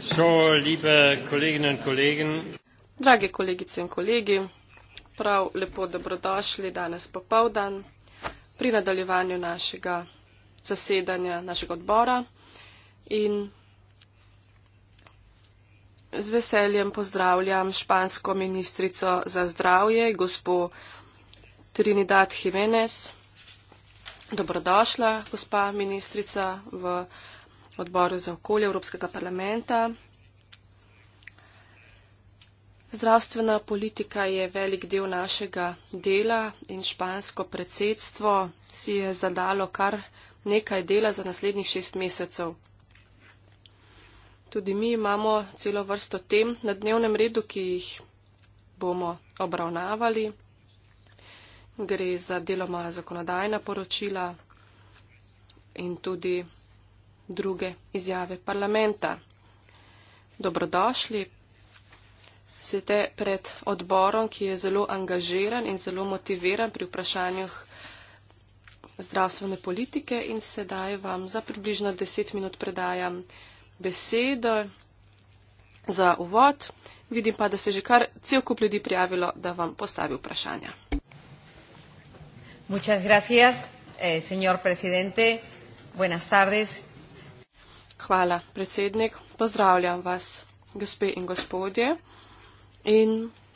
So, liebe Kolleginnen und Kollegen. Drage kolegice in kolegi, prav lepo dobrodošli danes popovdan pri nadaljevanju našega zasedanja našega odbora in z veseljem pozdravljam špansko ministrico za zdravje, gospo Trinidad Jimenez. Dobrodošla, gospa ministrica, v odboru za okolje Evropskega parlamenta. Zdravstvena politika je velik del našega dela in špansko predsedstvo si je zadalo kar nekaj dela za naslednjih šest mesecev. Tudi mi imamo celo vrsto tem na dnevnem redu, ki jih bomo obravnavali. Gre za deloma zakonodajna poročila in tudi druge izjave parlamenta. Dobrodošli. Sete pred odborom, ki je zelo angažiran in zelo motiviran pri vprašanjih zdravstvene politike in sedaj vam za približno deset minut predajam besedo za uvod. Vidim pa, da se že kar cel kup ljudi prijavilo, da vam postavi vprašanja. Muchas gracias, eh, señor presidente. Buenas tardes. Hvala, predsednik. Pozdravljam vas, gospe in gospodje. In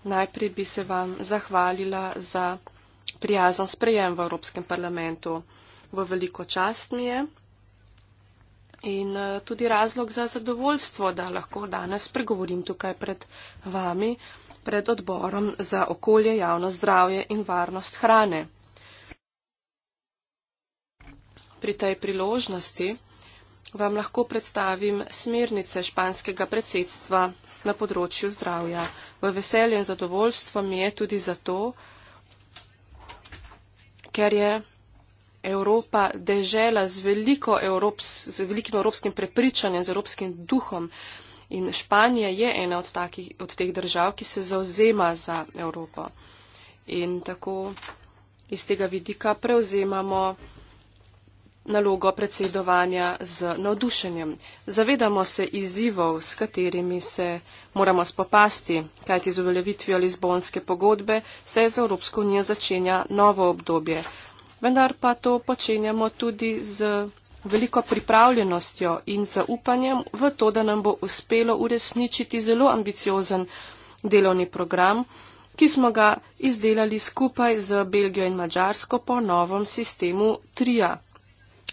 najprej bi se vam zahvalila za prijazen sprejem v Evropskem parlamentu. V veliko čast mi je in eh, tudi razlog za zadovoljstvo, da lahko danes pregovorim tukaj pred vami, pred odborom za okolje, javno zdravje in varnost hrane. Pri tej priložnosti vam lahko predstavim smernice španskega predsedstva na področju zdravja. V veselje in zadovoljstvo mi je tudi zato, ker je Evropa dežela z, evrops, z velikim evropskim prepričanjem, z evropskim duhom. In Španija je ena od, takih, od teh držav, ki se zauzema za Evropo. In tako iz tega vidika prevzemamo nalogo predsedovanja z navdušenjem. Zavedamo se izzivov, s katerimi se moramo spopasti, kajti z uveljavitvijo Lizbonske pogodbe se za Evropsko unijo začenja novo obdobje. Vendar pa to počenjamo tudi z veliko pripravljenostjo in zaupanjem v to, da nam bo uspelo uresničiti zelo ambiciozen delovni program, ki smo ga izdelali skupaj z Belgijo in Mačarsko po novem sistemu TRIA,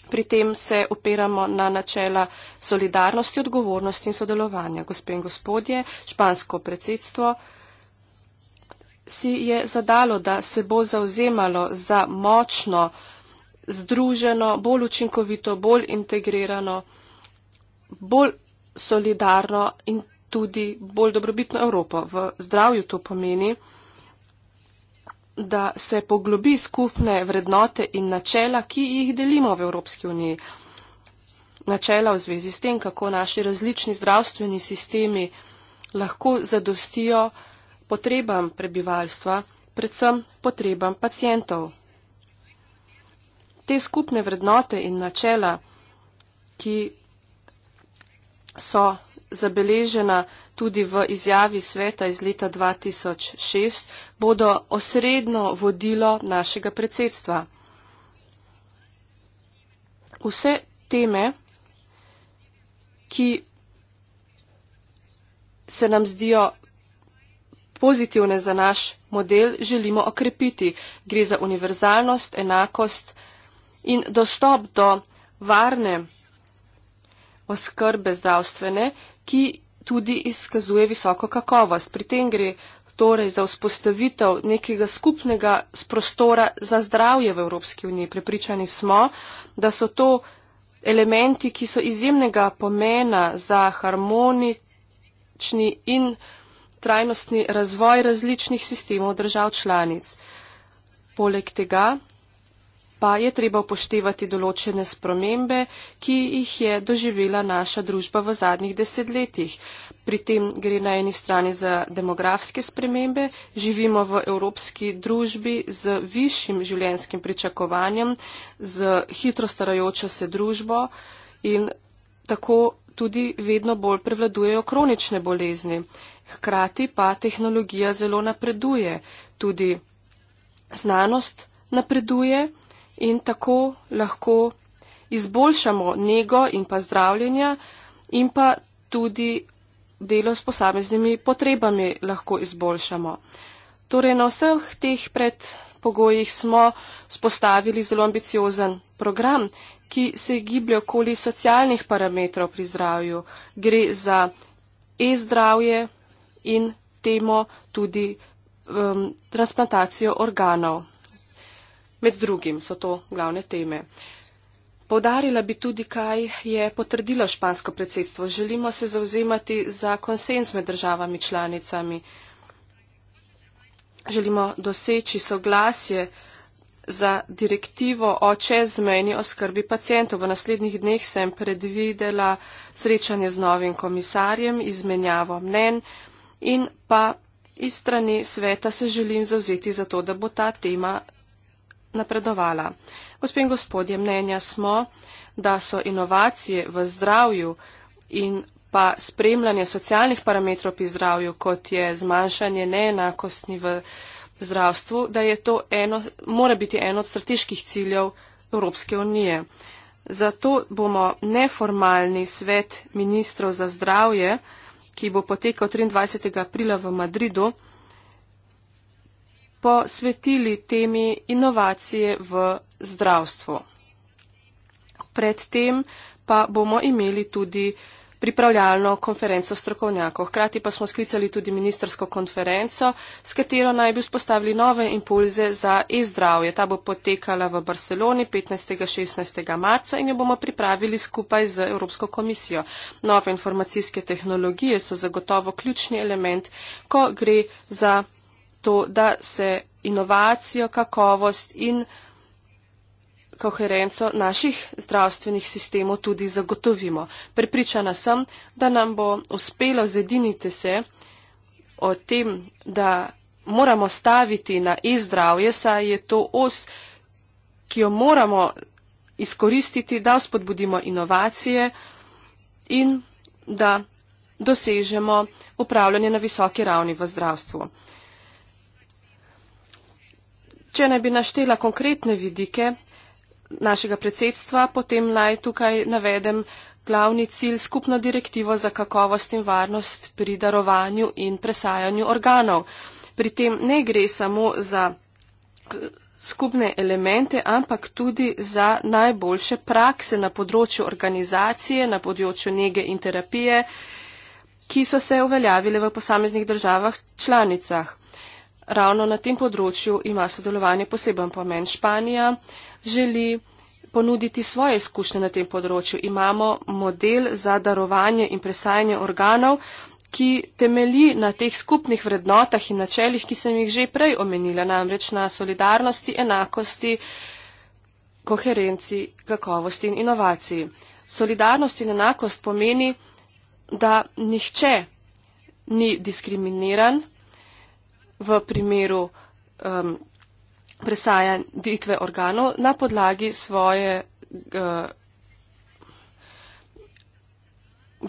pri tem se opiramo na načela solidarnosti, odgovornosti in sodelovanja. Gospe in gospodje, špansko predsedstvo si je zadalo, da se bo zauzemalo za močno, združeno, bolj učinkovito, bolj integrirano, bolj solidarno in tudi bolj dobrobitno Evropo. V zdravju to pomeni da se poglobi skupne vrednote in načela, ki jih delimo v Evropski uniji. Načela v zvezi s tem, kako naši različni zdravstveni sistemi lahko zadostijo potrebam prebivalstva, predvsem potrebam pacijentov. Te skupne vrednote in načela, ki so zabeležena tudi v izjavi sveta iz leta 2006, bodo osredno vodilo našega predsedstva. Vse teme, ki se nam zdijo pozitivne za naš model, želimo okrepiti. Gre za univerzalnost, enakost in dostop do varne oskrbe zdravstvene, ki tudi izkazuje visoko kakovost. Pri tem gre torej za vzpostavitev nekega skupnega prostora za zdravje v Evropski uniji. Prepričani smo, da so to elementi, ki so izjemnega pomena za harmonični in trajnostni razvoj različnih sistemov držav članic. Poleg tega pa je treba upoštevati določene spremembe, ki jih je doživela naša družba v zadnjih desetletjih. Pri tem gre na eni strani za demografske spremembe, živimo v evropski družbi z višjim življenjskim pričakovanjem, z hitro starajočo se družbo in tako tudi vedno bolj prevladujejo kronične bolezni. Hkrati pa tehnologija zelo napreduje, tudi znanost napreduje in tako lahko izboljšamo nego in pa zdravljenja in pa tudi delo s posameznimi potrebami lahko izboljšamo. Torej na vseh teh predpogojih smo spostavili zelo ambiciozen program, ki se giblje okoli socialnih parametrov pri zdravju. Gre za e-zdravje in temo tudi um, transplantacijo organov. Med drugim so to glavne teme. Povdarila bi tudi, kaj je potrdilo špansko predsedstvo. Želimo se zauzemati za konsens med državami članicami. Želimo doseči soglasje za direktivo o čezmejni oskrbi pacijentov. V naslednjih dneh sem predvidela srečanje z novim komisarjem, izmenjavo mnen in pa iz strani sveta se želim zauzeti za to, da bo ta tema napredovala. Gospod in gospodje, mnenja smo, da so inovacije v zdravju in pa spremljanje socialnih parametrov pri zdravju, kot je zmanjšanje neenakosti v zdravstvu, da je to eno, mora biti eno od strateških ciljev Evropske unije. Zato bomo neformalni svet ministrov za zdravje, ki bo potekal 23. aprila v Madridu, posvetili temi inovacije v zdravstvu. Predtem pa bomo imeli tudi pripravljalno konferenco strokovnjakov. Hkrati pa smo sklicali tudi ministersko konferenco, s katero naj bi spostavili nove impulze za e-zdravje. Ta bo potekala v Barceloni 15.-16. marca in jo bomo pripravili skupaj z Evropsko komisijo. Nove informacijske tehnologije so zagotovo ključni element, ko gre za to, da se inovacijo, kakovost in koherenco naših zdravstvenih sistemov tudi zagotovimo. Pripričana sem, da nam bo uspelo zediniti se o tem, da moramo staviti na e-zdravje, saj je to os, ki jo moramo izkoristiti, da spodbudimo inovacije in da dosežemo upravljanje na visoki ravni v zdravstvu. Če ne bi naštela konkretne vidike našega predsedstva, potem naj tukaj navedem glavni cilj skupno direktivo za kakovost in varnost pri darovanju in presajanju organov. Pri tem ne gre samo za eh, skupne elemente, ampak tudi za najboljše prakse na področju organizacije, na področju nege in terapije, ki so se uveljavile v posameznih državah članicah ravno na tem področju ima sodelovanje poseben pomen. Španija želi ponuditi svoje izkušnje na tem področju. Imamo model za darovanje in presajanje organov, ki temelji na teh skupnih vrednotah in načeljih, ki sem jih že prej omenila, namreč na solidarnosti, enakosti, koherenci, kakovosti in inovaciji. Solidarnost in enakost pomeni, da nihče ni diskriminiran v primeru um, presajanje organov na podlagi svojega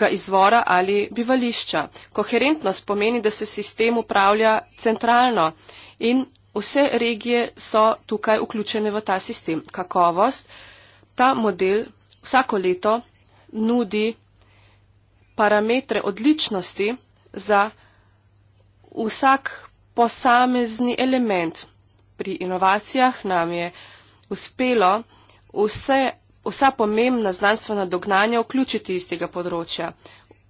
uh, izvora ali bivališča. Koherentnost pomeni, da se sistem upravlja centralno in vse regije so tukaj vključene v ta sistem. Kakovost, ta model vsako leto nudi parametre odličnosti za vsak posamezni element. Pri inovacijah nam je uspelo vse, vsa pomembna znanstvena dognanja vključiti iz tega področja.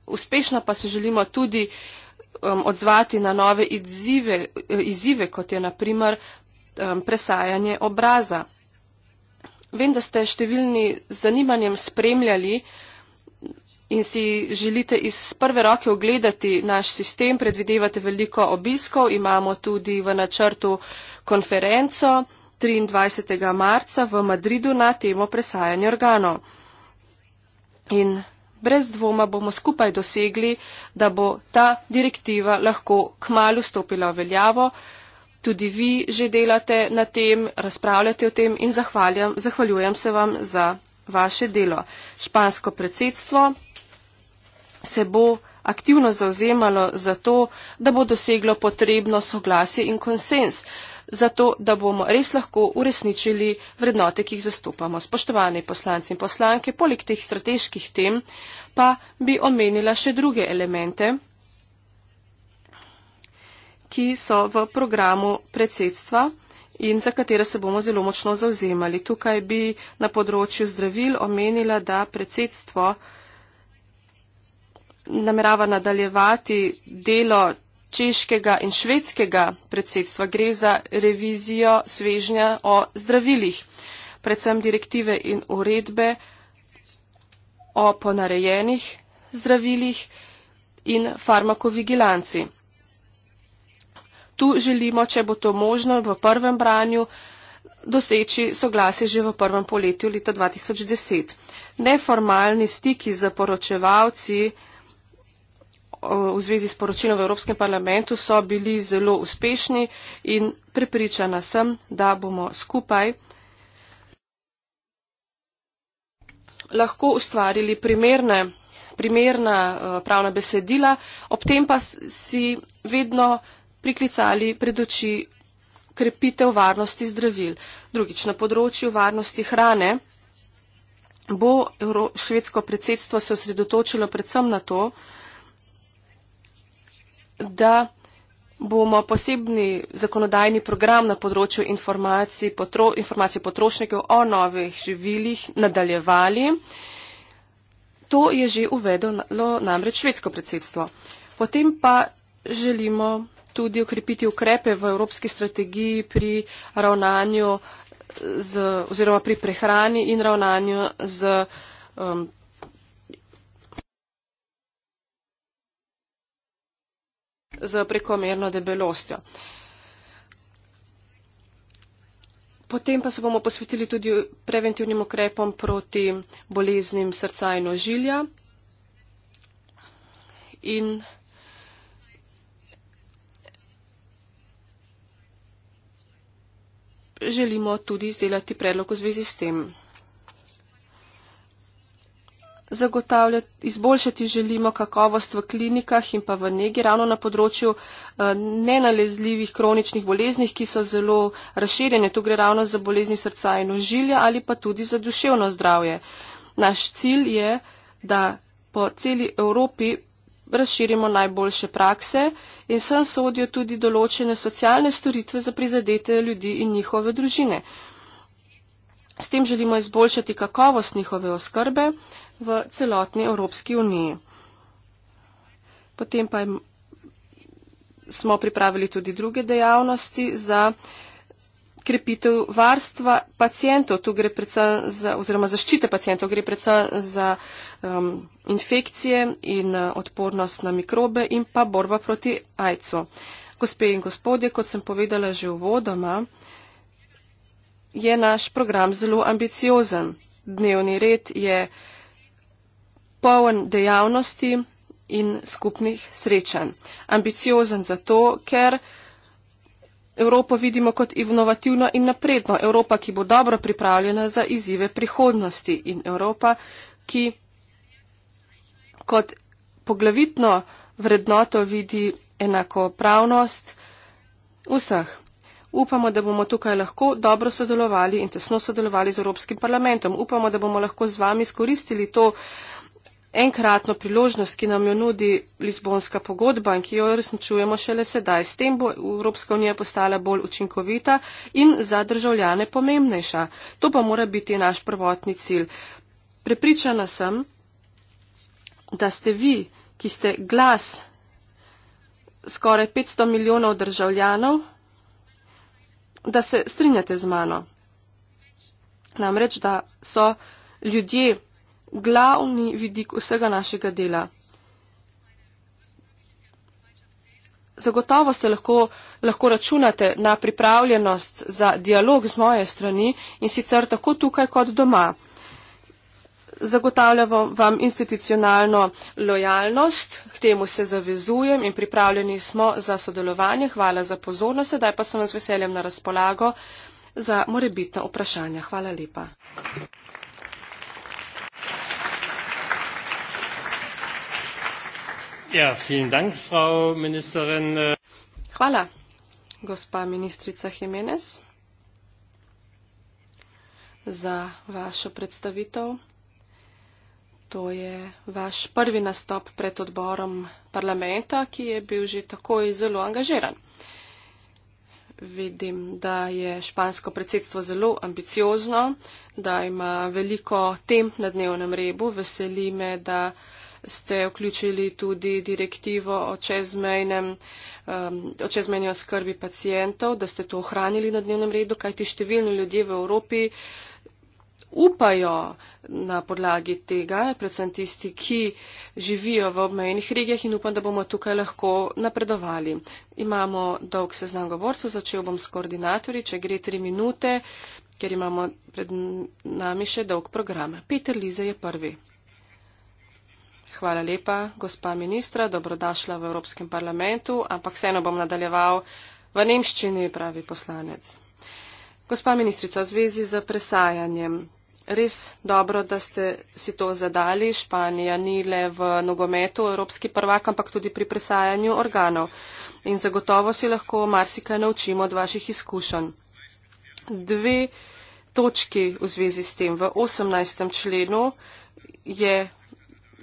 Uspešno pa se želimo tudi um, odzvati na nove izzive, izzive kot je naprimer um, presajanje obraza. Vem, da ste številni zanimanjem spremljali, in si želite iz prve roke ogledati naš sistem, predvidevate veliko obiskov, imamo tudi v načrtu konferenco 23. marca v Madridu na temo presajanja organov. In brez dvoma bomo skupaj dosegli, da bo ta direktiva lahko k malu stopila v veljavo. Tudi vi že delate na tem, razpravljate o tem in zahvaljujem se vam za vaše delo. Špansko predsedstvo se bo aktivno zauzemalo za to, da bo doseglo potrebno soglasje in konsens, zato da bomo res lahko uresničili vrednote, ki jih zastopamo. Spoštovani poslanci in poslanke, poleg teh strateških tem pa bi omenila še druge elemente, ki so v programu predsedstva in za katere se bomo zelo močno zauzemali. Tukaj bi na področju zdravil omenila, da predsedstvo namerava nadaljevati delo češkega in švedskega predsedstva. Gre za revizijo svežnja o zdravilih, predvsem direktive in uredbe o ponarejenih zdravilih in farmakovigilanci. Tu želimo, če bo to možno, v prvem branju doseči soglasje že v prvem poletju leta 2010. Neformalni stiki z poročevalci v zvezi s poročilom v Evropskem parlamentu so bili zelo uspešni in prepričana sem, da bomo skupaj lahko ustvarili primerne, primerna e, pravna besedila, ob tem pa si vedno priklicali pred oči krepitev varnosti zdravil. Drugič, na področju varnosti hrane bo švedsko predsedstvo se osredotočilo predvsem na to, da bomo posebni zakonodajni program na področju informacij, potro, informacij potrošnikov o novih živilih nadaljevali. To je že uvedlo namreč švedsko predsedstvo. Potem pa želimo tudi okrepiti ukrepe v evropski strategiji pri ravnanju z, oziroma pri prehrani in ravnanju z um, z prekomerno debelostjo. Potem pa se bomo posvetili tudi preventivnim ukrepom proti boleznim srca in ožilja. In želimo tudi izdelati predlog v zvezi s tem zagotavljati, izboljšati želimo kakovost v klinikah in pa v negi, ravno na področju eh, nenalezljivih kroničnih bolezni, ki so zelo razširjene. Tu gre ravno za bolezni srca in ožilja ali pa tudi za duševno zdravje. Naš cilj je, da po celi Evropi razširimo najboljše prakse in sem sodijo tudi določene socialne storitve za prizadete ljudi in njihove družine. S tem želimo izboljšati kakovost njihove oskrbe, v celotni Evropski uniji. Potem pa smo pripravili tudi druge dejavnosti za krepitev varstva pacijentov, tu gre predvsem za, oziroma zaščite pacijentov, gre predvsem za um, infekcije in uh, odpornost na mikrobe in pa borba proti ajcu. Gospe in gospodje, kot sem povedala že v vodoma, je naš program zelo ambiciozen. Dnevni red je uh, poln dejavnosti in skupnih srečanj. Ambiciozen zato, ker Evropo vidimo kot inovativno in napredno. Evropa, ki bo dobro pripravljena za izzive prihodnosti in Evropa, ki kot poglavitno vrednoto vidi enakopravnost vseh. Upamo, da bomo tukaj lahko dobro sodelovali in tesno sodelovali z Evropskim parlamentom. Upamo, da bomo lahko z vami skoristili to enkratno priložnost, ki nam jo nudi Lizbonska pogodba in ki jo resničujemo šele sedaj. S tem bo Evropska unija postala bolj učinkovita in za državljane pomembnejša. To pa mora biti naš prvotni cilj. Prepričana sem, da ste vi, ki ste glas skoraj 500 milijonov državljanov, da se strinjate z mano. Namreč, da so ljudje glavni vidik vsega našega dela. Zagotovo ste lahko, lahko računate na pripravljenost za dialog z moje strani in sicer tako tukaj kot doma. Zagotavljamo vam institucionalno lojalnost, k temu se zavezujem in pripravljeni smo za sodelovanje. Hvala za pozornost, sedaj pa sem vas veseljem na razpolago za morebitna vprašanja. Hvala lepa. Ja, vielen Dank, Frau Ministerin. Hvala, gospa ministrica Jimenez, za vašo predstavitev. To je vaš prvi nastop pred odborom parlamenta, ki je bil že takoj zelo angažiran. Vidim, da je špansko predsedstvo zelo ambiciozno, da ima veliko tem na dnevnem rebu. Veseli me, da ste vključili tudi direktivo o čezmejnem um, o čezmejni oskrbi pacijentov, da ste to ohranili na dnevnem redu, kajti številni ljudje v Evropi upajo na podlagi tega, predvsem tisti, ki živijo v obmejnih regijah in upam, da bomo tukaj lahko napredovali. Imamo dolg seznam govorcev, začel bom s koordinatorji, če gre tri minute, ker imamo pred nami še dolg program. Peter Lize je prvi. Hvala lepa, gospa ministra, dobrodošla v Evropskem parlamentu, ampak vseeno bom nadaljeval v nemščini, pravi poslanec. Gospa ministrica, v zvezi z presajanjem. Res dobro, da ste si to zadali. Španija ni le v nogometu evropski prvak, ampak tudi pri presajanju organov. In zagotovo si lahko marsikaj naučimo od vaših izkušenj. Dve točki v zvezi s tem. V 18. členu je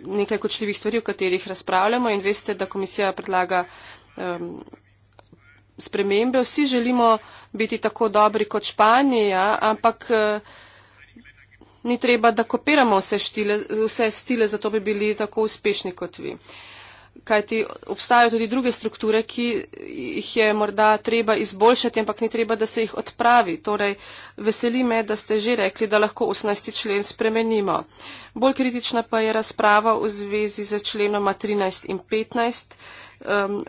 nekaj kočljivih stvari, o katerih razpravljamo in veste, da komisija predlaga um, spremembe. Vsi želimo biti tako dobri kot Španija, ampak uh, ni treba, da kopiramo vse, štile, vse stile, zato bi bili tako uspešni kot vi. Uh, kajti obstajajo tudi druge strukture, ki jih je morda treba izboljšati, ampak ni treba, da se jih odpravi. Torej, veseli me, da ste že rekli, da lahko 18. člen spremenimo. Bolj kritična pa je razprava v zvezi z členoma 13 in 15 um,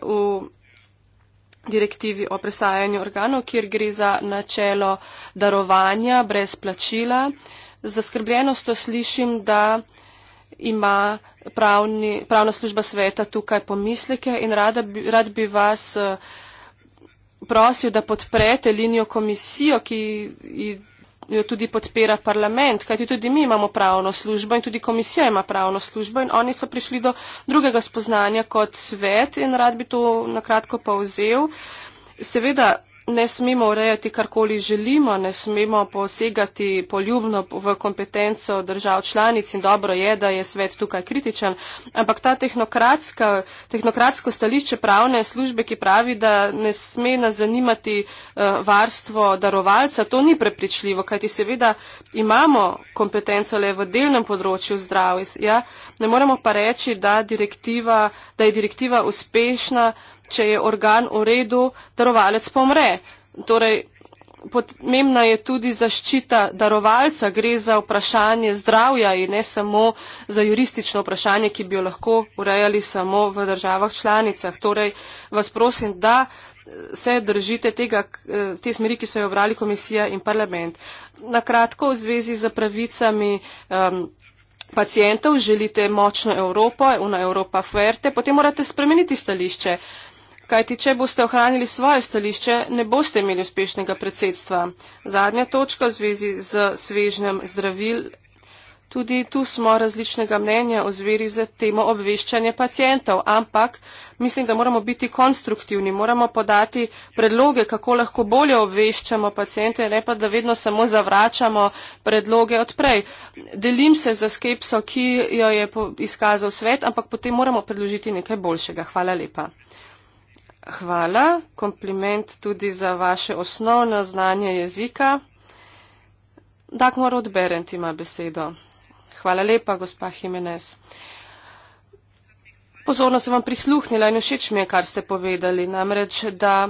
v direktivi o presajanju organov, kjer gre za načelo darovanja brez plačila. Zaskrbljenost to slišim, da ima pravni, pravna služba sveta tukaj pomisleke in rada bi, rad bi vas eh, prosil, da podprete linijo komisijo, ki jo tudi podpira parlament, kajti tudi mi imamo pravno službo in tudi komisija ima pravno službo in oni so prišli do drugega spoznanja kot svet in rad bi to nakratko povzel. Seveda ne smemo urejati, karkoli želimo, ne smemo posegati poljubno v kompetenco držav članic in dobro je, da je svet tukaj kritičen, ampak ta tehnokratsko stališče pravne službe, ki pravi, da ne sme nas zanimati eh, varstvo darovalca, to ni prepričljivo, kajti seveda imamo kompetenco le v delnem področju zdravja, ne moremo pa reči, da, da je direktiva uspešna če je organ v redu, darovalec pomre. Torej, pomembna je tudi zaščita darovalca, gre za vprašanje zdravja in ne samo za juristično vprašanje, ki bi jo lahko urejali samo v državah članicah. Torej, vas prosim, da se držite tega, te smeri, ki so jo obrali komisija in parlament. Na kratko v zvezi z pravicami. Um, pacijentov, želite močno Evropo, una Evropa fuerte, potem morate spremeniti stališče. Kajti, če boste ohranili svoje stališče, ne boste imeli uspešnega predsedstva. Zadnja točka v zvezi z svežnjem zdravil. Tudi tu smo različnega mnenja o zveri z temo obveščanja pacijentov, ampak mislim, da moramo biti konstruktivni, moramo podati predloge, kako lahko bolje obveščamo pacijente, ne pa da vedno samo zavračamo predloge odprej. Delim se za skepso, ki jo je izkazal svet, ampak potem moramo predložiti nekaj boljšega. Hvala lepa hvala. Kompliment tudi za vaše osnovno znanje jezika. Dagmar Odberent ima besedo. Hvala lepa, gospa Jimenez. Pozorno sem vam prisluhnila in všeč mi je, kar ste povedali. Namreč, da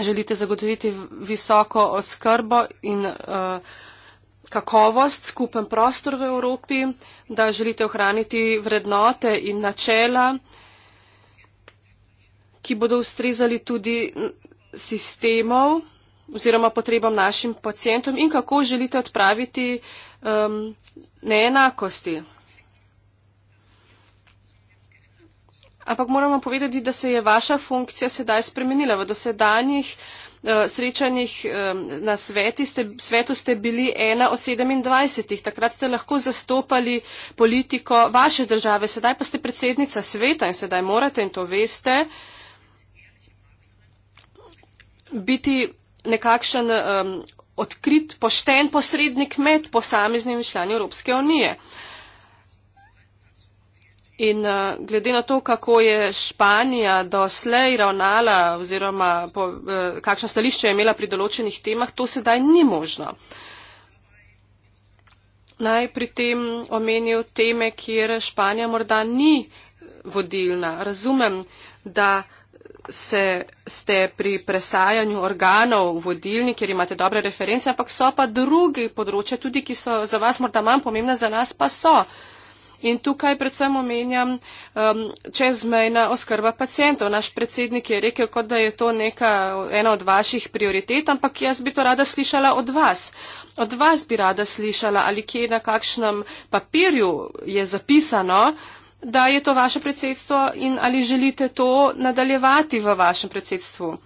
želite zagotoviti visoko oskrbo in uh, kakovost, skupen prostor v Evropi, da želite ohraniti vrednote in načela. Uh, ki bodo ustrezali tudi sistemov oziroma potrebam našim pacijentom in kako želite odpraviti um, neenakosti. Ampak moramo povedati, da se je vaša funkcija sedaj spremenila. V dosedanjih uh, srečanjih um, na sveti, ste, svetu ste bili ena od 27. Takrat ste lahko zastopali politiko vaše države, sedaj pa ste predsednica sveta in sedaj morate in to veste. Uh, biti nekakšen um, odkrit, pošten posrednik med posameznimi člani Evropske unije. In uh, glede na to, kako je Španija doslej ravnala oziroma po, uh, kakšno stališče je imela pri določenih temah, to sedaj ni možno. Naj pri tem omenil teme, kjer Španija morda ni vodilna. Razumem, da se, ste pri presajanju organov vodilni, ker imate dobre reference, ampak so pa druge področje tudi, ki so za vas morda manj pomembne, za nas pa so. In tukaj predvsem omenjam um, čezmejna oskrba pacijentov. Naš predsednik je rekel, kot da je to neka, ena od vaših prioritet, ampak jaz bi to rada slišala od vas. Od vas bi rada slišala, ali kje na kakšnem papirju je zapisano, uh, da je to vaše predsedstvo in ali želite to nadaljevati v vašem predsedstvu.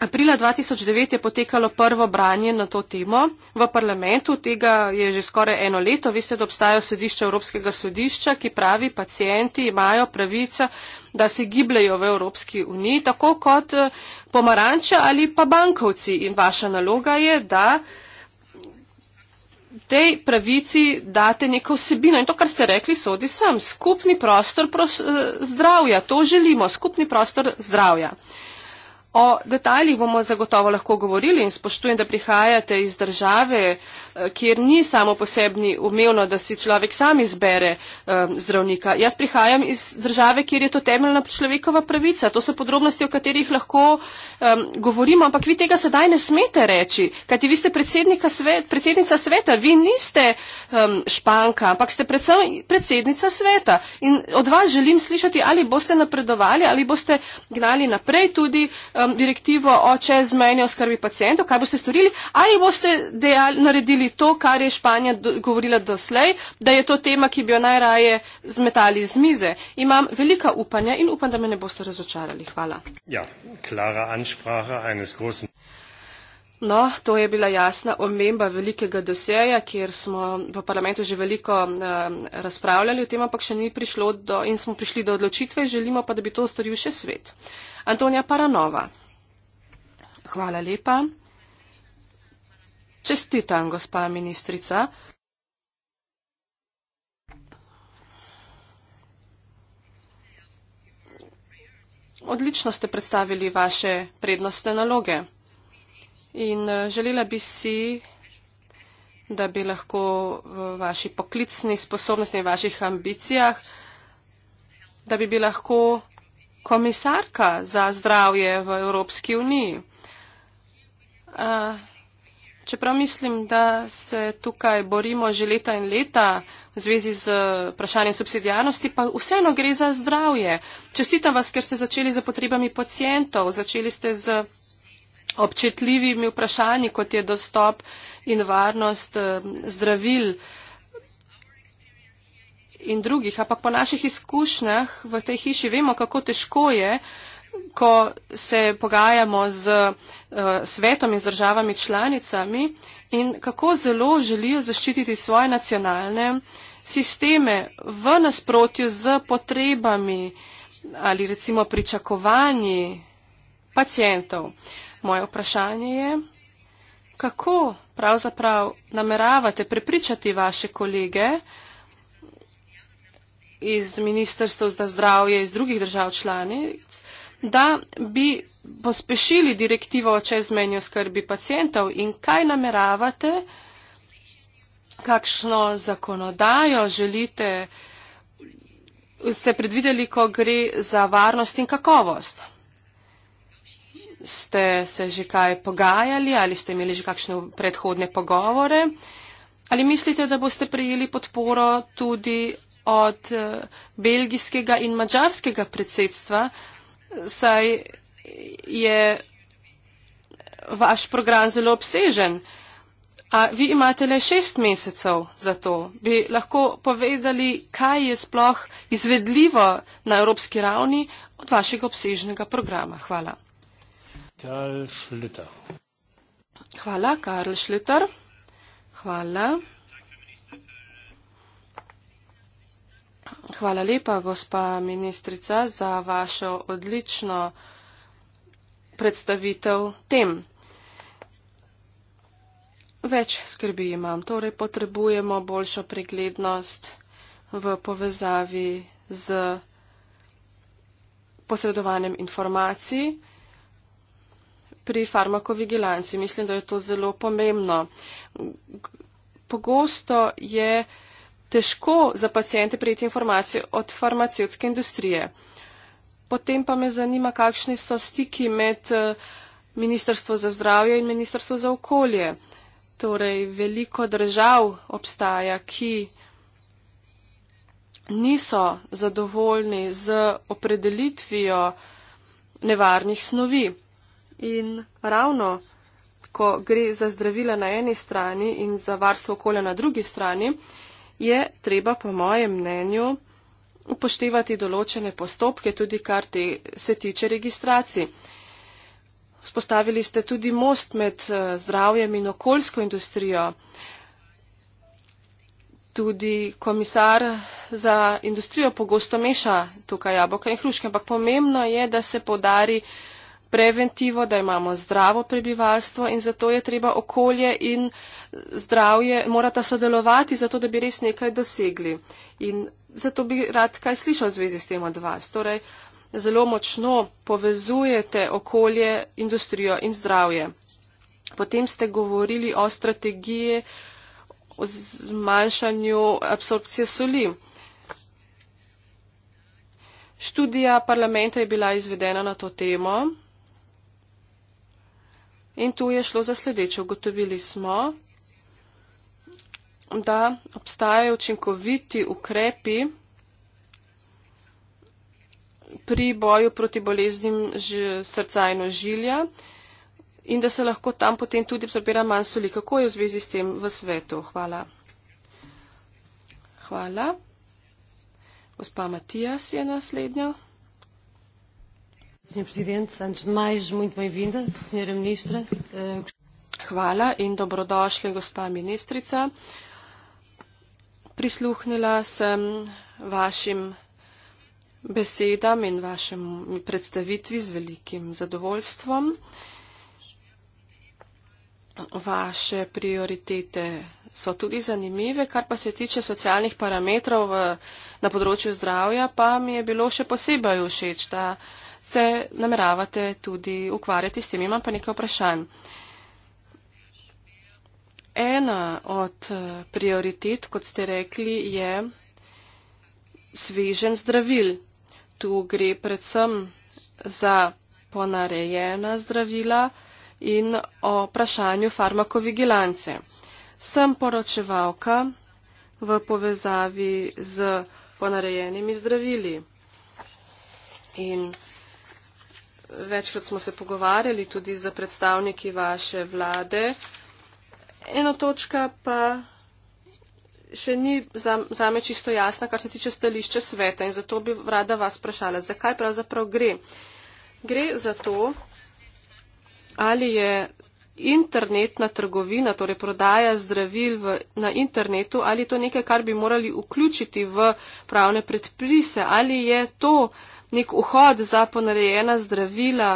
Aprila 2009 je potekalo prvo branje na to temo v parlamentu, tega je že skoraj eno leto. Veste, da obstajajo sodišča Evropskega sodišča, ki pravi, pacijenti imajo pravico, da se gibljajo v Evropski uniji, tako kot eh, pomaranče ali pa bankovci. In vaša naloga je, da tej pravici date neko vsebino. In to, kar ste rekli, sodi sem. Skupni prostor pros eh, zdravja, to želimo, skupni prostor zdravja. O detaljih bomo zagotovo lahko govorili in spoštujem, da prihajate iz države, uh, kjer ni samo posebni umevno, da si človek sam izbere um, zdravnika. Jaz prihajam iz države, kjer je to temeljna človekova pravica. To so podrobnosti, o katerih lahko um, govorimo, ampak vi tega sedaj ne smete reči, kajti vi ste predsednica, svet, predsednica sveta, vi niste um, španka, ampak ste predvsem predsednica sveta. In od vas želim slišati, ali boste napredovali, ali boste gnali naprej tudi um, direktivo o čezmejni oskrbi pacijentov, kaj boste storili, ali boste dejali, naredili to, kar je Španija do, govorila doslej, da je to tema, ki bi jo najraje zmetali z mize. Imam velika upanja in upam, da me ne boste razočarali. Hvala. Ja, klara ansprache eines großen. No, to je bila jasna omemba velikega doseja, kjer smo v parlamentu že veliko eh, razpravljali o tem, ampak še ni prišlo do, in smo prišli do odločitve, želimo pa, da bi to storil še svet. Antonija Paranova. Hvala lepa. Čestitam, gospa ministrica. Odlično ste predstavili vaše prednostne naloge in eh, želela bi si, da bi lahko v vaši poklicni sposobnosti in vaših ambicijah, da bi bila lahko komisarka za zdravje v Evropski uniji. Eh, Čeprav mislim, da se tukaj borimo že leta in leta v zvezi z eh, vprašanjem subsidijarnosti, pa vseeno gre za zdravje. Čestitam vas, ker ste začeli za potrebami pacijentov, začeli ste z občetljivimi vprašanji, kot je dostop in varnost eh, zdravil in drugih. Ampak po naših izkušnjah v tej hiši vemo, kako težko je ko se pogajamo z eh, svetom in z državami članicami in kako zelo želijo zaščititi svoje nacionalne sisteme v nasprotju z potrebami ali recimo pričakovanji pacijentov. Moje vprašanje je, kako pravzaprav nameravate prepričati vaše kolege iz Ministrstva za zdravje iz drugih držav članic, da bi pospešili direktivo o čezmenju skrbi pacijentov in kaj nameravate, kakšno zakonodajo želite, ste predvideli, ko gre za varnost in kakovost. Ste se že kaj pogajali ali ste imeli že kakšne predhodne pogovore? Ali mislite, da boste prijeli podporo tudi od eh, belgijskega in mačarskega predsedstva, saj je vaš program zelo obsežen. A vi imate le šest mesecev za to? Bi lahko povedali, kaj je sploh izvedljivo na evropski ravni od vašega obsežnega programa? Hvala. Karl Hvala, Karl Schlüter. Hvala. Hvala lepa, gospa ministrica, za vašo odlično predstavitev tem. Več skrbi imam, torej potrebujemo boljšo preglednost v povezavi z posredovanjem informacij pri farmakovigilanci. Mislim, da je to zelo pomembno. Pogosto je težko za pacijente prejeti informacije od farmacevtske industrije. Potem pa me zanima, kakšni so stiki med eh, Ministrstvo za zdravje in Ministrstvo za okolje. Torej, veliko držav obstaja, ki niso zadovoljni z opredelitvijo nevarnih snovi. In ravno, ko gre za zdravila na eni strani in za varstvo okolja na drugi strani, je treba, po mojem mnenju, upoštevati določene postopke, tudi kar te, se tiče registracij. Spostavili ste tudi most med eh, zdravjem in okoljsko industrijo. Tudi komisar za industrijo pogosto meša tukaj jabolka in hruške, ampak pomembno je, da se podari preventivo, da imamo zdravo prebivalstvo in zato je treba okolje in uh, zdravje morata sodelovati, zato da bi res nekaj dosegli. In zato bi rad kaj slišal v zvezi s tem od vas. Torej, zelo močno povezujete okolje, industrijo in zdravje. Potem ste govorili o strategiji o zmanjšanju absorpcije soli. Študija parlamenta je bila izvedena na to temo in tu je šlo za sledeče. Ugotovili smo, da obstajajo učinkoviti ukrepi pri boju proti boleznim srca in ožilja in da se lahko tam potem tudi absorbira manj soli. Kako je v zvezi s tem v svetu? Hvala. Hvala. Gospa Matijas je naslednja. Eh, Hvala in dobrodošli, gospa ministrica. Uh, prisluhnila sem vašim besedam in vašem predstavitvi z velikim zadovoljstvom. Vaše prioritete so tudi zanimive, kar pa se tiče socialnih parametrov v, na področju zdravja, pa mi je bilo še posebej všeč, da se nameravate tudi ukvarjati s tem. Imam pa nekaj vprašanj ena od eh, prioritet, kot ste rekli, je svežen zdravil. Tu gre predvsem za ponarejena zdravila in o vprašanju farmakovigilance. Sem poročevalka v povezavi z ponarejenimi zdravili. In večkrat smo se pogovarjali tudi z predstavniki vaše vlade. Eno točka pa še ni za, za me čisto jasna, kar se tiče stališče sveta in zato bi rada vas vprašala, zakaj pravzaprav gre. Gre za to, ali je internetna trgovina, torej prodaja zdravil v, na internetu, ali je to nekaj, kar bi morali vključiti v pravne predpise, ali je to nek vhod za ponarejena zdravila,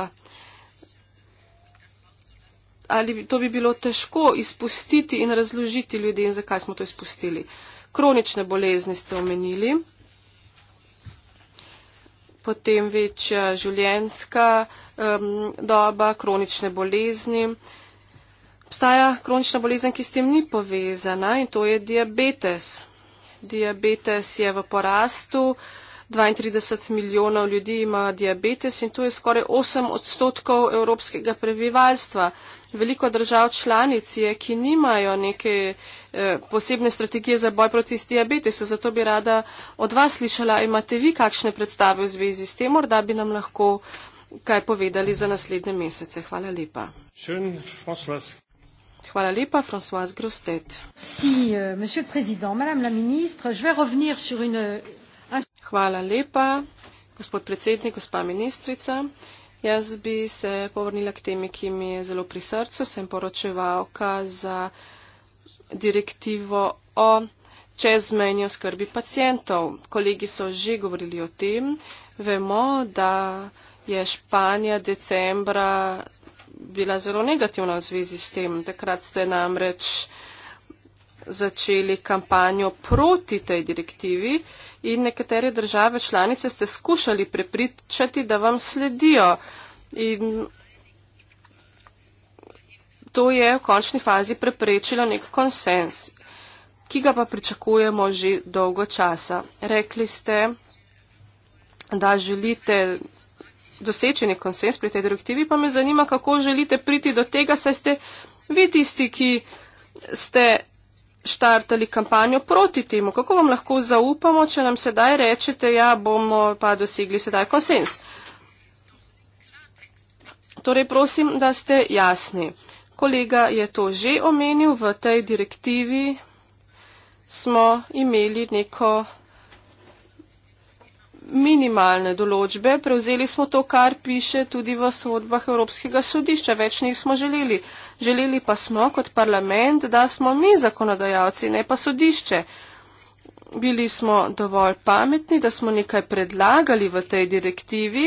ali to bi bilo težko izpustiti in razložiti ljudem, zakaj smo to izpustili. Kronične bolezni ste omenili, potem večja življenska um, doba, kronične bolezni. Obstaja kronična bolezen, ki s tem ni povezana in to je diabetes. Diabetes je v porastu, 32 milijonov ljudi ima diabetes in to je skoraj 8 odstotkov evropskega prebivalstva veliko držav članic je, ki nimajo neke eh, posebne strategije za boj proti diabetesu. Zato bi rada od vas slišala, imate vi kakšne predstave v zvezi s tem, morda bi nam lahko kaj povedali za naslednje mesece. Hvala lepa. Schön, Hvala lepa, François Grostet. Si, euh, la ministre, je vais revenir sur une... Hvala lepa, gospod predsednik, gospa ministrica. Jaz bi se povrnila k temi, ki mi je zelo pri srcu. Sem poročevalka za direktivo o čezmejni oskrbi pacijentov. Kolegi so že govorili o tem. Vemo, da je Španija decembra bila zelo negativna v zvezi s tem. Takrat ste namreč začeli kampanjo proti tej direktivi in nekatere države članice ste skušali prepričati, da vam sledijo. In to je v končni fazi preprečilo nek konsens, ki ga pa pričakujemo že dolgo časa. Rekli ste, da želite doseči nek konsens pri tej direktivi, pa me zanima, kako želite priti do tega, saj ste vi tisti, ki ste štartali kampanjo proti temu. Kako vam lahko zaupamo, če nam sedaj rečete, ja, bomo pa dosegli sedaj konsens? Torej, prosim, da ste jasni. Kolega je to že omenil, v tej direktivi smo imeli neko minimalne določbe, prevzeli smo to, kar piše tudi v sodbah Evropskega sodišča, več nismo želeli. Želeli pa smo kot parlament, da smo mi zakonodajalci, ne pa sodišče. Bili smo dovolj pametni, da smo nekaj predlagali v tej direktivi,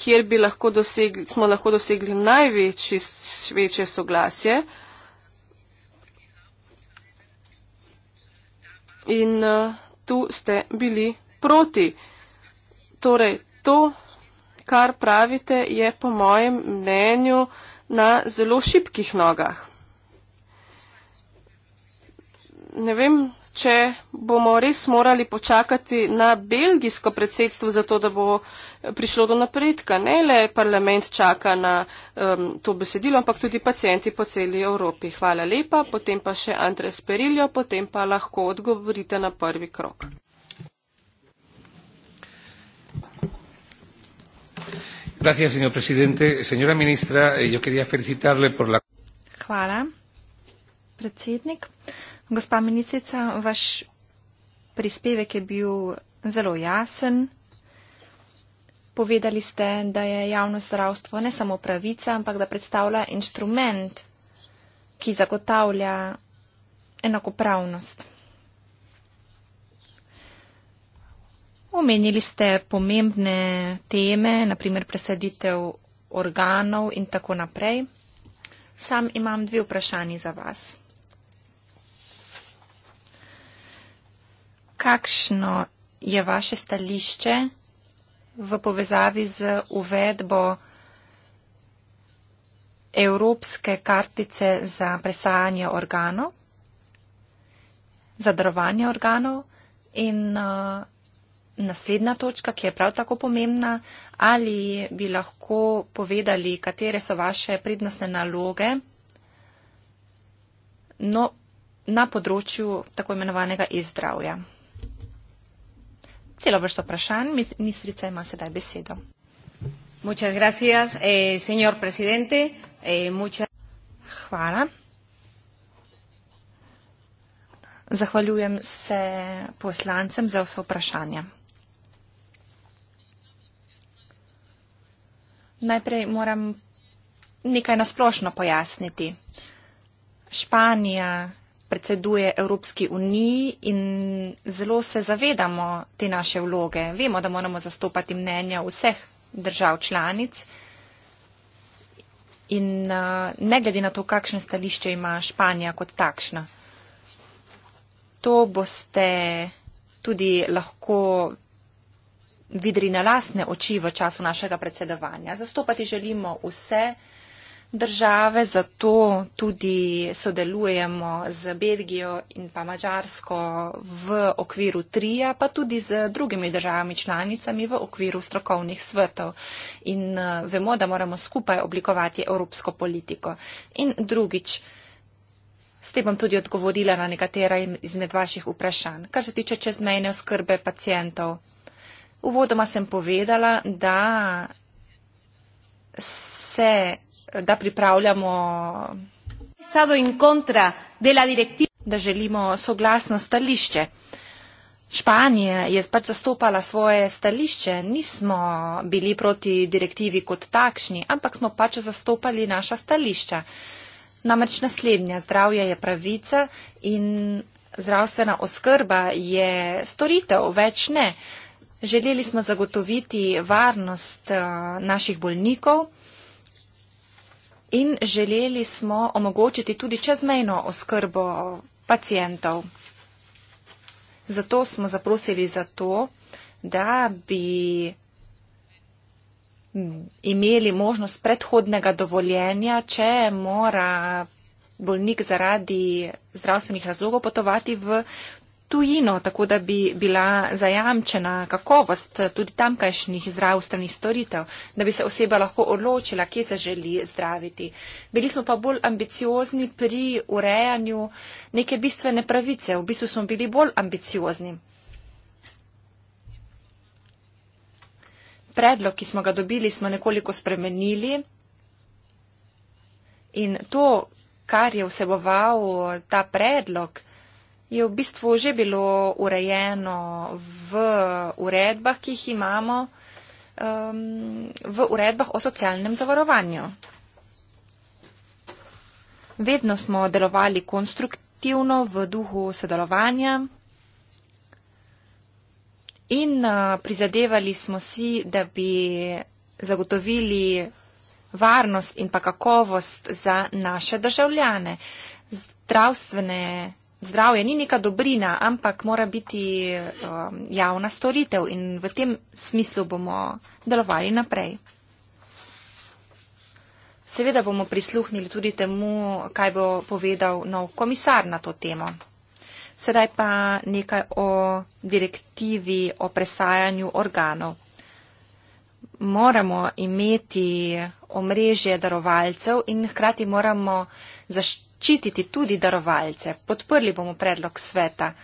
kjer lahko dosegli, smo lahko dosegli največje soglasje. in uh, tu ste bili proti. Torej, to, kar pravite, je po mojem mnenju na zelo šipkih nogah. Ne vem, če bomo res morali počakati na belgijsko predsedstvo, zato da bo prišlo do napredka. Ne le parlament čaka na um, to besedilo, ampak tudi pacijenti po celi Evropi. Hvala lepa, potem pa še Andres Perilijo, potem pa lahko odgovorite na prvi krok. Gracias, señor presidente. Señora ministra, eh, yo quería felicitarle por la. Hvala, predsednik. Uh, Gospa ministrica, vaš prispevek je bil zelo jasen. Povedali ste, da je javno zdravstvo ne samo pravica, ampak da predstavlja inštrument, ki zagotavlja enakopravnost. Omenili ste pomembne teme, naprimer preseditev organov in tako naprej. Sam imam dve vprašanji za vas. kakšno je vaše stališče v povezavi z uvedbo evropske kartice za presajanje organov, za darovanje organov in uh, naslednja točka, ki je prav tako pomembna, ali bi lahko povedali, katere so vaše prednostne naloge no, na področju tako imenovanega izdravja. Celo vrsto vprašanj, ministrica ima sedaj besedo. Eh, eh, Hvala. Zahvaljujem se poslancem za vse vprašanja. Najprej moram nekaj nasplošno pojasniti. Španija, predseduje Evropski uniji in zelo se zavedamo te naše vloge. Vemo, da moramo zastopati mnenja vseh držav članic. In uh, ne glede na to, kakšno stališče ima Španija kot takšna, to boste tudi lahko videli na lastne oči v času našega predsedovanja. Zastopati želimo vse države, zato tudi sodelujemo z Belgijo in pa Mačarsko v okviru trija, pa tudi z drugimi državami članicami v okviru strokovnih svetov. In eh, vemo, da moramo skupaj oblikovati evropsko politiko. In drugič, s tem bom tudi odgovorila na nekatera izmed vaših vprašanj. Kar se tiče čezmejne oskrbe pacijentov, uvodoma sem povedala, da se da pripravljamo. Da želimo soglasno stališče. Španija je pač zastopala svoje stališče, nismo bili proti direktivi kot takšni, ampak smo pač zastopali naša stališča. Namreč naslednja, zdravje je pravica in zdravstvena oskrba je storitev, več ne. Želeli smo zagotoviti varnost eh, naših bolnikov in želeli smo omogočiti tudi čezmejno oskrbo pacijentov. Zato smo zaprosili za to, da bi imeli možnost predhodnega dovoljenja, če mora bolnik zaradi zdravstvenih razlogov potovati v tujino, tako da bi bila zajamčena kakovost tudi tamkajšnjih zdravstvenih storitev, da bi se oseba lahko odločila, kje se želi zdraviti. Bili smo pa bolj ambiciozni pri urejanju neke bistvene pravice, v bistvu smo bili bolj ambiciozni. Predlog, ki smo ga dobili, smo nekoliko spremenili in to, kar je vseboval ta predlog, je v bistvu že bilo urejeno v uredbah, ki jih imamo um, v uredbah o socialnem zavarovanju. Vedno smo delovali konstruktivno v duhu sodelovanja in uh, prizadevali smo si, da bi zagotovili varnost in pa kakovost za naše državljane. Zdravstvene zdravje ni neka dobrina, ampak mora biti um, javna storitev in v tem smislu bomo delovali naprej. Seveda bomo prisluhnili tudi temu, kaj bo povedal nov komisar na to temo. Sedaj pa nekaj o direktivi o presajanju organov. Moramo imeti omrežje darovalcev in hkrati moramo zaščititi ščititi tudi darovalce. Podprli bomo predlog sveta.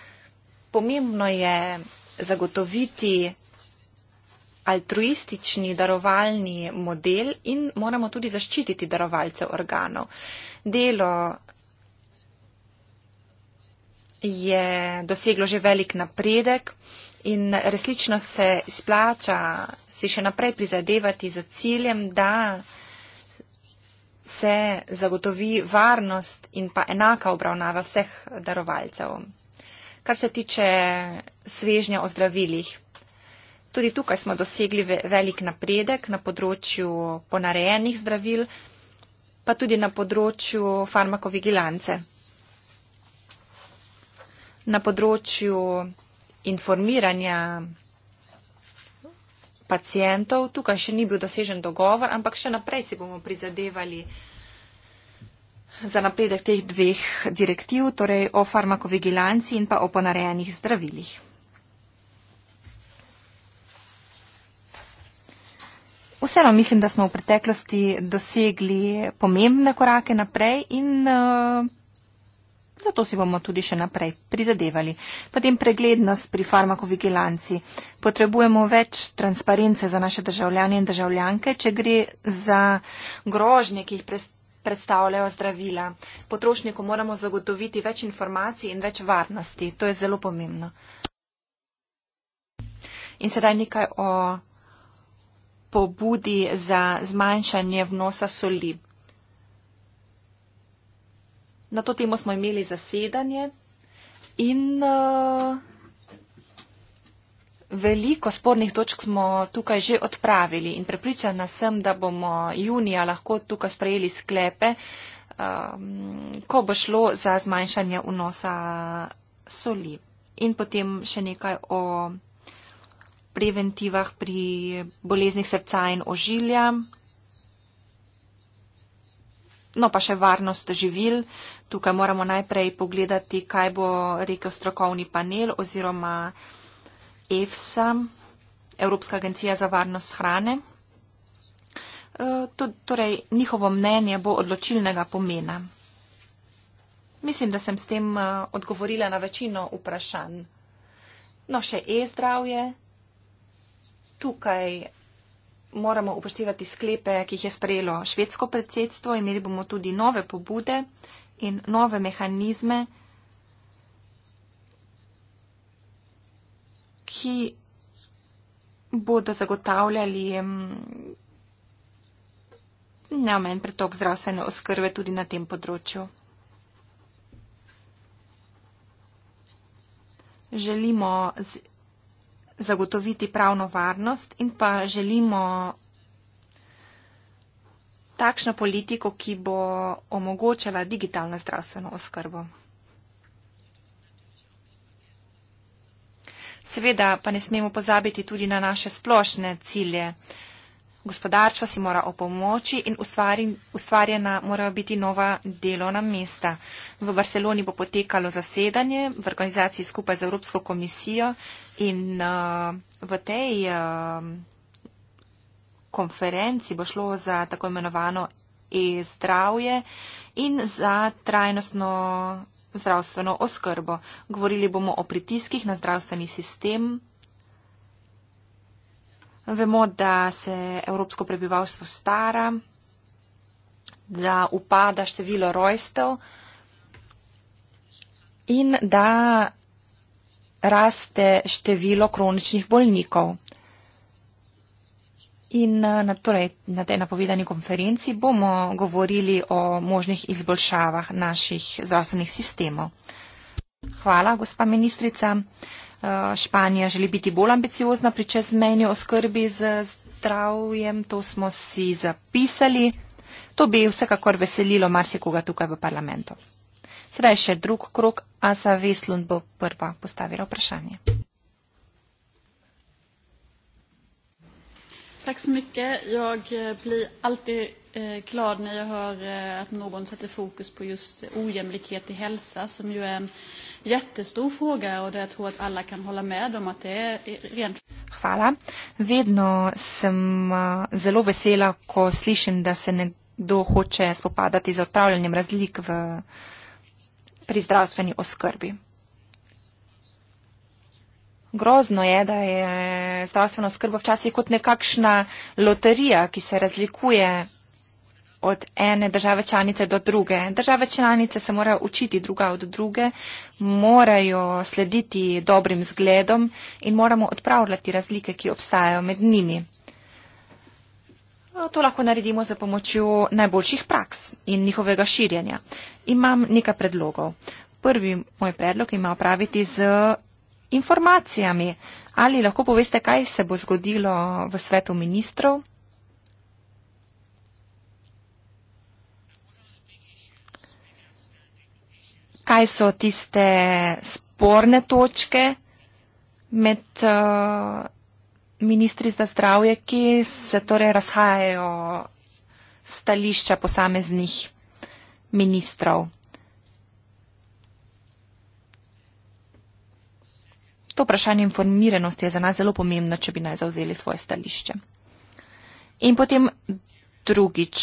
Pomembno je zagotoviti altruistični darovalni model in moramo tudi zaščititi darovalce organov. Delo je doseglo že velik napredek in resnično se splača si še naprej prizadevati za ciljem, da se zagotovi varnost in pa enaka obravnava vseh darovalcev. Kar se tiče svežnja o zdravilih, tudi tukaj smo dosegli velik napredek na področju ponarejenih zdravil, pa tudi na področju farmakovigilance. Na področju informiranja pacijentov. Tukaj še ni bil dosežen dogovor, ampak še naprej si bomo prizadevali za napredek teh dveh direktiv, torej o farmakovigilanci in pa o ponarejenih zdravilih. Vseeno mislim, da smo v preteklosti dosegli pomembne korake naprej in uh, Zato si bomo tudi še naprej prizadevali. Potem preglednost pri farmakovigilanci. Potrebujemo več transparence za naše državljane in državljanke, če gre za grožnje, ki jih predstavljajo zdravila. Potrošniku moramo zagotoviti več informacij in več varnosti. To je zelo pomembno. In sedaj nekaj o pobudi za zmanjšanje vnosa solib. Na to temo smo imeli zasedanje in uh, veliko spornih točk smo tukaj že odpravili in prepričana sem, da bomo junija lahko tukaj sprejeli sklepe, um, ko bo šlo za zmanjšanje vnosa soli. In potem še nekaj o preventivah pri boleznih srca in ožilja. No pa še varnost živil, uh, Tukaj moramo najprej pogledati, kaj bo rekel strokovni panel oziroma EFSA, Evropska agencija za varnost hrane. E, torej, njihovo mnenje bo odločilnega pomena. Mislim, da sem s tem e, odgovorila na večino vprašanj. No, še e-zdravje. Tukaj moramo upoštevati sklepe, ki jih je sprejelo švedsko predsedstvo. Imeli bomo tudi nove pobude, in nove mehanizme, ki bodo zagotavljali mm, namen pretok zdravstvene oskrbe tudi na tem področju. Želimo zagotoviti pravno varnost in pa želimo takšno politiko, ki bo omogočala digitalno zdravstveno oskrbo. Seveda pa ne smemo pozabiti tudi na naše splošne cilje. Gospodarstvo si mora opomoči in ustvari, ustvarjena morajo biti nova delovna mesta. V Barceloni bo potekalo zasedanje v organizaciji skupaj z Evropsko komisijo in uh, v tej uh, konferenci bo šlo za tako imenovano e-zdravje in za trajnostno zdravstveno oskrbo. Govorili bomo o pritiskih na zdravstveni sistem. Vemo, da se evropsko prebivalstvo stara, da upada število rojstev in da raste število kroničnih bolnikov. In eh, na, torej, na tej napovedani konferenci bomo govorili o možnih izboljšavah naših zdravstvenih sistemov. Hvala, gospa ministrica. Eh, Španija želi biti bolj ambiciozna pri čezmeni oskrbi z zdravjem. To smo si zapisali. To bi vsekakor veselilo marsikoga tukaj v parlamentu. Sedaj še drug krok. Asa Veslund bo prva postavila vprašanje. Tack så mycket. Jag eh, blir alltid eh, glad när jag hör eh, att någon sätter fokus på just ojämlikhet i hälsa som ju är en jättestor fråga och där jag tror att alla kan hålla med om att det är rent Hvala. Vedno sem zelo vesela, ko slišim, da se nekdo hoče spopadati z odpravljanjem razlik v, pri zdravstveni oskrbi grozno je, da je zdravstveno skrbo včasih kot nekakšna loterija, ki se razlikuje od ene države članice do druge. Države članice se morajo učiti druga od druge, morajo slediti dobrim zgledom in moramo odpravljati razlike, ki obstajajo med njimi. To lahko naredimo za pomočjo najboljših praks in njihovega širjenja. Imam nekaj predlogov. Prvi moj predlog ima opraviti z informacijami. Ali lahko poveste, kaj se bo zgodilo v svetu ministrov? Kaj so tiste sporne točke med uh, ministri za zdravje, ki se torej razhajajo stališča posameznih ministrov? To vprašanje informiranosti je za nas zelo pomembno, če bi naj zauzeli svoje stališče. In potem drugič,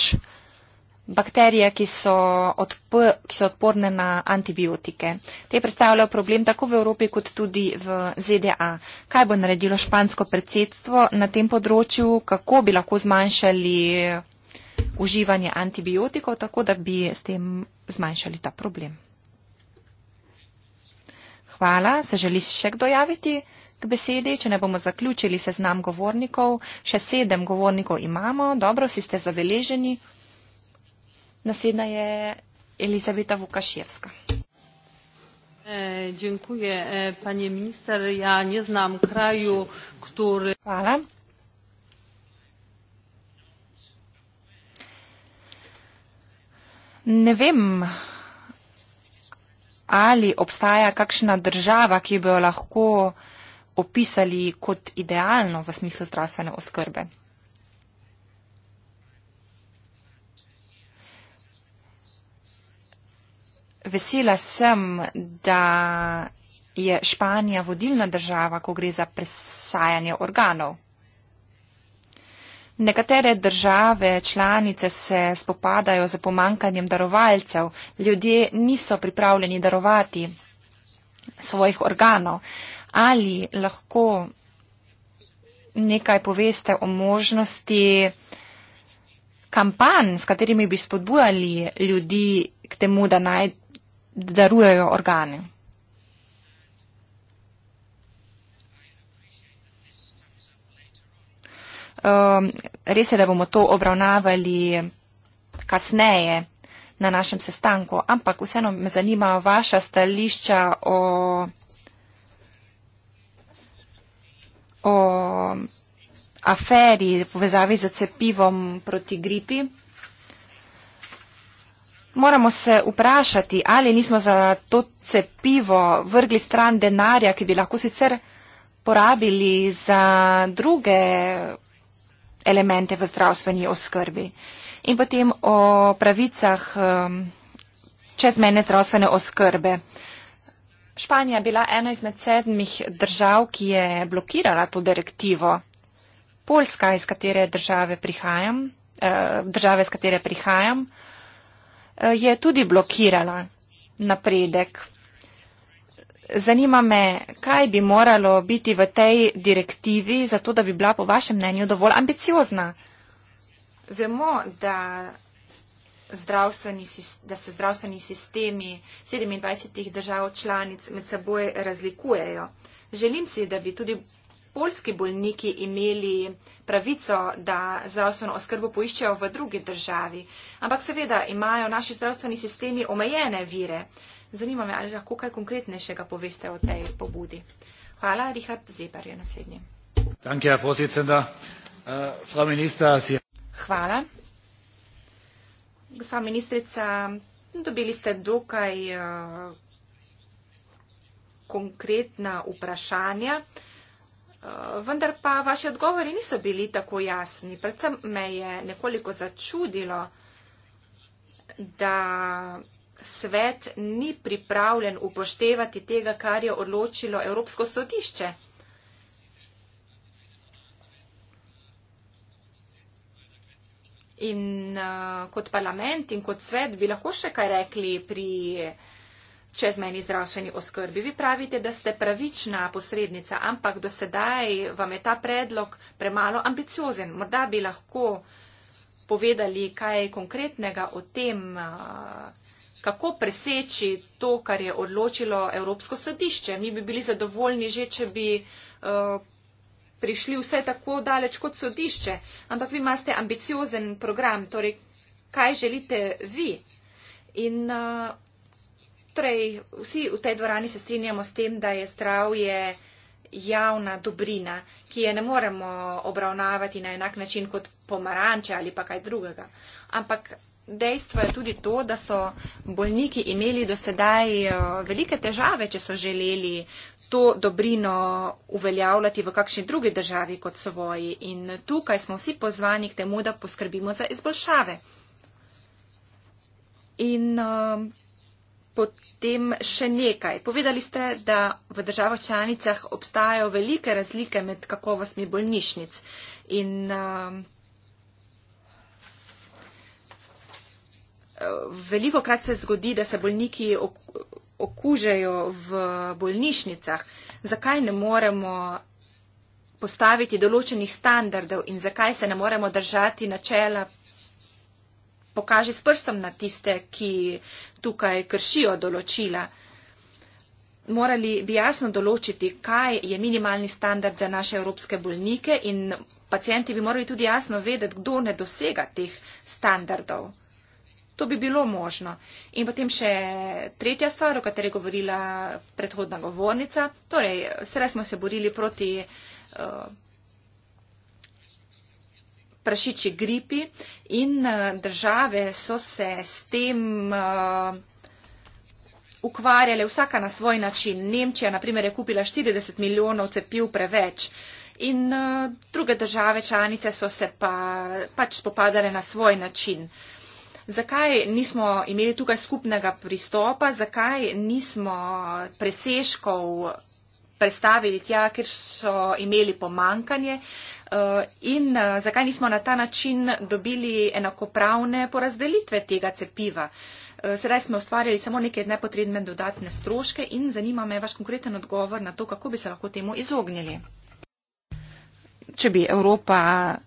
bakterije, ki so, odpr, ki so odporne na antibiotike. Te predstavljajo problem tako v Evropi kot tudi v ZDA. Kaj bo naredilo špansko predsedstvo na tem področju, kako bi lahko zmanjšali uživanje antibiotikov, tako da bi s tem zmanjšali ta problem? Hvala. Se želiš še kdo javiti k besedi? Če ne bomo zaključili seznam govornikov, še sedem govornikov imamo. Dobro, vsi ste zabeleženi. Naslednja je Elizabeta Vukaševska. E, e, ja Hvala. Ne vem, ali obstaja kakšna država, ki bi jo lahko opisali kot idealno v smislu zdravstvene oskrbe. Vesela sem, da je Španija vodilna država, ko gre za presajanje organov. Nekatere države članice se spopadajo z pomankanjem darovalcev. Ljudje niso pripravljeni darovati svojih organov. Ali lahko nekaj poveste o možnosti kampanj, s katerimi bi spodbujali ljudi k temu, da naj darujejo organe? Um, res je, da bomo to obravnavali kasneje na našem sestanku, ampak vseeno me zanima vaša stališča o, o aferi v povezavi z cepivom proti gripi. Moramo se vprašati, ali nismo za to cepivo vrgli stran denarja, ki bi lahko sicer porabili za druge elemente v zdravstveni oskrbi. In potem o pravicah um, čezmene zdravstvene oskrbe. Španija je bila ena izmed sedmih držav, ki je blokirala to direktivo. Poljska, iz katere države prihajam, eh, države, iz katere prihajam, eh, je tudi blokirala napredek zanima me, kaj bi moralo biti v tej direktivi, zato da bi bila po vašem mnenju dovolj ambiciozna. Vemo, da, da se zdravstveni sistemi 27 držav članic med seboj razlikujejo. Želim si, da bi tudi polski bolniki imeli pravico, da zdravstveno oskrbo poiščejo v drugi državi. Ampak seveda imajo naši zdravstveni sistemi omejene vire. Zanima me, ali lahko kaj konkretnejšega poveste o tej pobudi. Hvala. Richard Zeber je naslednji. Danke, Herr Vorsitzender. Äh, Frau Minister, Sie... Hvala. Gospa ministrica, dobili ste dokaj äh, konkretna vprašanja, äh, vendar pa vaši odgovori niso bili tako jasni. Predvsem me je nekoliko začudilo, da svet ni pripravljen upoštevati tega, kar je odločilo Evropsko sodišče. In uh, kot parlament in kot svet bi lahko še kaj rekli pri čezmejni zdravstveni oskrbi. Vi pravite, da ste pravična posrednica, ampak do sedaj vam je ta predlog premalo ambiciozen. Morda bi lahko povedali kaj konkretnega o tem. Uh, kako preseči to, kar je odločilo Evropsko sodišče. Mi bi bili zadovoljni že, če bi uh, prišli vse tako daleč kot sodišče, ampak vi imate ambiciozen program, torej kaj želite vi. In uh, torej vsi v tej dvorani se strinjamo s tem, da je zdravje javna dobrina, ki je ne moremo obravnavati na enak način kot pomaranče ali pa kaj drugega. Ampak Dejstvo je tudi to, da so bolniki imeli do sedaj eh, velike težave, če so želeli to dobrino uveljavljati v kakšni drugi državi kot svoji. In tukaj smo vsi pozvani k temu, da poskrbimo za izboljšave. In eh, potem še nekaj. Povedali ste, da v državah članicah obstajajo velike razlike med kakovostmi bolnišnic. In eh, veliko krat se zgodi, da se bolniki okužejo v bolnišnicah. Zakaj ne moremo postaviti določenih standardov in zakaj se ne moremo držati načela, pokaži s prstom na tiste, ki tukaj kršijo določila. Morali bi jasno določiti, kaj je minimalni standard za naše evropske bolnike in pacijenti bi morali tudi jasno vedeti, kdo ne dosega teh standardov. To bi bilo možno. In potem še tretja stvar, o kateri je govorila predhodna govornica. Torej, sedaj smo se borili proti uh, prašiči gripi in eh, države so se s tem uh, ukvarjale vsaka na svoj način. Nemčija, na primer, je kupila 40 milijonov cepiv preveč. In uh, druge države članice so se pa, pač spopadale na svoj način. Uh, zakaj nismo imeli tukaj skupnega pristopa, zakaj nismo preseškov predstavili tja, ker so imeli pomankanje eh, in eh, zakaj nismo na ta način dobili enakopravne porazdelitve tega cepiva. Eh, sedaj smo ustvarjali samo neke nepotrebne dodatne stroške in zanima me vaš konkreten odgovor na to, kako bi se lahko temu izognili. Če bi Evropa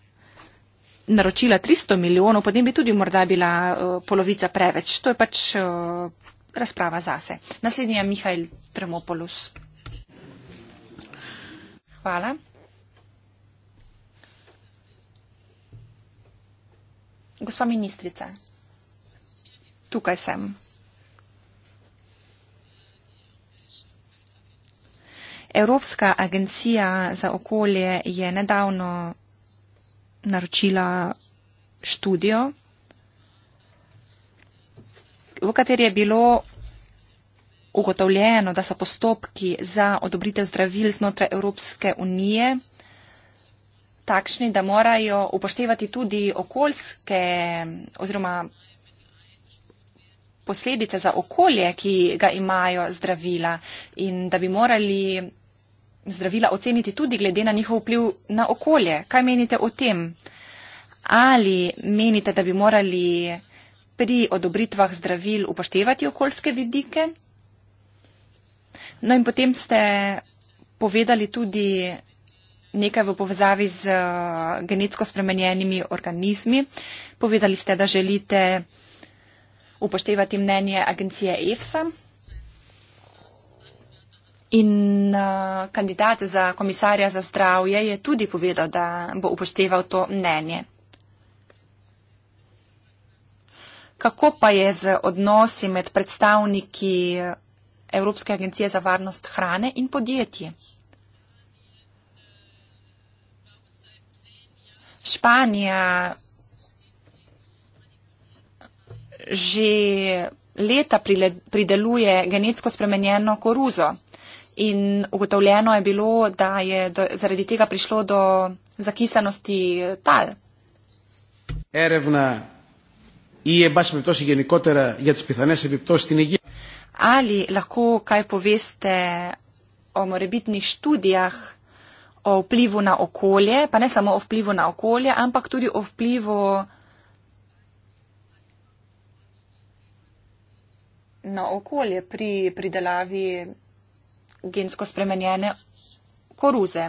naročila 300 milijonov, potem bi tudi morda bila uh, polovica preveč. To je pač uh, razprava zase. Naslednji je Mihajl Tremopolus. Hvala. Gospa ministrica, tukaj sem. Evropska agencija za okolje je nedavno naročila študijo, v kateri je bilo ugotovljeno, da so postopki za odobritev zdravil znotraj Evropske unije takšni, da morajo upoštevati tudi okoljske oziroma posledice za okolje, ki ga imajo zdravila in da bi morali zdravila oceniti tudi glede na njihov vpliv na okolje. Kaj menite o tem? Ali menite, da bi morali pri odobritvah zdravil upoštevati okoljske vidike? No in potem ste povedali tudi nekaj v povezavi z eh, genetsko spremenjenimi organizmi. Povedali ste, da želite upoštevati mnenje agencije EFSA, In eh, kandidat za komisarja za zdravje je tudi povedal, da bo upošteval to mnenje. Kako pa je z odnosi med predstavniki eh, Evropske agencije za varnost hrane in podjetji? Španija že leta prideluje genetsko spremenjeno koruzo. In ugotovljeno je bilo, da je do, zaradi tega prišlo do zakisanosti tal. Ali lahko kaj poveste o morebitnih študijah o vplivu na okolje, pa ne samo o vplivu na okolje, ampak tudi o vplivu na okolje pri pridelavi gensko spremenjene koruze.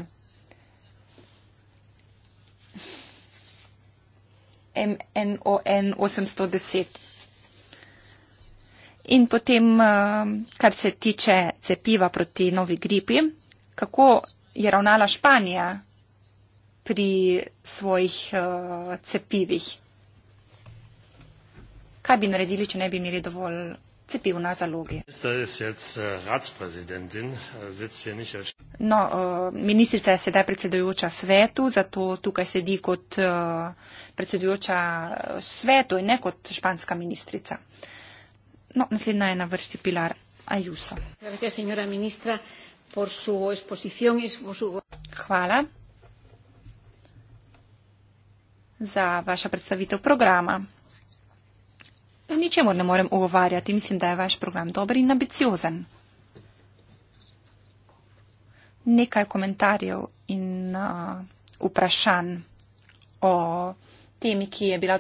MNON 810. In potem, eh, kar se tiče cepiva proti novi gripi, kako je ravnala Španija pri svojih eh, cepivih? Kaj bi naredili, če ne bi imeli dovolj cepivna zalogi. Äh, äh, no, äh, ministrica je sedaj predsedujoča svetu, zato tukaj sedi kot predsedujoča svetu in ne kot španska ministrica. No, naslednja je na vrsti Pilar Ajuso. Hvala za vašo predstavitev programa. Ničemu ne morem ugovarjati, mislim, da je vaš program dober in ambiciozen. Nekaj komentarjev in uh, vprašanj o temi, ki je bila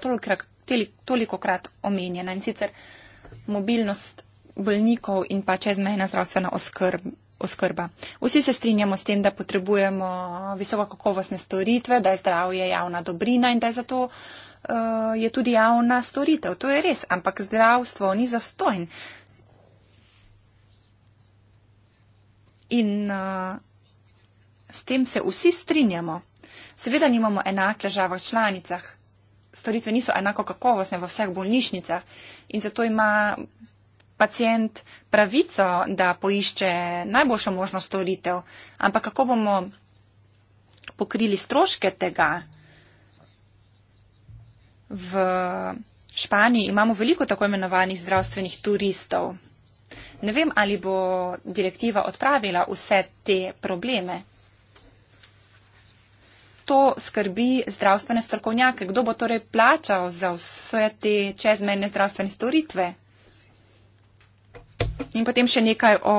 toliko krat omenjena in sicer mobilnost bolnikov in pa čezmejna zdravstvena oskrb, oskrba. Vsi se strinjamo s tem, da potrebujemo visoko kakovostne storitve, da je zdravje javna dobrina in da je zato uh, uh, je tudi javna storitev. To je res, ampak zdravstvo ni zastojn. In uh, s tem se vsi strinjamo. Seveda nimamo enak ležav v članicah. Storitve niso enako kakovostne v vseh bolnišnicah in zato ima pacijent pravico, da poišče najboljšo možno storitev. Ampak kako bomo pokrili stroške tega, v Španiji imamo veliko tako imenovanih zdravstvenih turistov. Ne vem, ali bo direktiva odpravila vse te probleme. To skrbi zdravstvene strokovnjake. Kdo bo torej plačal za vse te čezmejne zdravstvene storitve? In potem še nekaj o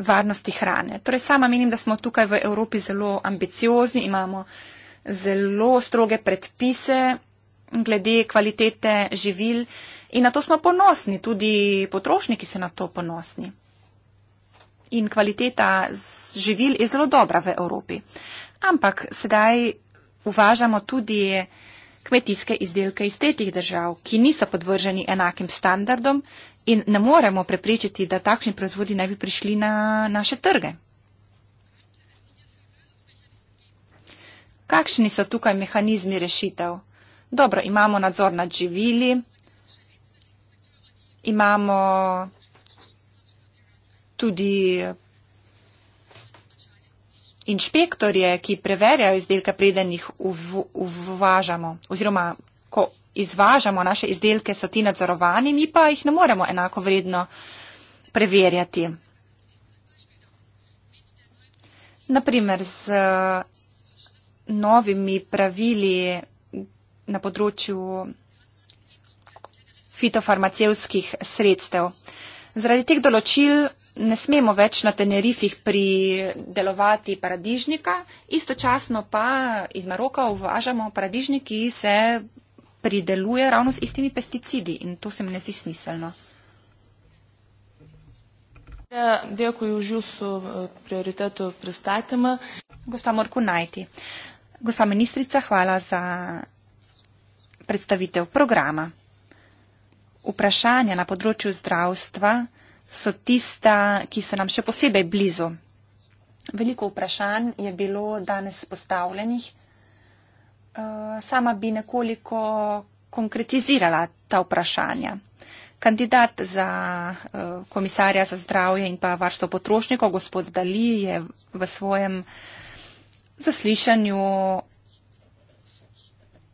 varnosti hrane. Torej, sama menim, da smo tukaj v Evropi zelo ambiciozni, imamo zelo stroge predpise glede kvalitete živil in na to smo ponosni, tudi potrošniki so na to ponosni. In kvaliteta živil je zelo dobra v Evropi. Ampak sedaj uvažamo tudi kmetijske izdelke iz tretjih držav, ki niso podvrženi enakim standardom in ne moremo preprečiti, da takšni proizvodi ne bi prišli na naše trge. Kakšni so tukaj mehanizmi rešitev? Dobro, imamo nadzor nad živili, imamo tudi inšpektorje, ki preverjajo izdelke, preden jih uvažamo oziroma ko izvažamo naše izdelke, so ti nadzorovani, mi pa jih ne moremo enako vredno preverjati. Naprimer, z novimi pravili na področju fitofarmacevskih sredstev. Zaradi teh določil ne smemo več na Tenerifih pridelovati paradižnika, istočasno pa iz Maroka uvažamo paradižnik, ki se prideluje ravno s istimi pesticidi in to se mi ne zdi smiselno. Ja, Dėkui už jūsų eh, prioritetų eh, pristatymą. Gospa Morku Naiti. Gospa ministrica, hvala za predstavitev programa. Vprašanja na področju zdravstva so tista, ki so nam še posebej blizu. Veliko vprašanj je bilo danes postavljenih. Eh, sama bi nekoliko konkretizirala ta vprašanja. Kandidat za eh, komisarja za zdravje in pa varstvo potrošnikov, gospod Dali, je v svojem zaslišanju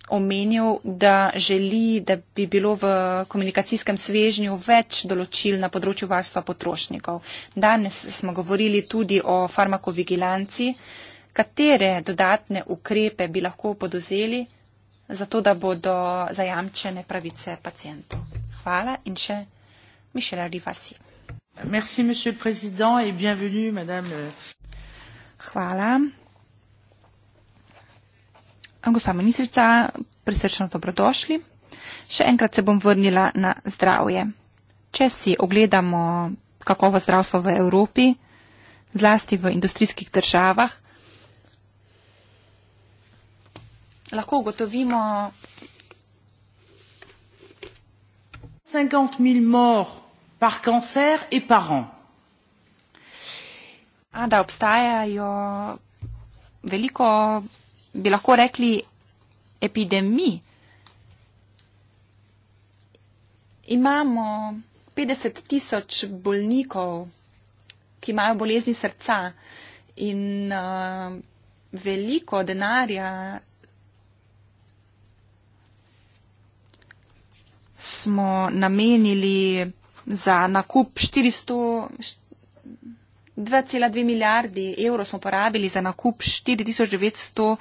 omenil, da želi, da bi bilo v komunikacijskem svežnju več določil na področju varstva potrošnikov. Danes smo govorili tudi o farmakovigilanci. Katere dodatne ukrepe bi lahko podozeli, zato da bodo zajamčene pravice pacijentov? Hvala in še Mišela Rivasi. Merci, monsieur le président, et bienvenue, madame. Euh. Hvala. Gospa ministrica, prisrčno dobrodošli. Še enkrat se bom vrnila na zdravje. Če si ogledamo kakovo zdravstvo v Evropi, zlasti v industrijskih državah, lahko ugotovimo. 50 mil mor par cancer e par an. A da obstajajo veliko bi lahko rekli, epidemij. Imamo 50 tisoč bolnikov, ki imajo bolezni srca in uh, veliko denarja smo namenili za nakup 400. 2,2 milijardi evrov smo porabili za nakup 4900 uh,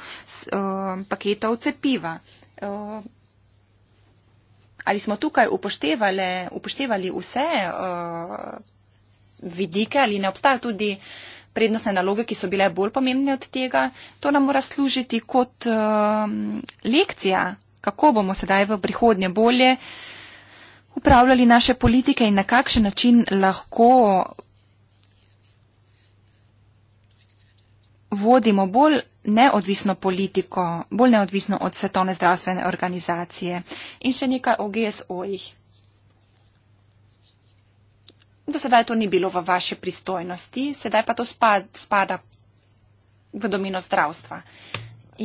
eh, paketov cepiva. Uh, ali smo tukaj upoštevali, upoštevali vse uh, vidike ali ne obstajajo tudi prednostne naloge, ki so bile bolj pomembne od tega? To nam mora služiti kot uh, lekcija, kako bomo sedaj v prihodnje bolje upravljali naše politike in na kakšen način lahko vodimo bolj neodvisno politiko, bolj neodvisno od svetovne zdravstvene organizacije. In še nekaj o GSO-jih. Do sedaj to ni bilo v vaše pristojnosti, sedaj pa to spada v domino zdravstva.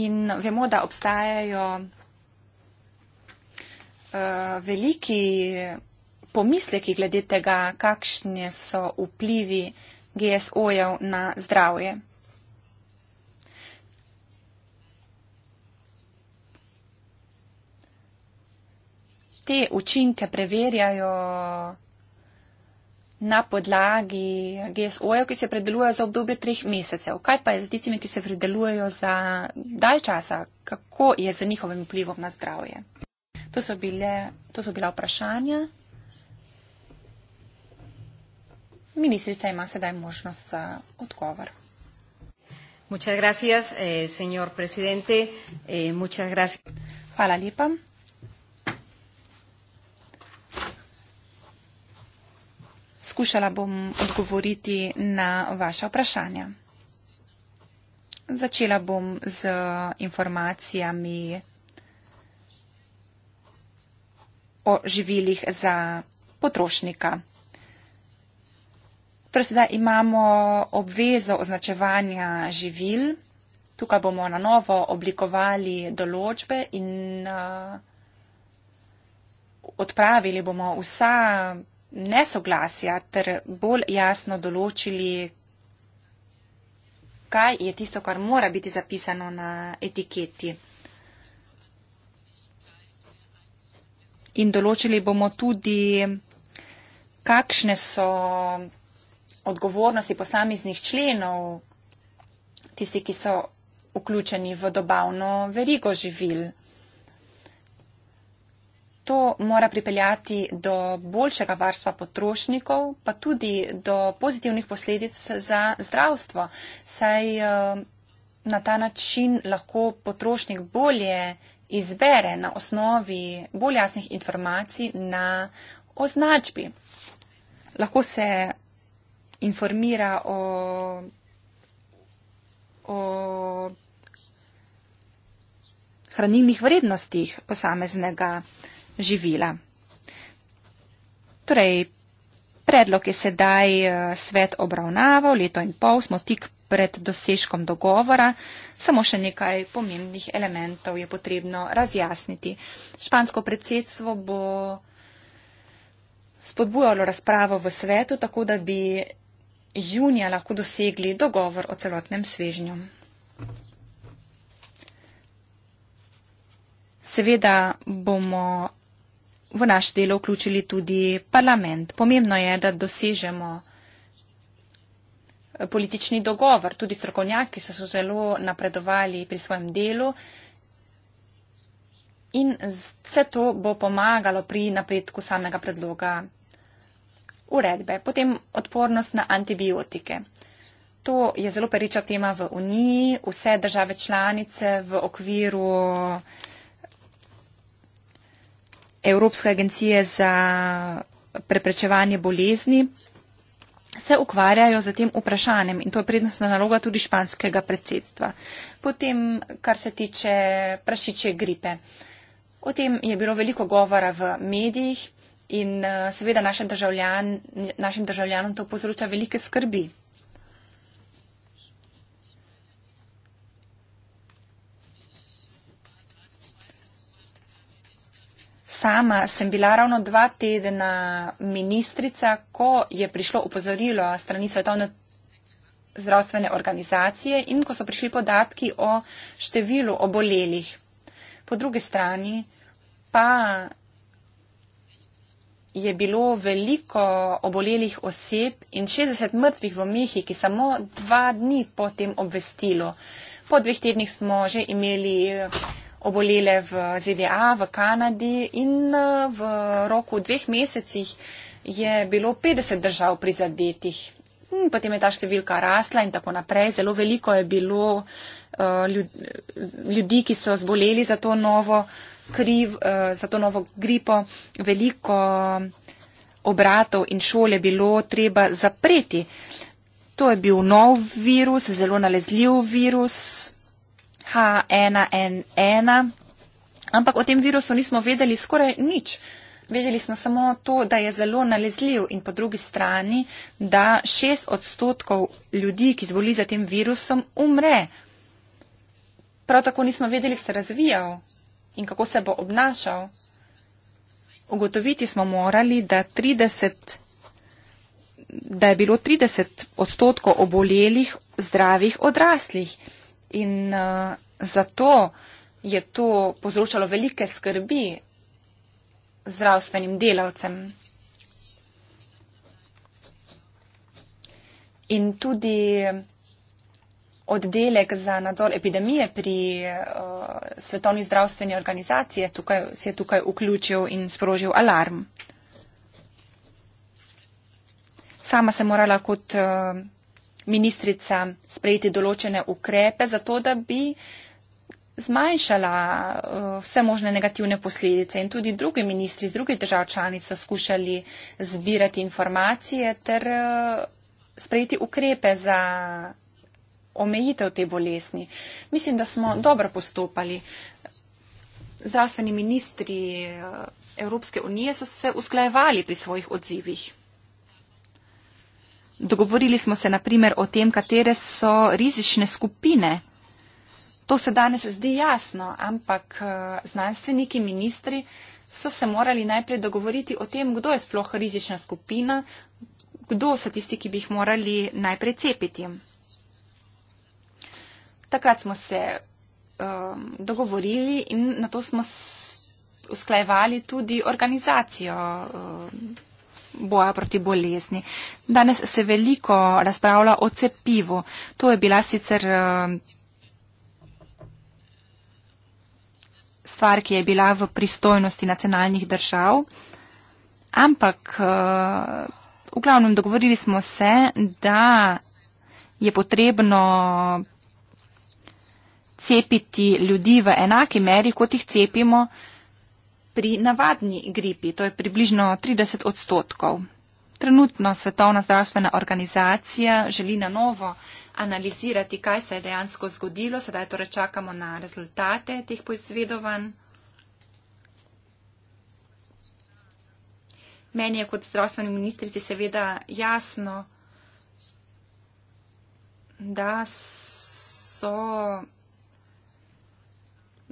In vemo, da obstajajo uh, veliki pomisleki glede tega, kakšne so vplivi GSO-jev na zdravje. te učinke preverjajo na podlagi GSO-jev, ki se predelujejo za obdobje treh mesecev. Kaj pa je z tistimi, ki se predelujejo za dal časa? Kako je z njihovim vplivom na zdravje? To so, bile, to so bila vprašanja. Ministrica ima sedaj možnost za odgovor. Muchas gracias, eh, señor presidente. Eh, muchas gracias. Hvala lepa. Skušala bom odgovoriti na vaše vprašanja. Začela bom z informacijami o živilih za potrošnika. Torej, sedaj imamo obvezo označevanja živil. Tukaj bomo na novo oblikovali določbe in uh, odpravili bomo vsa nesoglasja ter bolj jasno določili, kaj je tisto, kar mora biti zapisano na etiketi. In določili bomo tudi, kakšne so odgovornosti posameznih členov, tisti, ki so vključeni v dobavno verigo živil. To mora pripeljati do boljšega varstva potrošnikov, pa tudi do pozitivnih posledic za zdravstvo, saj eh, na ta način lahko potrošnik bolje izbere na osnovi bolj jasnih informacij na označbi. Lahko se informira o. o hranilnih vrednostih posameznega živila. Torej, predlog je sedaj eh, svet obravnaval, leto in pol smo tik pred dosežkom dogovora, samo še nekaj pomembnih elementov je potrebno razjasniti. Špansko predsedstvo bo spodbujalo razpravo v svetu, tako da bi junija lahko dosegli dogovor o celotnem svežnju. Seveda bomo v naš delo vključili tudi parlament. Pomembno je, da dosežemo eh, politični dogovor. Tudi strokovnjaki so zelo napredovali pri svojem delu in vse to bo pomagalo pri napredku samega predloga uredbe. Potem odpornost na antibiotike. To je zelo periča tema v Uniji. Vse države članice v okviru. Uh, Evropske agencije za preprečevanje bolezni se ukvarjajo z tem vprašanjem in to je prednostna naloga tudi španskega predsedstva. Potem, kar se tiče prašiče gripe. O tem je bilo veliko govora v medijih in eh, seveda našim državljanom to povzroča velike skrbi. sama sem bila ravno dva tedna ministrica, ko je prišlo upozorilo strani Svetovne zdravstvene organizacije in ko so prišli podatki o številu obolelih. Po drugi strani pa je bilo veliko obolelih oseb in 60 mrtvih v Mehiki samo dva dni po tem obvestilu. Po dveh tednih smo že imeli obolele v ZDA, v Kanadi in eh, v roku dveh mesecih je bilo 50 držav prizadetih. Potem je ta številka rasla in tako naprej. Zelo veliko je bilo eh, ljudi, ki so zboleli za to novo, kriv, eh, za to novo gripo. Veliko obratov in šole bilo treba zapreti. To je bil nov virus, zelo nalezljiv virus. H1N1, e ampak o tem virusu nismo vedeli skoraj nič. Vedeli smo samo to, da je zelo nalezljiv in po drugi strani, da šest odstotkov ljudi, ki zboli za tem virusom, umre. Prav tako nismo vedeli, kako se razvijal in kako se bo obnašal. Ugotoviti smo morali, da, 30, da je bilo 30 odstotkov obolelih zdravih odraslih. In uh, zato je to povzročalo velike skrbi zdravstvenim delavcem. In tudi oddelek za nadzor epidemije pri uh, Svetovni zdravstveni organizaciji tukaj, se je tukaj vključil in sprožil alarm. Sama sem morala kot. Uh, ministrica sprejeti določene ukrepe, zato da bi zmanjšala eh, vse možne negativne posledice in tudi drugi ministri iz drugih držav članic so skušali zbirati informacije ter eh, sprejeti ukrepe za omejitev te bolesni. Mislim, da smo dobro postopali. Zdravstveni ministri eh, Evropske unije so se usklajevali pri svojih odzivih. Dogovorili smo se naprimer o tem, katere so rizične skupine. To se danes zdi jasno, ampak eh, znanstveniki, ministri so se morali najprej dogovoriti o tem, kdo je sploh rizična skupina, kdo so tisti, ki bi jih morali najprej cepiti. Takrat smo se um, dogovorili in na to smo usklajevali tudi organizacijo. Um, boja proti bolezni. Danes se veliko razpravlja o cepivu. To je bila sicer eh, stvar, ki je bila v pristojnosti nacionalnih držav, ampak eh, v glavnem dogovorili smo se, da je potrebno cepiti ljudi v enaki meri, kot jih cepimo pri navadni gripi, to je približno 30 odstotkov. Trenutno Svetovna zdravstvena organizacija želi na novo analizirati, kaj se je dejansko zgodilo. Sedaj torej čakamo na rezultate teh poizvedovanj. Meni je kot zdravstveni ministrici seveda jasno, da so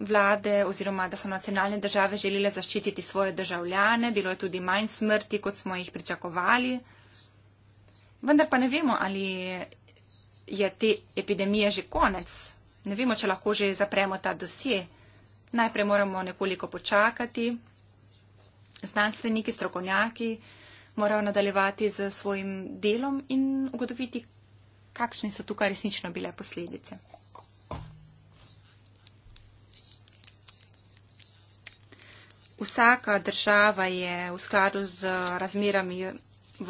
vlade oziroma da so nacionalne države želele zaščititi svoje državljane, bilo je tudi manj smrti, kot smo jih pričakovali. Vendar pa ne vemo, ali je te epidemije že konec. Ne vemo, če lahko že zapremo ta dosje. Najprej moramo nekoliko počakati. Znanstveniki, strokovnjaki morajo nadaljevati z svojim delom in ugotoviti, kakšne so tukaj resnično bile posledice. vsaka država je v skladu z razmerami v,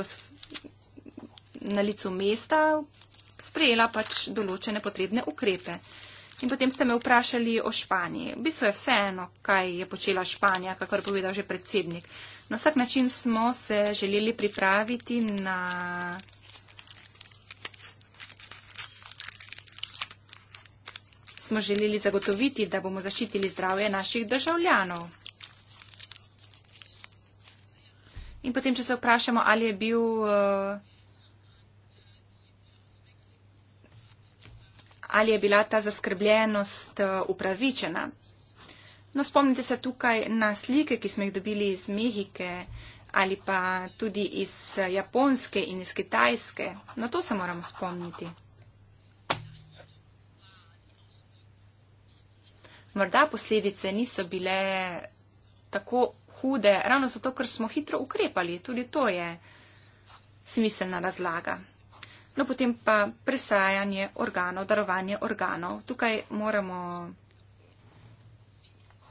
na licu mesta sprejela pač določene potrebne ukrepe. In potem ste me vprašali o Španiji. V bistvu je vseeno, kaj je počela Španija, kako je povedal že predsednik. Na vsak način smo se želeli pripraviti na. smo želeli zagotoviti, da bomo zaščitili zdravje naših državljanov. In potem, če se vprašamo, ali je bil. Eh, ali je bila ta zaskrbljenost eh, upravičena? No, spomnite se tukaj na slike, ki smo jih dobili iz Mehike ali pa tudi iz eh, Japonske in iz Kitajske. Na to se moramo spomniti. Morda posledice niso bile tako hude, ravno zato, ker smo hitro ukrepali. Tudi to je smiselna razlaga. No, potem pa presajanje organov, darovanje organov. Tukaj moramo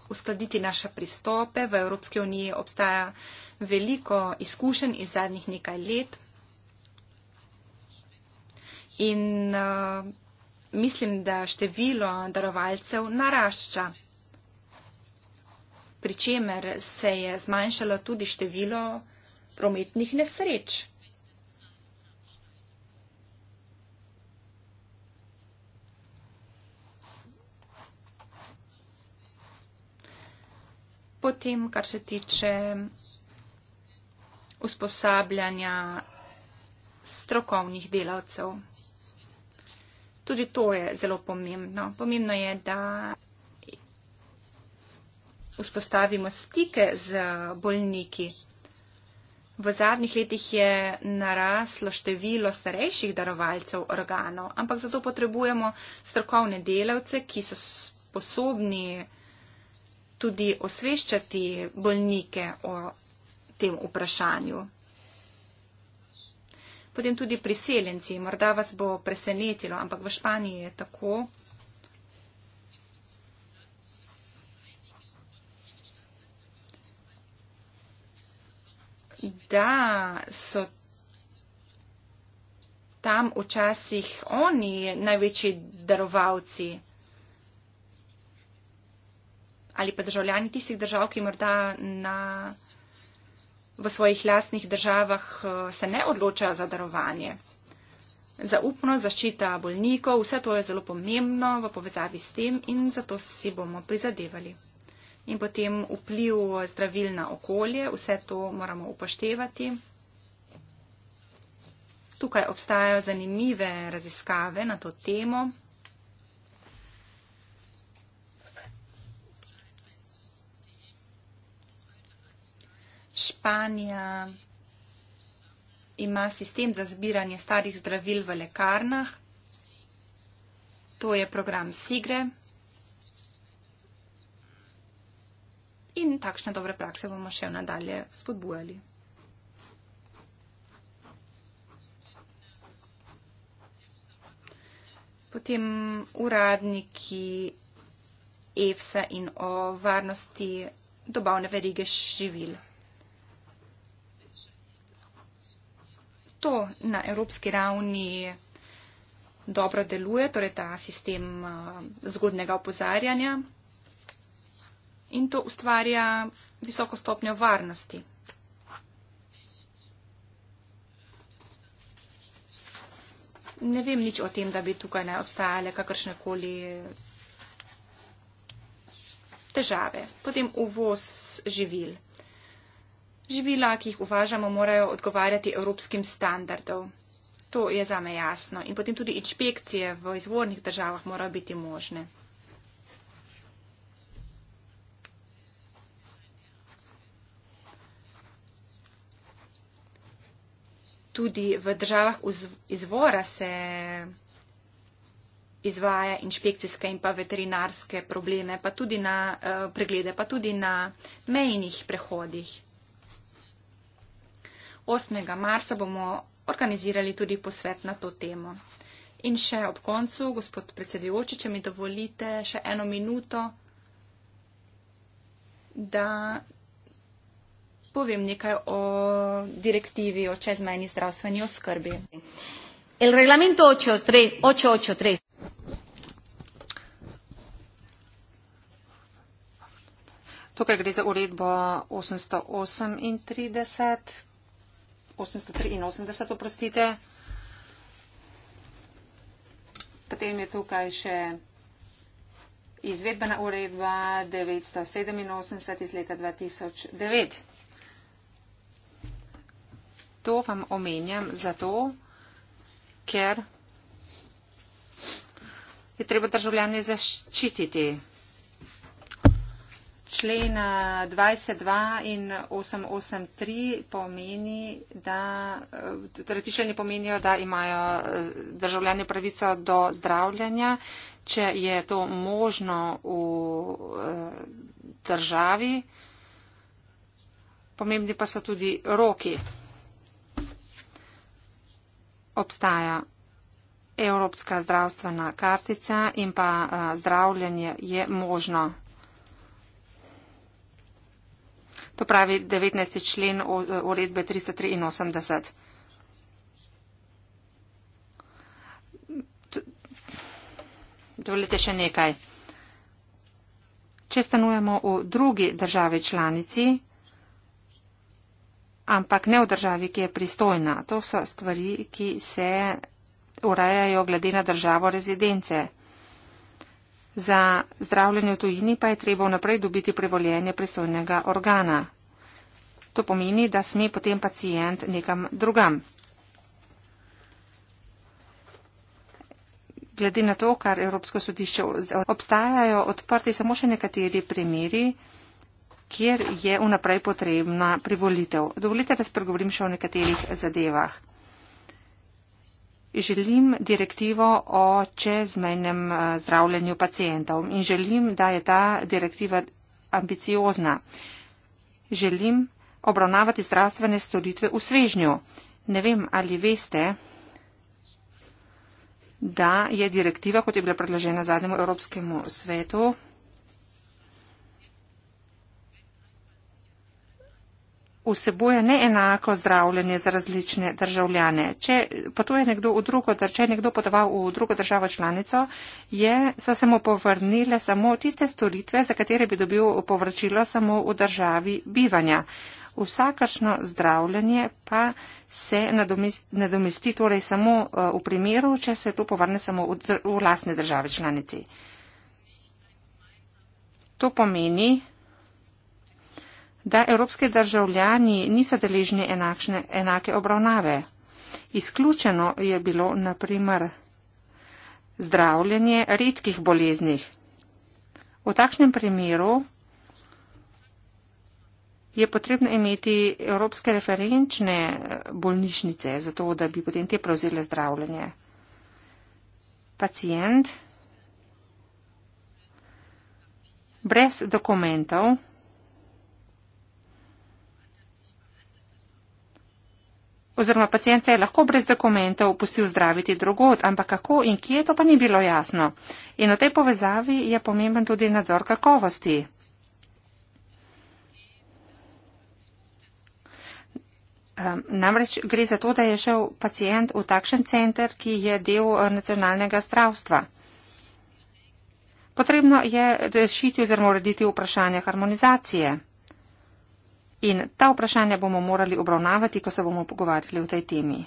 uskladiti naše pristope. V Evropski uniji obstaja veliko izkušenj iz zadnjih nekaj let. In uh, mislim, da število darovalcev narašča pri čemer se je zmanjšalo tudi število prometnih nesreč. Potem, kar se tiče usposabljanja strokovnih delavcev. Tudi to je zelo pomembno. Pomembno je, da vzpostavimo stike z bolniki. V zadnjih letih je naraslo število starejših darovalcev organov, ampak zato potrebujemo strokovne delavce, ki so sposobni tudi osveščati bolnike o tem vprašanju. Potem tudi priseljenci. Morda vas bo presenetilo, ampak v Španiji je tako. da so tam včasih oni največji darovalci ali pa državljani tistih držav, ki morda na, v svojih lastnih državah eh, se ne odločajo za darovanje. Zaupno zaščita bolnikov, vse to je zelo pomembno v povezavi s tem in zato si bomo prizadevali in potem vpliv zdravil na okolje. Vse to moramo upoštevati. Tukaj obstajajo zanimive raziskave na to temo. Španija ima sistem za zbiranje starih zdravil v lekarnah. To je program SIGRE, in takšne dobre prakse bomo še nadalje spodbujali. Potem uradniki EFSA in o varnosti dobavne verige živil. To na evropski ravni dobro deluje, torej ta sistem eh, zgodnega opozarjanja in to ustvarja visoko stopnjo varnosti. Ne vem nič o tem, da bi tukaj ne obstajale kakršne koli težave. Potem uvoz živil. Živila, ki jih uvažamo, morajo odgovarjati evropskim standardom. To je zame jasno. In potem tudi inšpekcije v izvornih državah morajo biti možne. tudi v državah izvora se izvaja inšpekcijske in pa veterinarske probleme, pa tudi na uh, preglede, pa tudi na mejnih prehodih. 8. marca bomo organizirali tudi posvet na to temo. In še ob koncu, gospod predsedujoči, če mi dovolite še eno minuto, da povem nekaj o direktivi o čezmejni zdravstveni oskrbi. El reglamento 883. Tukaj gre za uredbo 838, 883, oprostite. Potem je tukaj še izvedbena uredba 987 iz leta 2009. To vam omenjam zato, ker je treba državljane zaščititi. Člen 22 in 883 pomeni, da, torej ti členi pomenijo, da imajo eh, državljani pravico do zdravljanja, če je to možno v eh, državi. Pomembni pa so tudi roki obstaja evropska zdravstvena kartica in pa eh, zdravljenje je možno. To pravi 19. člen eh, uredbe 383. Dovolite še nekaj. Če stanujemo v drugi državi članici, ampak ne v državi, ki je pristojna. To so stvari, ki se urajajo glede na državo rezidence. Za zdravljenje v tujini pa je treba vnaprej dobiti privoljenje pristojnega organa. To pomeni, da sme potem pacijent nekam drugam. Glede na to, kar Evropsko sodišče obstajajo, odprti samo še nekateri primeri kjer je vnaprej potrebna privolitev. Dovolite, da spregovorim še o nekaterih zadevah. Želim direktivo o čezmejnem eh, zdravljenju pacijentov in želim, da je ta direktiva ambiciozna. Želim obravnavati zdravstvene storitve v svežnju. Ne vem, ali veste, da je direktiva, kot je bila predložena zadnjemu Evropskemu svetu, vsebuje neenako zdravljenje za različne državljane. Če potuje nekdo v drugo, da če je nekdo potoval v drugo državo članico, je, so se mu povrnile samo tiste storitve, za katere bi dobil povračilo samo v državi bivanja. Vsakašno zdravljenje pa se nadomesti, nadomesti torej samo eh, v primeru, če se to povrne samo v, dr, v lastne države članici. To pomeni, da evropske državljani niso deležni enakšne, enake obravnave. Izključeno je bilo naprimer zdravljenje redkih boleznih. V takšnem primeru je potrebno imeti evropske referenčne bolnišnice, zato da bi potem te prevzele zdravljenje. Pacijent brez dokumentov oziroma pacijenta je lahko brez dokumentov pustil zdraviti drugod, ampak kako in kje, to pa ni bilo jasno. In v tej povezavi je pomemben tudi nadzor kakovosti. Ehm, namreč gre za to, da je šel pacijent v takšen center, ki je del eh, nacionalnega zdravstva. Potrebno je rešiti oziroma urediti vprašanje harmonizacije. In ta vprašanja bomo morali obravnavati, ko se bomo pogovarjali o tej temi.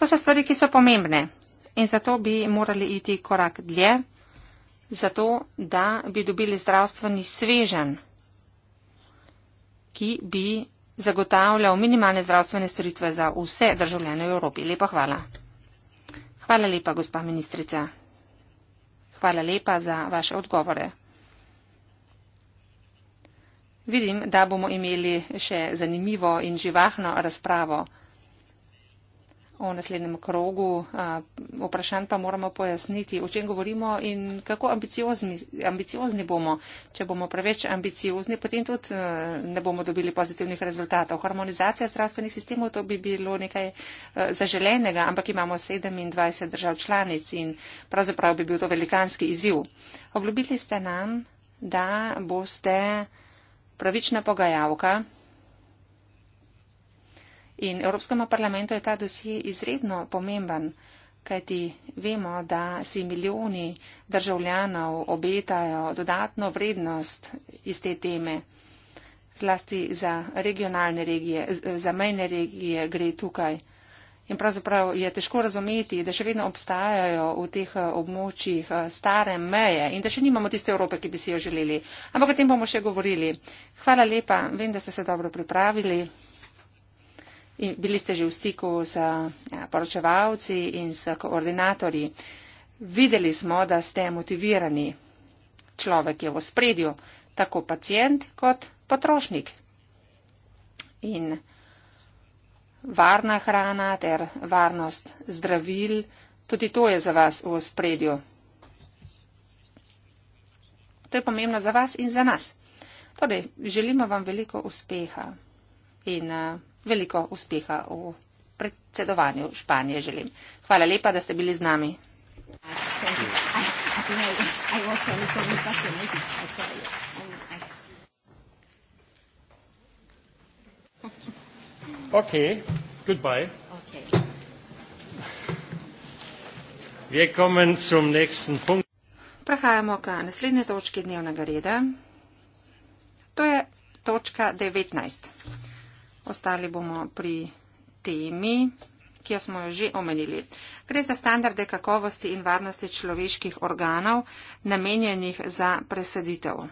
To so stvari, ki so pomembne in zato bi morali iti korak dlje, zato da bi dobili zdravstveni svežen, ki bi zagotavljal minimalne zdravstvene storitve za vse državljane v Evropi. Lepa hvala. Hvala lepa, gospa ministrica. Hvala lepa za vaše odgovore. Vidim, da bomo imeli še zanimivo in živahno razpravo o naslednjem krogu. Vprašanj pa moramo pojasniti, o čem govorimo in kako ambiciozni, ambiciozni bomo. Če bomo preveč ambiciozni, potem tudi ne bomo dobili pozitivnih rezultatov. Harmonizacija zdravstvenih sistemov, to bi bilo nekaj zaželenega, ampak imamo 27 držav članic in pravzaprav bi bil to velikanski izziv. Obljubili ste nam, da boste pravična pogajalka In Evropskemu parlamentu je ta dosje izredno pomemben, kajti vemo, da si milijoni državljanov obetajo dodatno vrednost iz te teme. Zlasti za regionalne regije, za mejne regije gre tukaj. In pravzaprav je težko razumeti, da še vedno obstajajo v teh eh, območjih eh, stare meje in da še nimamo tiste Evrope, ki bi si jo želeli. Ampak o tem bomo še govorili. Hvala lepa, vem, da ste se dobro pripravili. In bili ste že v stiku z ja, poročevalci in z koordinatorji. Videli smo, da ste motivirani. Človek je v spredju, tako pacijent kot potrošnik. In varna hrana ter varnost zdravil, tudi to je za vas v spredju. To je pomembno za vas in za nas. Torej, želimo vam veliko uspeha in eh, veliko uspeha v predsedovanju Španije želim. Hvala lepa, da ste bili z nami. Ok, goodbye. Prehajamo k naslednji točki dnevnega reda. To je točka 19. Ostali bomo pri temi, ki jo smo jo že omenili. Gre za standarde kakovosti in varnosti človeških organov, namenjenih za presaditev.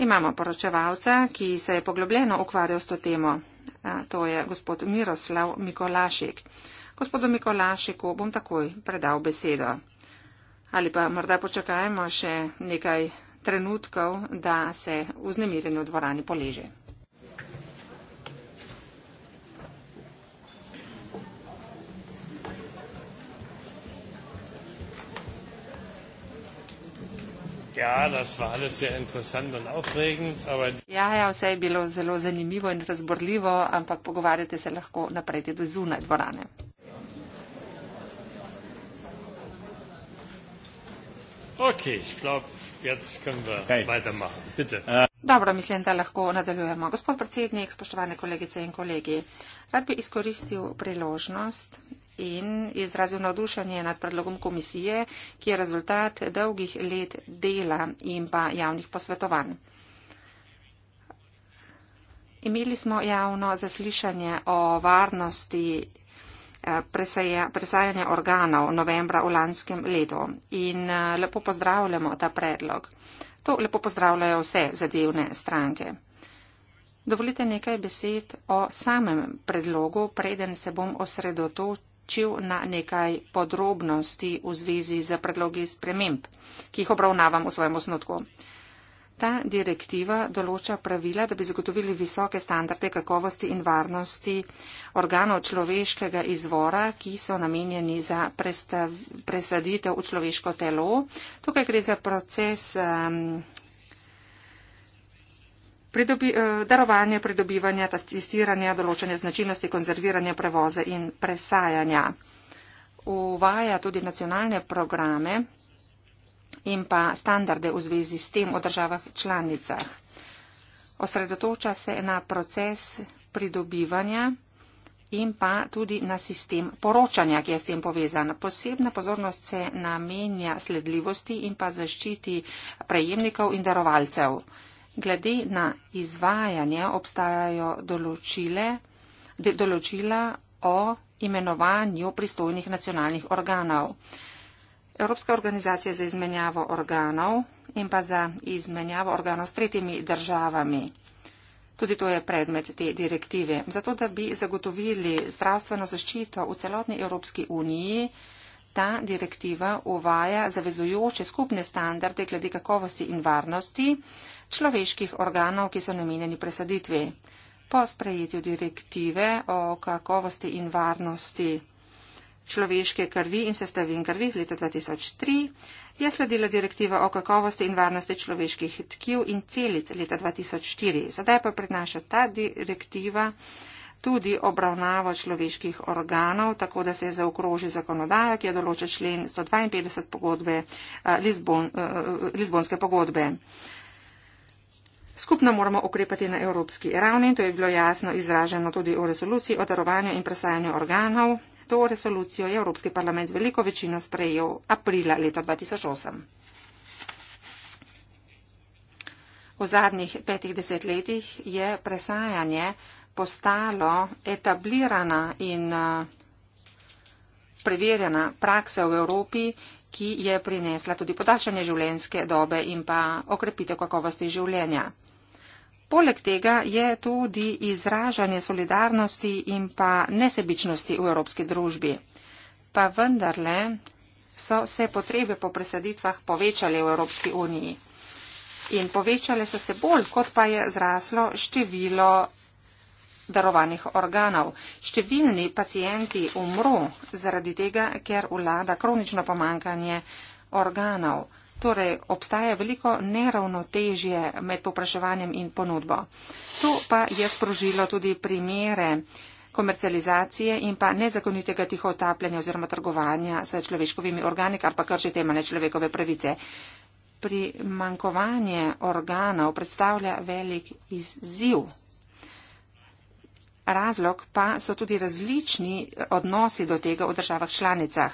Imamo poročevalca, ki se je poglobljeno ukvarjal s to temo. To je gospod Miroslav Mikolašik. Gospodu Mikolašiku bom takoj predal besedo. Ali pa morda počakajmo še nekaj trenutkov, da se vznemirjeni v dvorani poleže. Ja, ja, ja, vse je bilo zelo zanimivo in razborljivo, ampak pogovarjate se lahko naprej tudi zunaj dvorane. Okay, Jetzt können wir okay. weitermachen. Bitte. Äh, Dobro, mislim, da lahko nadaljujemo. Gospod predsednik, spoštovane kolegice in kolegi, rad bi izkoristil priložnost in izrazil navdušenje nad predlogom komisije, ki je rezultat dolgih let dela in pa javnih posvetovanj. Imeli smo javno zaslišanje o varnosti presajanja organov novembra v lanskem letu in eh, lepo pozdravljamo ta predlog. To lepo pozdravljajo vse zadevne stranke. Dovolite nekaj besed o samem predlogu, preden se bom osredotočil na nekaj podrobnosti v zvezi z predlogi sprememb, ki jih obravnavam v svojem osnotku. Ta direktiva določa pravila, da bi zagotovili visoke standarde kakovosti in varnosti organov človeškega izvora, ki so namenjeni za prestav, presaditev v človeško telo. Tukaj gre za proces um, pridobi, uh, darovanja, pridobivanja, testiranja, določanja značilnosti, konzerviranja, prevoza in presajanja. Uvaja tudi nacionalne programe in pa standarde v zvezi s tem v državah članicah. Osredotoča se na proces pridobivanja in pa tudi na sistem poročanja, ki je s tem povezan. Posebna pozornost se namenja sledljivosti in pa zaščiti prejemnikov in darovalcev. Glede na izvajanje obstajajo določile, določila o imenovanju pristojnih nacionalnih organov. Evropska organizacija za izmenjavo organov in pa za izmenjavo organov s tretjimi državami. Tudi to je predmet te direktive. Zato, da bi zagotovili zdravstveno zaščito v celotni Evropski uniji, ta direktiva uvaja zavezujoče skupne standarde glede kakovosti in varnosti človeških organov, ki so namenjeni presaditvi. Po sprejetju direktive o kakovosti in varnosti človeške krvi in sestavin krvi iz leta 2003, je sledila direktiva o kakovosti in varnosti človeških tkiv in celic leta 2004. Zdaj pa prinaša ta direktiva tudi obravnavo človeških organov, tako da se je zaokroži zakonodajo, ki je določa člen 152 pogodbe, eh, Lizbon, eh, eh, Lizbonske pogodbe. Skupno moramo ukrepati na evropski ravni, to je bilo jasno izraženo tudi v resoluciji o darovanju in presajanju organov to resolucijo je Evropski parlament z veliko večino sprejel aprila leta 2008. V zadnjih petih desetletjih je presajanje postalo etablirana in eh, preverjena praksa v Evropi, ki je prinesla tudi podaljšanje življenjske dobe in pa okrepitev kakovosti življenja. Poleg tega je tudi izražanje solidarnosti in pa nesebičnosti v evropski družbi. Pa vendarle so se potrebe po presaditvah povečale v Evropski uniji. In povečale so se bolj, kot pa je zraslo število darovanih organov. Številni pacijenti umro zaradi tega, ker vlada kronično pomankanje organov. Torej, obstaja veliko neravnotežje med popraševanjem in ponudbo. To pa je sprožilo tudi primere komercializacije in pa nezakonitega tihotapljanja oziroma trgovanja s človeškovimi organi, kar pa krši temeljne človekove pravice. Primankovanje organov predstavlja velik izziv. Razlog pa so tudi različni odnosi do tega v državah članicah.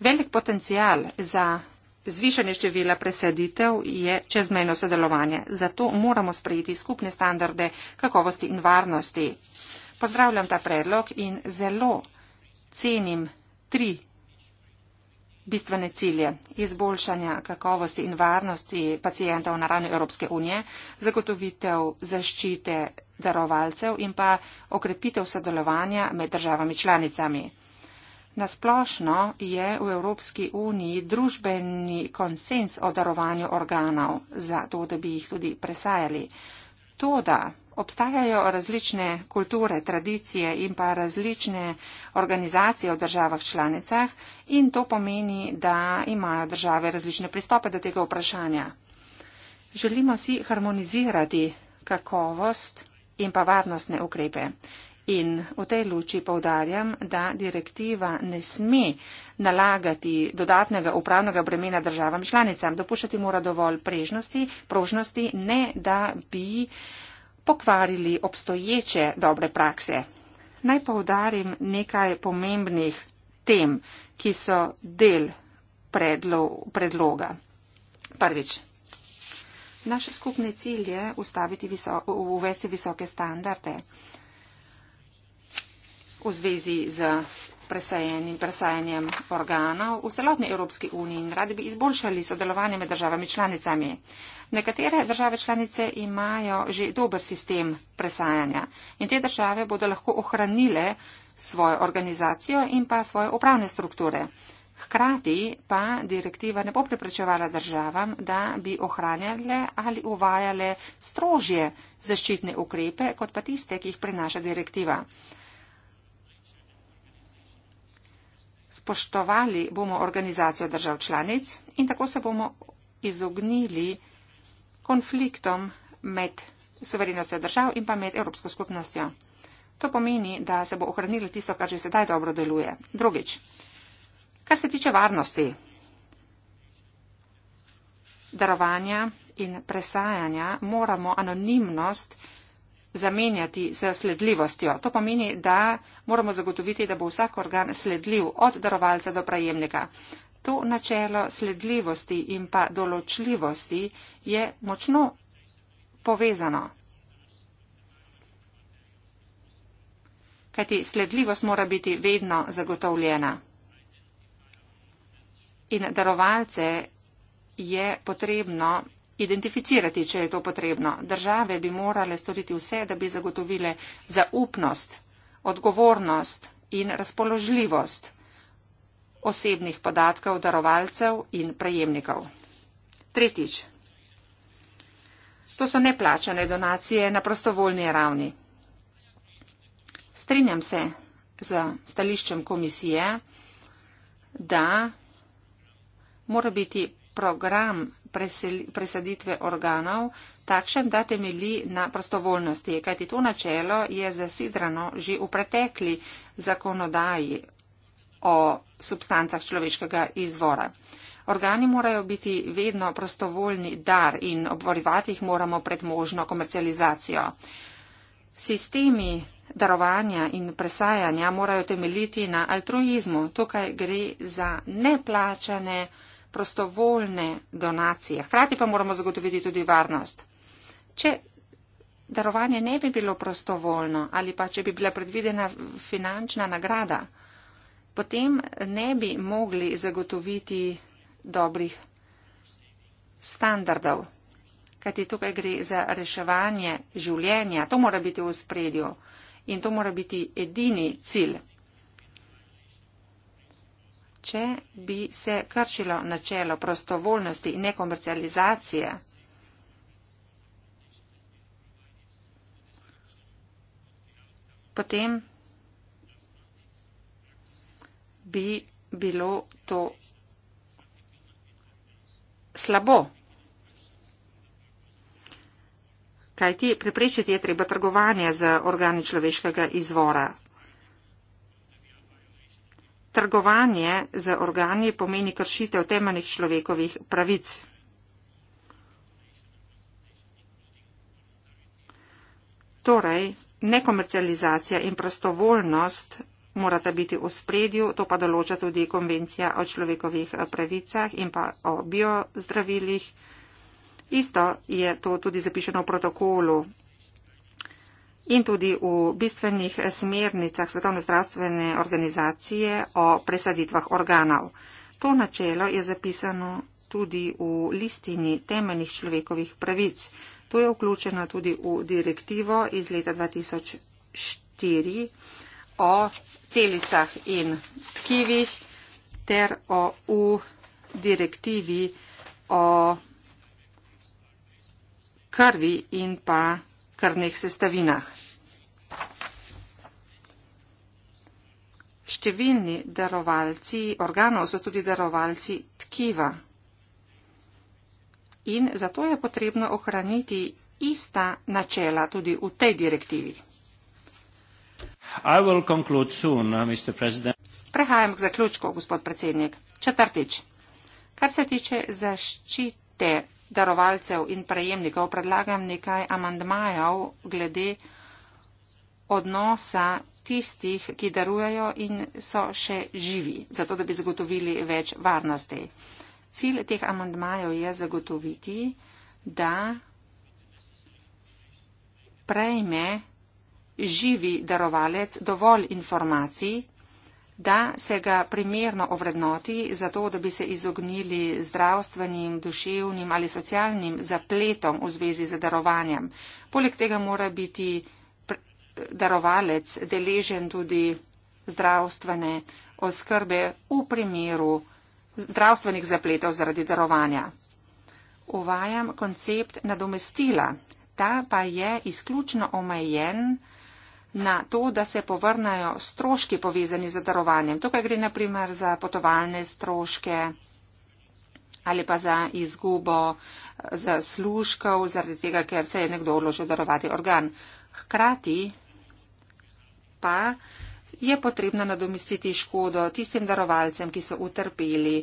Velik potencial za zvišanje števila preseditev je čezmejno sodelovanje. Zato moramo sprejeti skupne standarde kakovosti in varnosti. Pozdravljam ta predlog in zelo cenim tri bistvene cilje. Izboljšanja kakovosti in varnosti pacijentov na ravni Evropske unije, zagotovitev zaščite darovalcev in pa okrepitev sodelovanja med državami članicami. Nasplošno je v Evropski uniji družbeni konsens o darovanju organov, zato da bi jih tudi presajali. Toda obstajajo različne kulture, tradicije in pa različne organizacije v državah članicah in to pomeni, da imajo države različne pristope do tega vprašanja. Želimo si harmonizirati kakovost in pa varnostne ukrepe. In v tej luči povdarjam, da direktiva ne sme nalagati dodatnega upravnega bremena državam članicam. Dopuščati mora dovolj prežnosti, prožnosti, ne da bi pokvarili obstoječe dobre prakse. Naj povdarim nekaj pomembnih tem, ki so del predlo predloga. Prvič. Naš skupni cilj je visok uvesti visoke standarde v zvezi z presajenim, presajenjem organov v celotni Evropski uniji in radi bi izboljšali sodelovanje med državami članicami. Nekatere države članice imajo že dober sistem presajanja in te države bodo lahko ohranile svojo organizacijo in pa svoje upravne strukture. Hkrati pa direktiva ne bo preprečevala državam, da bi ohranjale ali uvajale strožje zaščitne ukrepe, kot pa tiste, ki jih prinaša direktiva. spoštovali bomo organizacijo držav članic in tako se bomo izognili konfliktom med suverenostjo držav in pa med Evropsko skupnostjo. To pomeni, da se bo ohranilo tisto, kar že sedaj dobro deluje. Drugič, kar se tiče varnosti, darovanja in presajanja, moramo anonimnost zamenjati z sledljivostjo. To pomeni, da moramo zagotoviti, da bo vsak organ sledljiv od darovalca do prejemnika. To načelo sledljivosti in pa določljivosti je močno povezano. Kajti sledljivost mora biti vedno zagotovljena. In darovalce je potrebno identificirati, če je to potrebno. Države bi morale storiti vse, da bi zagotovile zaupnost, odgovornost in razpoložljivost osebnih podatkov darovalcev in prejemnikov. Tretjič. To so neplačane donacije na prostovoljni ravni. Strinjam se z stališčem komisije, da mora biti program presaditve organov takšen, da temeli na prostovoljnosti, kajti to načelo je zasidrano že v pretekli zakonodaji o substancah človeškega izvora. Organi morajo biti vedno prostovoljni dar in obvorivati jih moramo pred možno komercializacijo. Sistemi darovanja in presajanja morajo temeliti na altruizmu. Tukaj gre za neplačane prostovoljne donacije. Hkrati pa moramo zagotoviti tudi varnost. Če darovanje ne bi bilo prostovoljno ali pa če bi bila predvidena finančna nagrada, potem ne bi mogli zagotoviti dobrih standardov. Kajti tukaj gre za reševanje življenja. To mora biti v spredju in to mora biti edini cilj. Če bi se kršilo načelo prostovoljnosti in nekomercializacije, potem bi bilo to slabo. Kaj ti preprečiti je treba trgovanje z organi človeškega izvora? trgovanje z organi pomeni kršitev temeljnih človekovih pravic. Torej, nekomercializacija in prostovoljnost morata biti v spredju, to pa določa tudi konvencija o človekovih pravicah in pa o biozdravilih. Isto je to tudi zapišeno v protokolu in tudi v bistvenih smernicah Svetovne zdravstvene organizacije o presaditvah organov. To načelo je zapisano tudi v listini temeljnih človekovih pravic. To je vključeno tudi v direktivo iz leta 2004 o celicah in tkivih ter o v direktivi o krvi in pa krvnih sestavinah. Številni darovalci organov so tudi darovalci tkiva. In zato je potrebno ohraniti ista načela tudi v tej direktivi. Soon, uh, Prehajam k zaključku, gospod predsednik. Četrtič. Kar se tiče zaščite darovalcev in prejemnikov, predlagam nekaj amandmajev glede odnosa tistih, ki darujejo in so še živi, zato da bi zagotovili več varnosti. Cilj teh amandmajev je zagotoviti, da prejme živi darovalec dovolj informacij, da se ga primerno ovrednoti, zato da bi se izognili zdravstvenim, duševnim ali socialnim zapletom v zvezi z darovanjem. Poleg tega mora biti darovalec deležen tudi zdravstvene oskrbe v primeru zdravstvenih zapletov zaradi darovanja. Uvajam koncept nadomestila. Ta pa je izključno omejen na to, da se povrnajo stroški povezani z darovanjem. Tukaj gre naprimer za potovalne stroške ali pa za izgubo zaslužkov, zaradi tega, ker se je nekdo odločil darovati organ. Hkrati pa je potrebno nadomestiti škodo tistim darovalcem, ki so utrpeli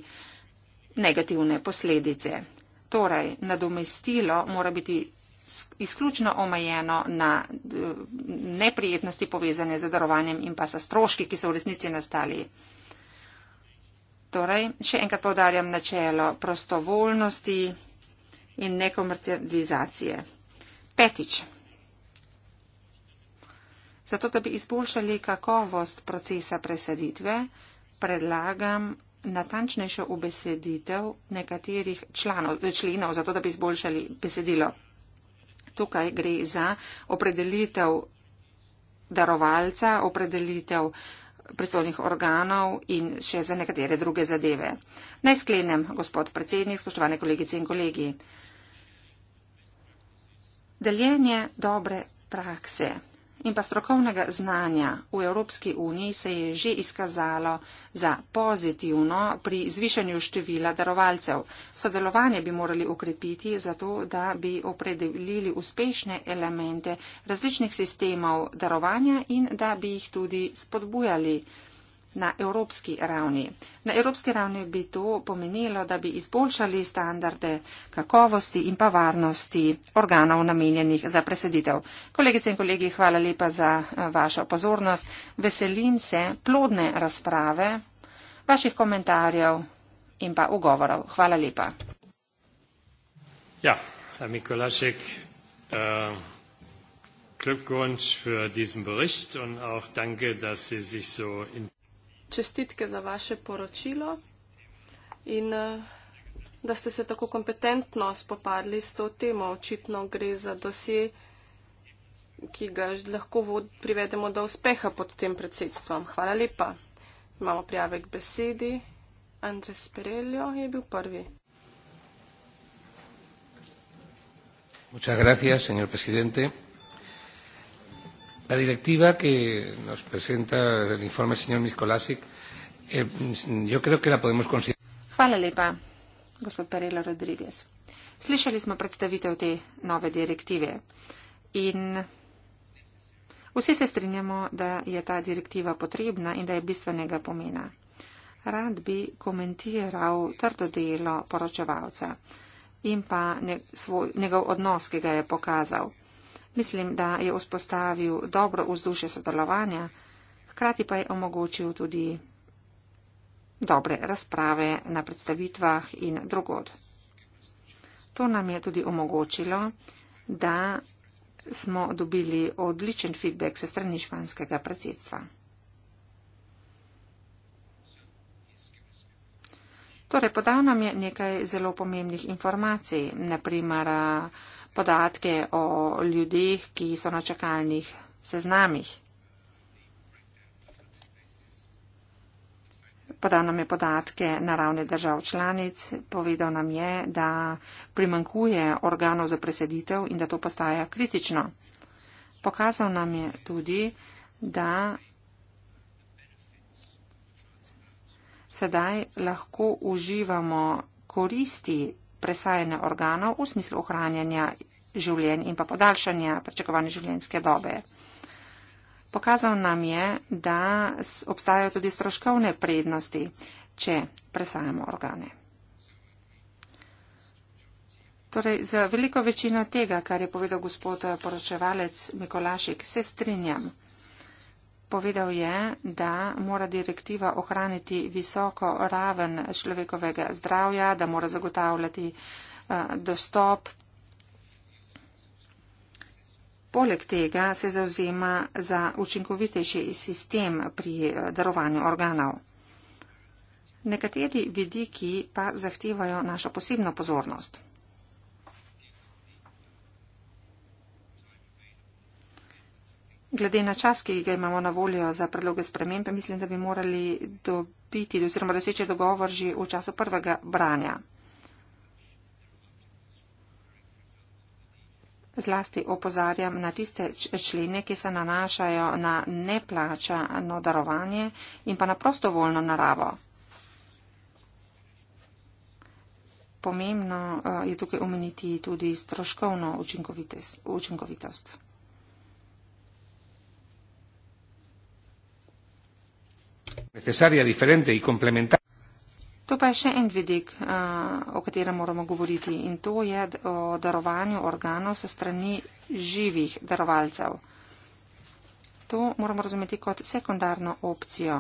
negativne posledice. Torej, nadomestilo mora biti izključno omejeno na eh, neprijetnosti povezane z darovanjem in pa sa stroški, ki so v resnici nastali. Torej, še enkrat povdarjam načelo prostovoljnosti in nekomercializacije. Petič. Zato, da bi izboljšali kakovost procesa presaditve, predlagam natančnejšo ubeseditev nekaterih članov, eh, členov, zato, da bi izboljšali besedilo tukaj gre za opredelitev darovalca, opredelitev pristojnih organov in še za nekatere druge zadeve. Naj sklenem, gospod predsednik, spoštovane kolegice in kolegi. Deljenje dobre prakse in pa strokovnega znanja v Evropski uniji se je že izkazalo za pozitivno pri zvišanju števila darovalcev. Sodelovanje bi morali ukrepiti zato, da bi opredelili uspešne elemente različnih sistemov darovanja in da bi jih tudi spodbujali na evropski ravni. Na evropski ravni bi to pomenilo, da bi izboljšali standarde kakovosti in pa varnosti organov namenjenih za preseditev. Kolegice in kolegi, hvala lepa za eh, vašo pozornost. Veselim se plodne razprave, vaših komentarjev in pa ugovorov. Hvala lepa. Ja, Mikolašek. Eh, Glückwunsch für diesen Bericht und auch danke, dass Sie sich so in čestitke za vaše poročilo in eh, da ste se tako kompetentno spopadli s to temo. Očitno gre za dosje, ki ga lahko vod, privedemo do uspeha pod tem predsedstvom. Hvala lepa. Imamo prijave k besedi. Andres Pereljo je bil prvi. Muchas gracias, señor presidente. La directiva que nos presenta el informe señor Miskolasic, eh, yo creo que la podemos considerar. Hvala lepa, gospod Perela Rodriguez. Slišali smo predstavitev te nove direktive in vsi se strinjamo, da je ta direktiva potrebna in da je bistvenega pomena. Rad bi komentiral trdo delo poročevalca in pa njegov odnos, ki ga je pokazal. Mislim, da je vzpostavil dobro vzdušje sodelovanja, hkrati pa je omogočil tudi dobre razprave na predstavitvah in drugod. To nam je tudi omogočilo, da smo dobili odličen feedback se strani španskega predsedstva. Torej, podal nam je nekaj zelo pomembnih informacij, naprimer, podatke o ljudeh, ki so na čakalnih seznamih. Podal nam je podatke na ravni držav članic, povedal nam je, da primankuje organov za preseditev in da to postaja kritično. Pokazal nam je tudi, da sedaj lahko uživamo koristi presajanja organov v smislu ohranjanja življenj in pa podaljšanja pričakovane življenjske dobe. Pokazal nam je, da obstajajo tudi stroškovne prednosti, če presajamo organe. Torej, za veliko večino tega, kar je povedal gospod poročevalec Mikolašik, se strinjam. Povedal je, da mora direktiva ohraniti visoko raven človekovega zdravja, da mora zagotavljati eh, dostop. Poleg tega se zauzema za učinkovitejši sistem pri eh, darovanju organov. Nekateri vidiki pa zahtevajo našo posebno pozornost. glede na čas, ki ga imamo na voljo za predloge sprememb, mislim, da bi morali dobiti oziroma doseči dogovor že v času prvega branja. Zlasti opozarjam na tiste člene, ki se nanašajo na neplačano darovanje in pa na prostovoljno naravo. Pomembno eh, je tukaj omeniti tudi stroškovno učinkovitost. učinkovitost. necesaria, diferente y complementaria. To pa je še en vidik, eh, o katerem moramo govoriti in to je o darovanju organov se strani živih darovalcev. To moramo razumeti kot sekundarno opcijo.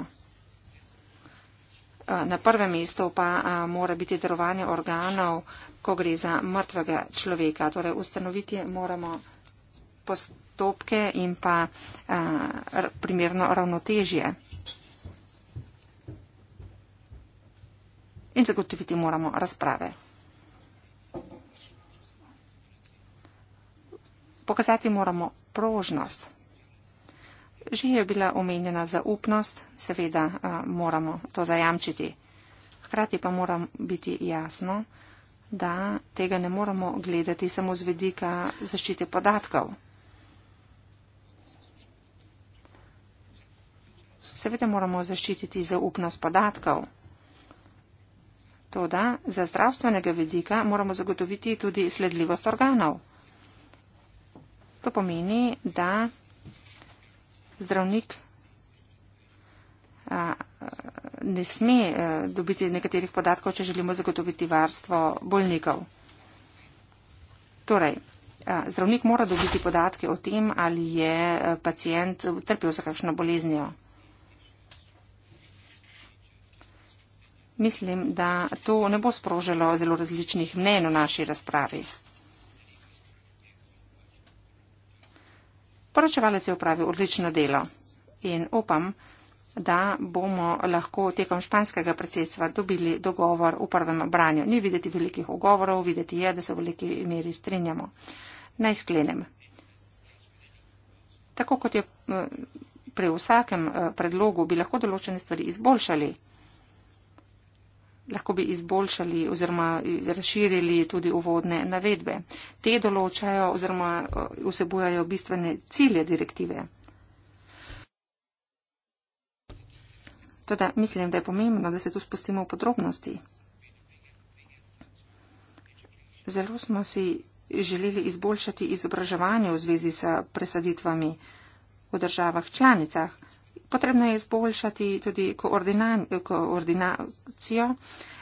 Eh, na prvem mestu pa eh, mora biti darovanje organov, ko gre za mrtvega človeka. Torej ustanoviti moramo postopke in pa primerno ravnotežje. in zagotoviti moramo razprave. Pokazati moramo prožnost. Že je bila omenjena zaupnost, seveda eh, moramo to zajamčiti. Hkrati pa moram biti jasno, da tega ne moramo gledati samo z vedika zaščite podatkov. Seveda moramo zaščititi zaupnost podatkov. Toda za zdravstvenega vedika moramo zagotoviti tudi sledljivost organov. To pomeni, da zdravnik a, ne sme a, dobiti nekaterih podatkov, če želimo zagotoviti varstvo bolnikov. Torej, a, zdravnik mora dobiti podatke o tem, ali je pacijent trpel za kakšno boleznijo. Mislim, da to ne bo sprožilo zelo različnih mnen v naši razpravi. Poročevalec je upravil odlično delo in upam, da bomo lahko tekom španskega predsedstva dobili dogovor v prvem branju. Ni videti velikih ogovorov, videti je, da se v veliki meri strinjamo. Naj sklenem. Tako kot je eh, pri vsakem eh, predlogu, bi lahko določene stvari izboljšali lahko bi izboljšali oziroma razširili tudi uvodne navedbe. Te določajo oziroma eh, vsebujajo bistvene cilje direktive. Teda mislim, da je pomembno, da se tu spustimo v podrobnosti. Zelo smo si želeli izboljšati izobraževanje v zvezi s presaditvami v državah članicah, Potrebno je izboljšati tudi koordinacijo,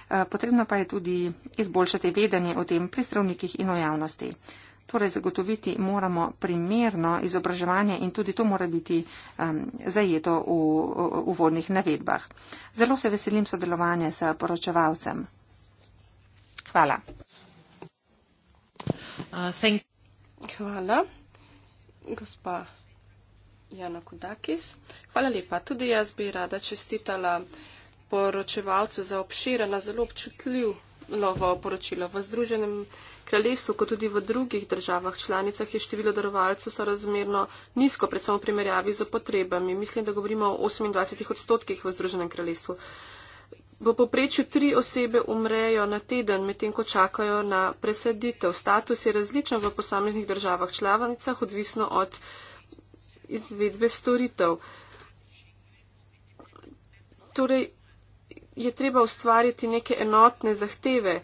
eh, potrebno pa je tudi izboljšati vedenje o tem pri zdravnikih in o javnosti. Torej zagotoviti moramo primerno izobraževanje in tudi to mora biti um, zajeto v uvodnih navedbah. Zelo se veselim sodelovanja s poročevalcem. Hvala. Uh, Hvala. Gospa. Jana Kudakis. Hvala lepa. Tudi jaz bi rada čestitala poročevalcu za obširena, zelo občutljivo poročilo. V Združenem kraljestvu, kot tudi v drugih državah članicah, je število darovalcev sorazmerno nizko, predvsem v primerjavi z potrebami. Mislim, da govorimo o 28 odstotkih v Združenem kraljestvu. V poprečju tri osebe umrejo na teden, medtem ko čakajo na preseditev. Status je različen v posameznih državah članicah, odvisno od izvedbe storitev. Torej je treba ustvariti neke enotne zahteve,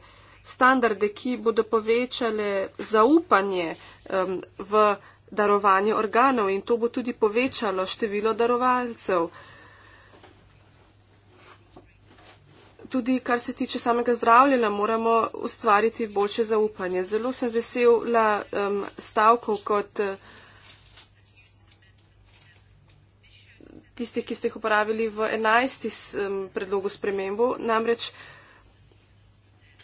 standarde, ki bodo povečale zaupanje um, v darovanje organov in to bo tudi povečalo število darovalcev. Tudi kar se tiče samega zdravljena, moramo ustvariti boljše zaupanje. Zelo sem vesela um, stavkov kot uh, tistih, ki ste jih uporabili v 11. predlogu spremembo, namreč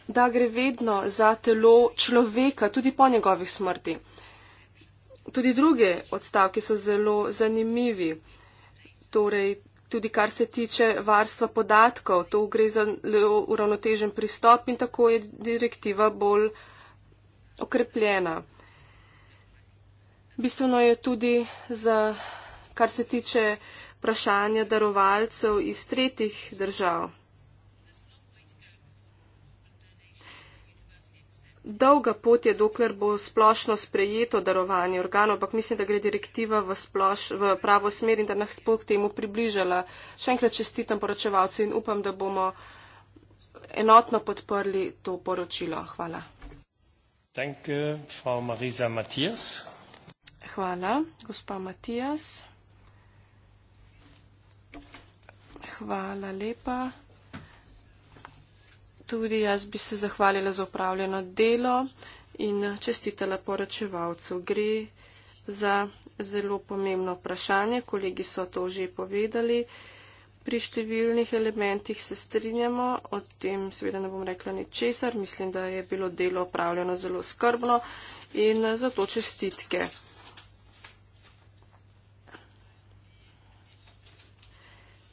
da gre vedno za telo človeka, tudi po njegovih smrti. Tudi druge odstavke so zelo zanimivi. Torej, tudi kar se tiče varstva podatkov, to gre za uravnotežen pristop in tako je direktiva bolj okrepljena. Bistveno je tudi, za, kar se tiče vprašanja darovalcev iz tretjih držav. Dolga pot je, dokler bo splošno sprejeto darovanje organov, ampak mislim, da gre direktiva v, sploš, v pravo smer in da nas bo k temu približala. Še enkrat čestitam poročevalcu in upam, da bomo enotno podprli to poročilo. Hvala. Danke, Frau Marisa Matthias. Hvala, gospa Matijas. hvala lepa. Tudi jaz bi se zahvalila za upravljeno delo in čestitela poročevalcu. Gre za zelo pomembno vprašanje, kolegi so to že povedali. Pri številnih elementih se strinjamo, o tem seveda ne bom rekla ničesar, mislim, da je bilo delo upravljeno zelo skrbno in zato čestitke.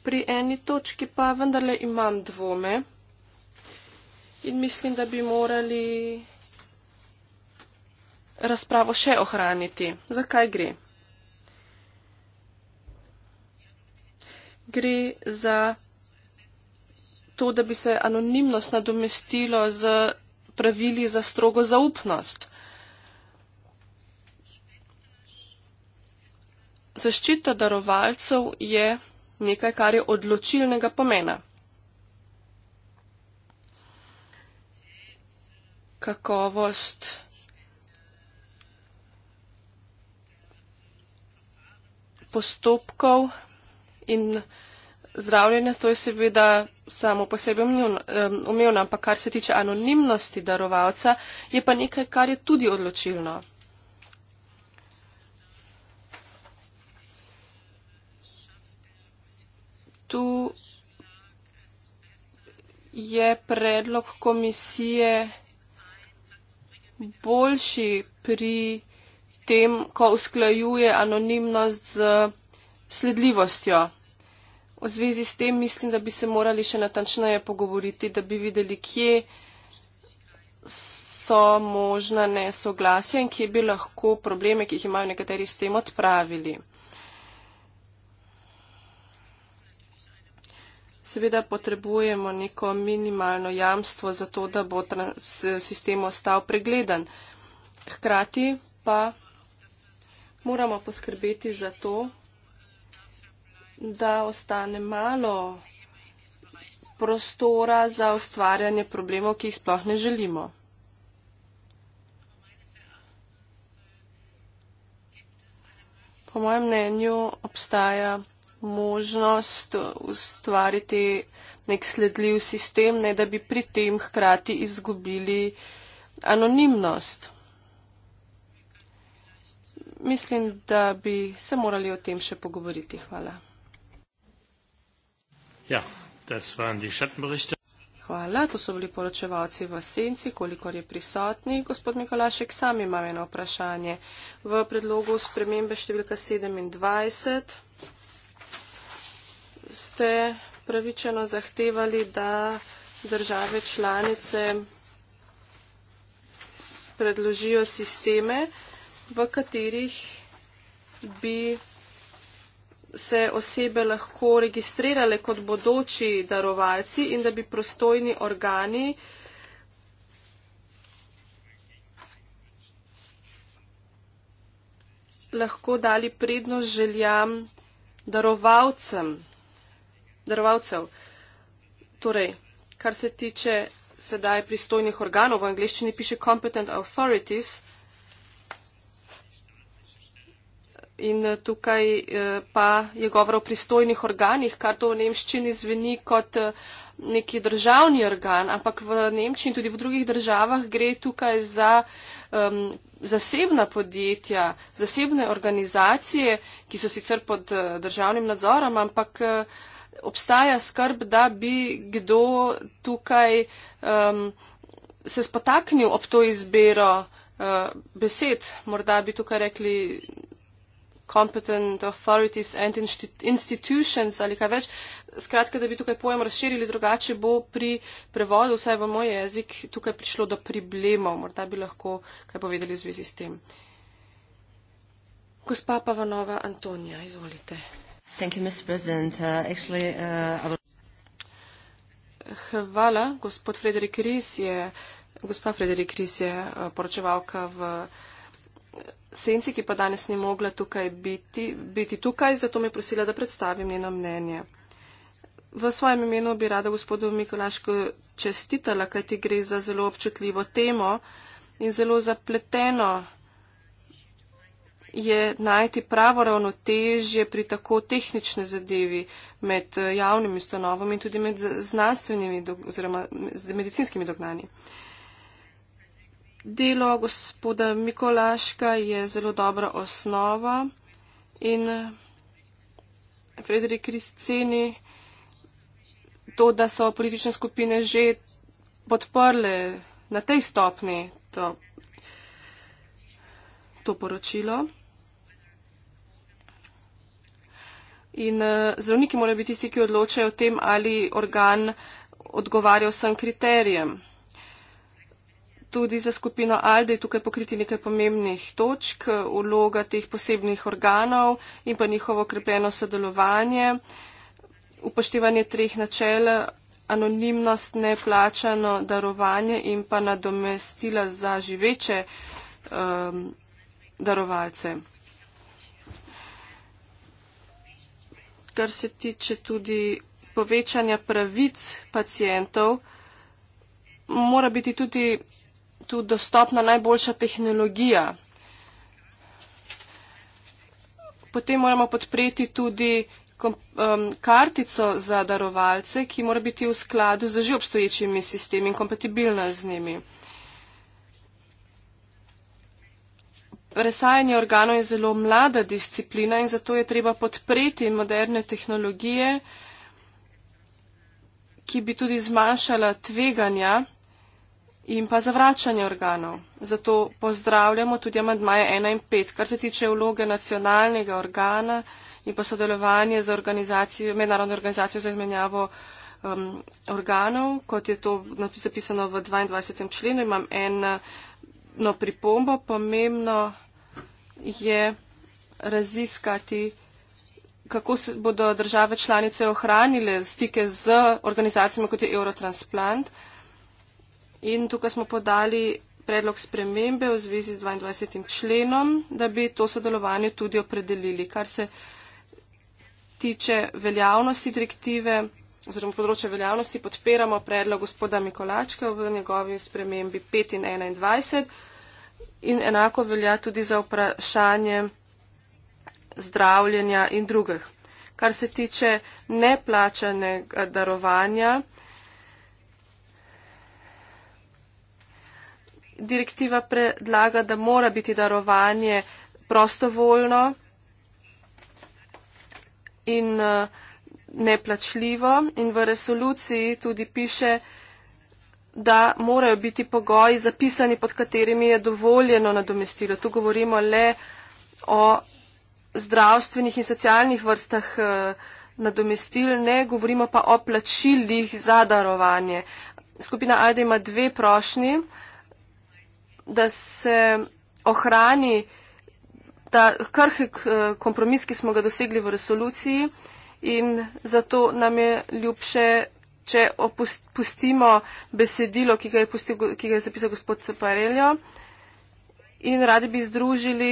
pri eni točki pa vendarle imam dvome in mislim, da bi morali razpravo še ohraniti. Zakaj gre? Gre za to, da bi se anonimnost nadomestilo z pravili za strogo zaupnost. Zaščita darovalcev je nekaj, kar je odločilnega pomena. Kakovost. Postopkov in zdravljenja, to je seveda samo po sebi umevno, ampak kar se tiče anonimnosti darovalca, je pa nekaj, kar je tudi odločilno. tu je predlog komisije boljši pri tem, ko usklajuje anonimnost z sledljivostjo. V zvezi s tem mislim, da bi se morali še natančneje pogovoriti, da bi videli, kje so možna nesoglasja in kje bi lahko probleme, ki jih imajo nekateri s tem, odpravili. seveda potrebujemo neko minimalno jamstvo za to, da bo sistem ostal pregledan. Hkrati pa moramo poskrbeti za to, da ostane malo prostora za ustvarjanje problemov, ki jih sploh ne želimo. Po mojem mnenju obstaja možnost ustvariti nek sledljiv sistem, ne da bi pri tem hkrati izgubili anonimnost. Mislim, da bi se morali o tem še pogovoriti. Hvala. Ja, Hvala, to so bili poročevalci v senci, kolikor je prisotni. Gospod Mikolašek, sam imam eno vprašanje. V predlogu spremembe številka 27 ste pravičeno zahtevali, da države članice predložijo sisteme, v katerih bi se osebe lahko registrirale kot bodoči darovalci in da bi prostojni organi lahko dali prednost željam darovalcem darovalcev. Torej, kar se tiče sedaj pristojnih organov, v angliščini piše competent authorities. In eh, tukaj eh, pa je govor o pristojnih organih, kar to v nemščini zveni kot eh, neki državni organ, ampak v Nemčiji in tudi v drugih državah gre tukaj za um, zasebna podjetja, zasebne organizacije, ki so sicer pod državnim nadzorom, ampak uh, obstaja skrb, da bi kdo tukaj um, se spotaknil ob to izbiro uh, besed, morda bi tukaj rekli competent authorities and institutions ali kaj več. Skratka, da bi tukaj pojem razširili, drugače bo pri prevodu, vsaj v moj jezik, tukaj prišlo do problemov. Morda bi lahko kaj povedali v zvezi s tem. Gospa Pavanova Antonija, izvolite. Thank you, Mr. President. Uh, actually, uh, I will... Hvala, gospod Frederik Ries je, gospa Frederik Ries je uh, poročevalka v uh, senci, ki pa danes ni mogla tukaj biti, biti tukaj, zato me prosila, da predstavim njeno mnenje. V svojem imenu bi rada gospodu Mikolašku čestitala, kaj ti gre za zelo občutljivo temo in zelo zapleteno je najti pravo ravnotežje pri tako tehnične zadevi med eh, javnimi ustanovami in tudi med znanstvenimi oziroma z medicinskimi dognani. Delo gospoda Mikolaška je zelo dobra osnova in eh, Frederik Risceni to, da so politične skupine že podprle na tej stopni to, to poročilo. In eh, zdravniki morajo biti tisti, ki odločajo o tem, ali organ odgovarja vsem kriterijem. Tudi za skupino ALDE je tukaj pokriti nekaj pomembnih točk, vloga teh posebnih organov in pa njihovo okrepljeno sodelovanje, upoštevanje treh načel, anonimnost, neplačano darovanje in pa nadomestila za živeče um, darovalce. kar se tiče tudi povečanja pravic pacijentov, mora biti tudi tu dostopna najboljša tehnologija. Potem moramo podpreti tudi um, kartico za darovalce, ki mora biti v skladu z že obstoječimi sistemi in kompatibilna z njimi. Presajanje organov je zelo mlada disciplina in zato je treba podpreti moderne tehnologije, ki bi tudi zmanjšala tveganja in pa zavračanje organov. Zato pozdravljamo tudi amadmaje 1 in 5, kar se tiče vloge nacionalnega organa in pa sodelovanje z organizacijo, mednarodno organizacijo za izmenjavo um, organov, kot je to zapisano v 22. členu. Imam eno pripombo, pomembno je raziskati, kako se bodo države članice ohranile stike z organizacijami kot je Eurotransplant. In tukaj smo podali predlog spremembe v zvezi z 22. členom, da bi to sodelovanje tudi opredelili. Kar se tiče veljavnosti direktive oziroma področja veljavnosti, podpiramo predlog gospoda Mikolačka v njegovi spremembi 5 in 21 in enako velja tudi za vprašanje zdravljenja in drugih. Kar se tiče neplačanega darovanja, direktiva predlaga, da mora biti darovanje prostovoljno in eh, neplačljivo in v resoluciji tudi piše, da da morajo biti pogoji zapisani, pod katerimi je dovoljeno nadomestilo. Tu govorimo le o zdravstvenih in socialnih vrstah eh, nadomestil, ne govorimo pa o plačilih za darovanje. Skupina Alde ima dve prošnji, da se ohrani ta krhek eh, kompromis, ki smo ga dosegli v resoluciji in zato nam je ljubše če opustimo besedilo, ki ga je, pustil, ki ga je zapisal gospod Parelio in radi bi združili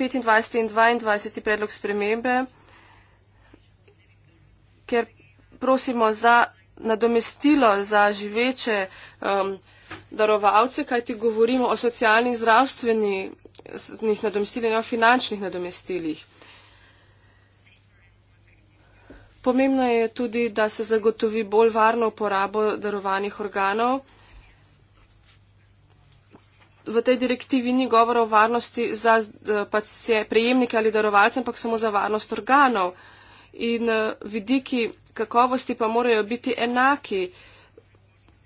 25 in 22 predlog spremembe, ker prosimo za nadomestilo za živeče um, darovalce, kajti govorimo o socialnih zdravstvenih nadomestilih in o finančnih nadomestilih. Pomembno je tudi, da se zagotovi bolj varno uporabo darovanih organov. V tej direktivi ni govora o varnosti za eh, prejemnike ali darovalce, ampak samo za varnost organov. In eh, vidiki kakovosti pa morajo biti enaki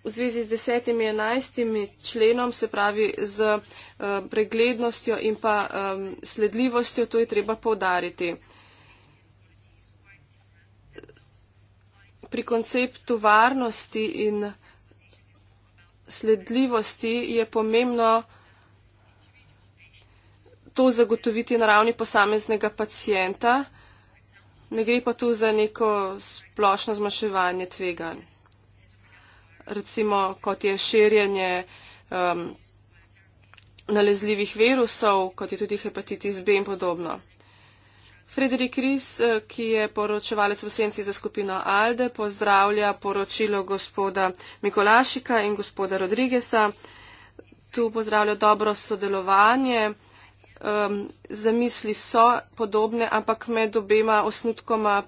v zvezi z desetimi enajstimi členom, se pravi z eh, preglednostjo in pa sledljivostjo, to je treba povdariti. pri konceptu varnosti in sledljivosti je pomembno to zagotoviti na ravni posameznega pacijenta, ne gre pa tu za neko splošno zmaševanje tveganj. Recimo, kot je širjenje um, nalezljivih virusov, kot je tudi hepatitis B in podobno. Frederik Ries, eh, ki je poročevalec v senci za skupino Alde, pozdravlja poročilo gospoda Mikolašika in gospoda Rodrigesa. Tu pozdravlja dobro sodelovanje. Um, zamisli so podobne, ampak med obema osnutkoma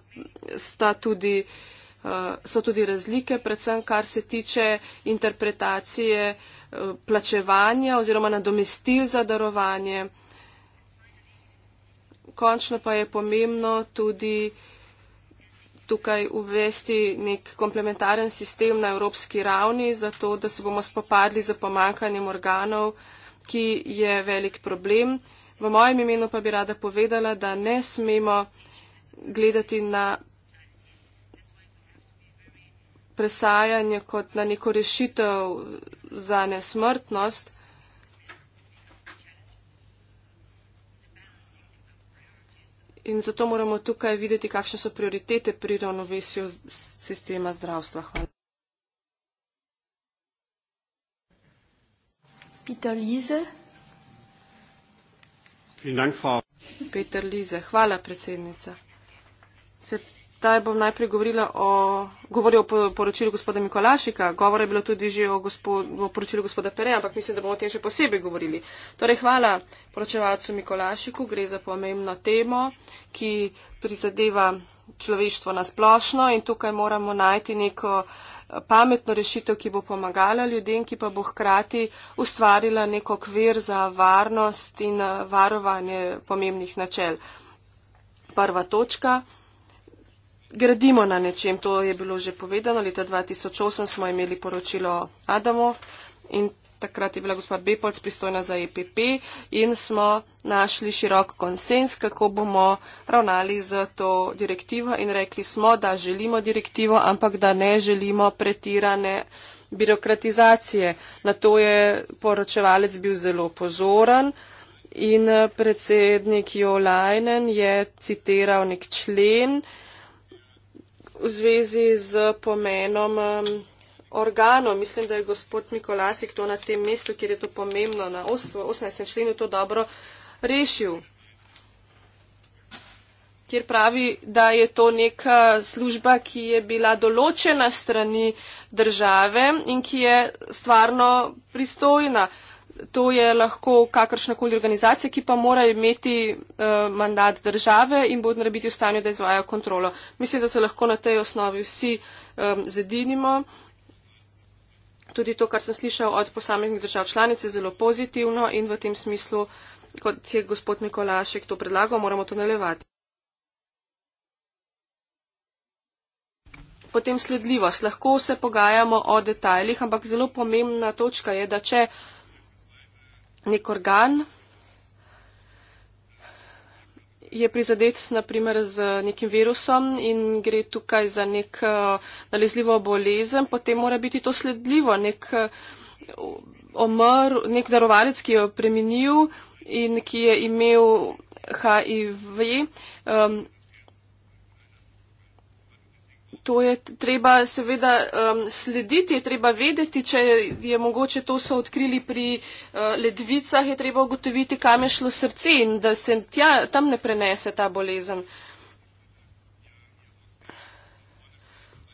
tudi, uh, so tudi razlike, predvsem kar se tiče interpretacije uh, plačevanja oziroma nadomestil za darovanje. Uh, končno pa je pomembno tudi tukaj uvesti nek komplementaren sistem na evropski ravni, zato da se bomo spopadli z pomankanjem organov, ki je velik problem. V mojem imenu pa bi rada povedala, da ne smemo gledati na presajanje kot na neko rešitev za nesmrtnost, in zato moramo tukaj videti, kakšne so prioritete pri ravnovesju sistema zdravstva. Hvala. Peter Lize. Peter Lize. Hvala, predsednica. Se Zdaj bom najprej govorila o, govorila o poročilu gospoda Mikolašika, govora je bilo tudi že o, gospod, o poročilu gospoda Pereja, ampak mislim, da bomo o tem še posebej govorili. Torej, hvala poročevalcu Mikolašiku, gre za pomembno temo, ki prizadeva človeštvo nasplošno in tukaj moramo najti neko eh, pametno rešitev, ki bo pomagala ljudem, ki pa bo hkrati ustvarila neko kvir za varnost in eh, varovanje pomembnih načel. Prva točka gradimo na nečem. To je bilo že povedano. Leta 2008 smo imeli poročilo Adamo in takrat je bila gospa Bepolc pristojna za EPP in smo našli širok konsens, kako bomo ravnali z to direktivo in rekli smo, da želimo direktivo, ampak da ne želimo pretirane birokratizacije. Na to je poročevalec bil zelo pozoren. In predsednik Jo Leinen je citiral nek člen, uh, v zvezi z pomenom um, organov. Mislim, da je gospod Mikolasik to na tem mestu, kjer je to pomembno, na 18. členu to dobro rešil. Kjer pravi, da je to neka služba, ki je bila določena strani države in ki je stvarno pristojna. Uh, to je lahko kakršnakoli organizacija, ki pa mora imeti uh, mandat države in bo mora biti v stanju, da izvaja kontrolo. Mislim, da se lahko na tej osnovi vsi um, zedinimo. Tudi to, kar sem slišal od posameznih držav članic, je zelo pozitivno in v tem smislu, kot je gospod Nikolašek to predlagal, moramo to nalevati. Potem sledljivost. Lahko se pogajamo o detajlih, ampak zelo pomembna točka je, da če nek organ je prizadet naprimer z nekim virusom in gre tukaj za nek eh, nalezljivo bolezen, potem mora biti to sledljivo, nek, eh, omr, nek darovalec, ki je preminil in ki je imel HIV, um, eh, to je treba seveda um, slediti, je treba vedeti, če je mogoče to so odkrili pri uh, ledvicah, je treba ugotoviti, kam je šlo srce in da se tja, tam ne prenese ta bolezen.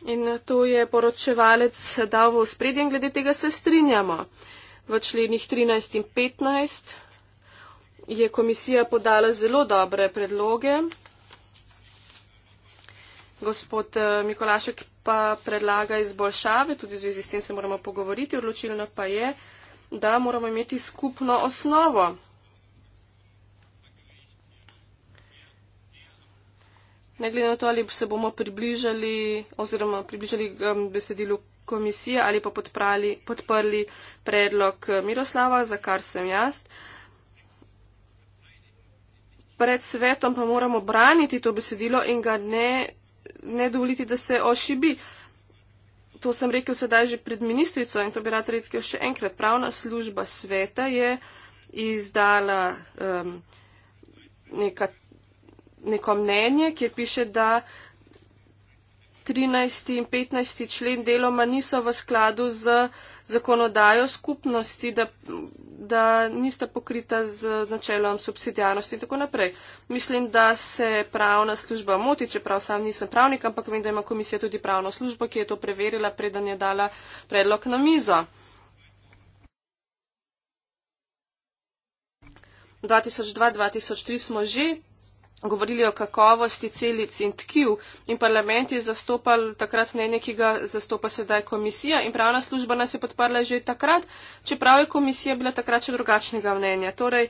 In to je poročevalec dal v spredje in glede tega se strinjamo. V členih 13 in 15 je komisija podala zelo dobre predloge. Gospod eh, Mikolašek pa predlaga izboljšave, tudi v zvezi s tem se moramo pogovoriti, odločilno pa je, da moramo imeti skupno osnovo. Ne glede na to, ali se bomo približali oziroma približali ehm, besedilu komisije ali pa podprali, podprli predlog eh, Miroslava, za kar sem jaz. Pred svetom pa moramo braniti to besedilo in ga ne ne dovoliti, da se ošibi. To sem rekel sedaj že pred ministrico in to bi rad rekel še enkrat. Pravna služba sveta je izdala um, neka, neko mnenje, kjer piše, da uh, 13. in 15. člen deloma niso v skladu z zakonodajo skupnosti, da, da nista pokrita z načelom subsidijarnosti in tako naprej. Mislim, da se pravna služba moti, čeprav sam nisem pravnik, ampak vem, da ima komisija tudi pravno službo, ki je to preverila, preden je dala predlog na mizo. 2002-2003 smo že govorili o kakovosti celic in tkiv in parlament je zastopal takrat mnenje, ki ga zastopa sedaj komisija in pravna služba nas je podparla že takrat, čeprav je komisija bila takrat še drugačnega mnenja. Torej,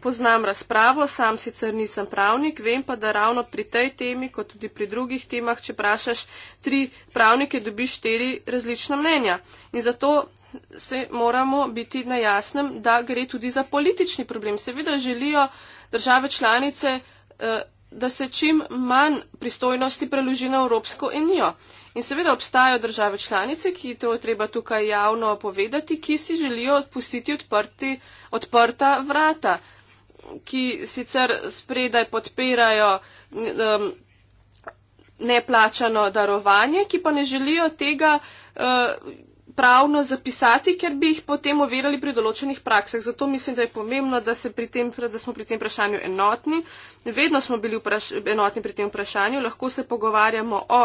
poznam razpravo, sam sicer nisem pravnik, vem pa, da ravno pri tej temi, kot tudi pri drugih temah, če vprašaš tri pravnike, dobiš štiri različna mnenja. In zato se moramo biti na jasnem, da gre tudi za politični problem. Seveda želijo države članice, Eh, da se čim manj pristojnosti preloži na Evropsko unijo. In seveda obstajajo države članice, ki to treba tukaj javno povedati, ki si želijo odpustiti odprti, odprta vrata, ki sicer spredaj podpirajo um, neplačano darovanje, ki pa ne želijo tega. Uh, pravno zapisati, ker bi jih potem uvedali pri določenih praksah. Zato mislim, da je pomembno, da, pri tem, da smo pri tem vprašanju enotni. Vedno smo bili vpraš, enotni pri tem vprašanju, lahko se pogovarjamo o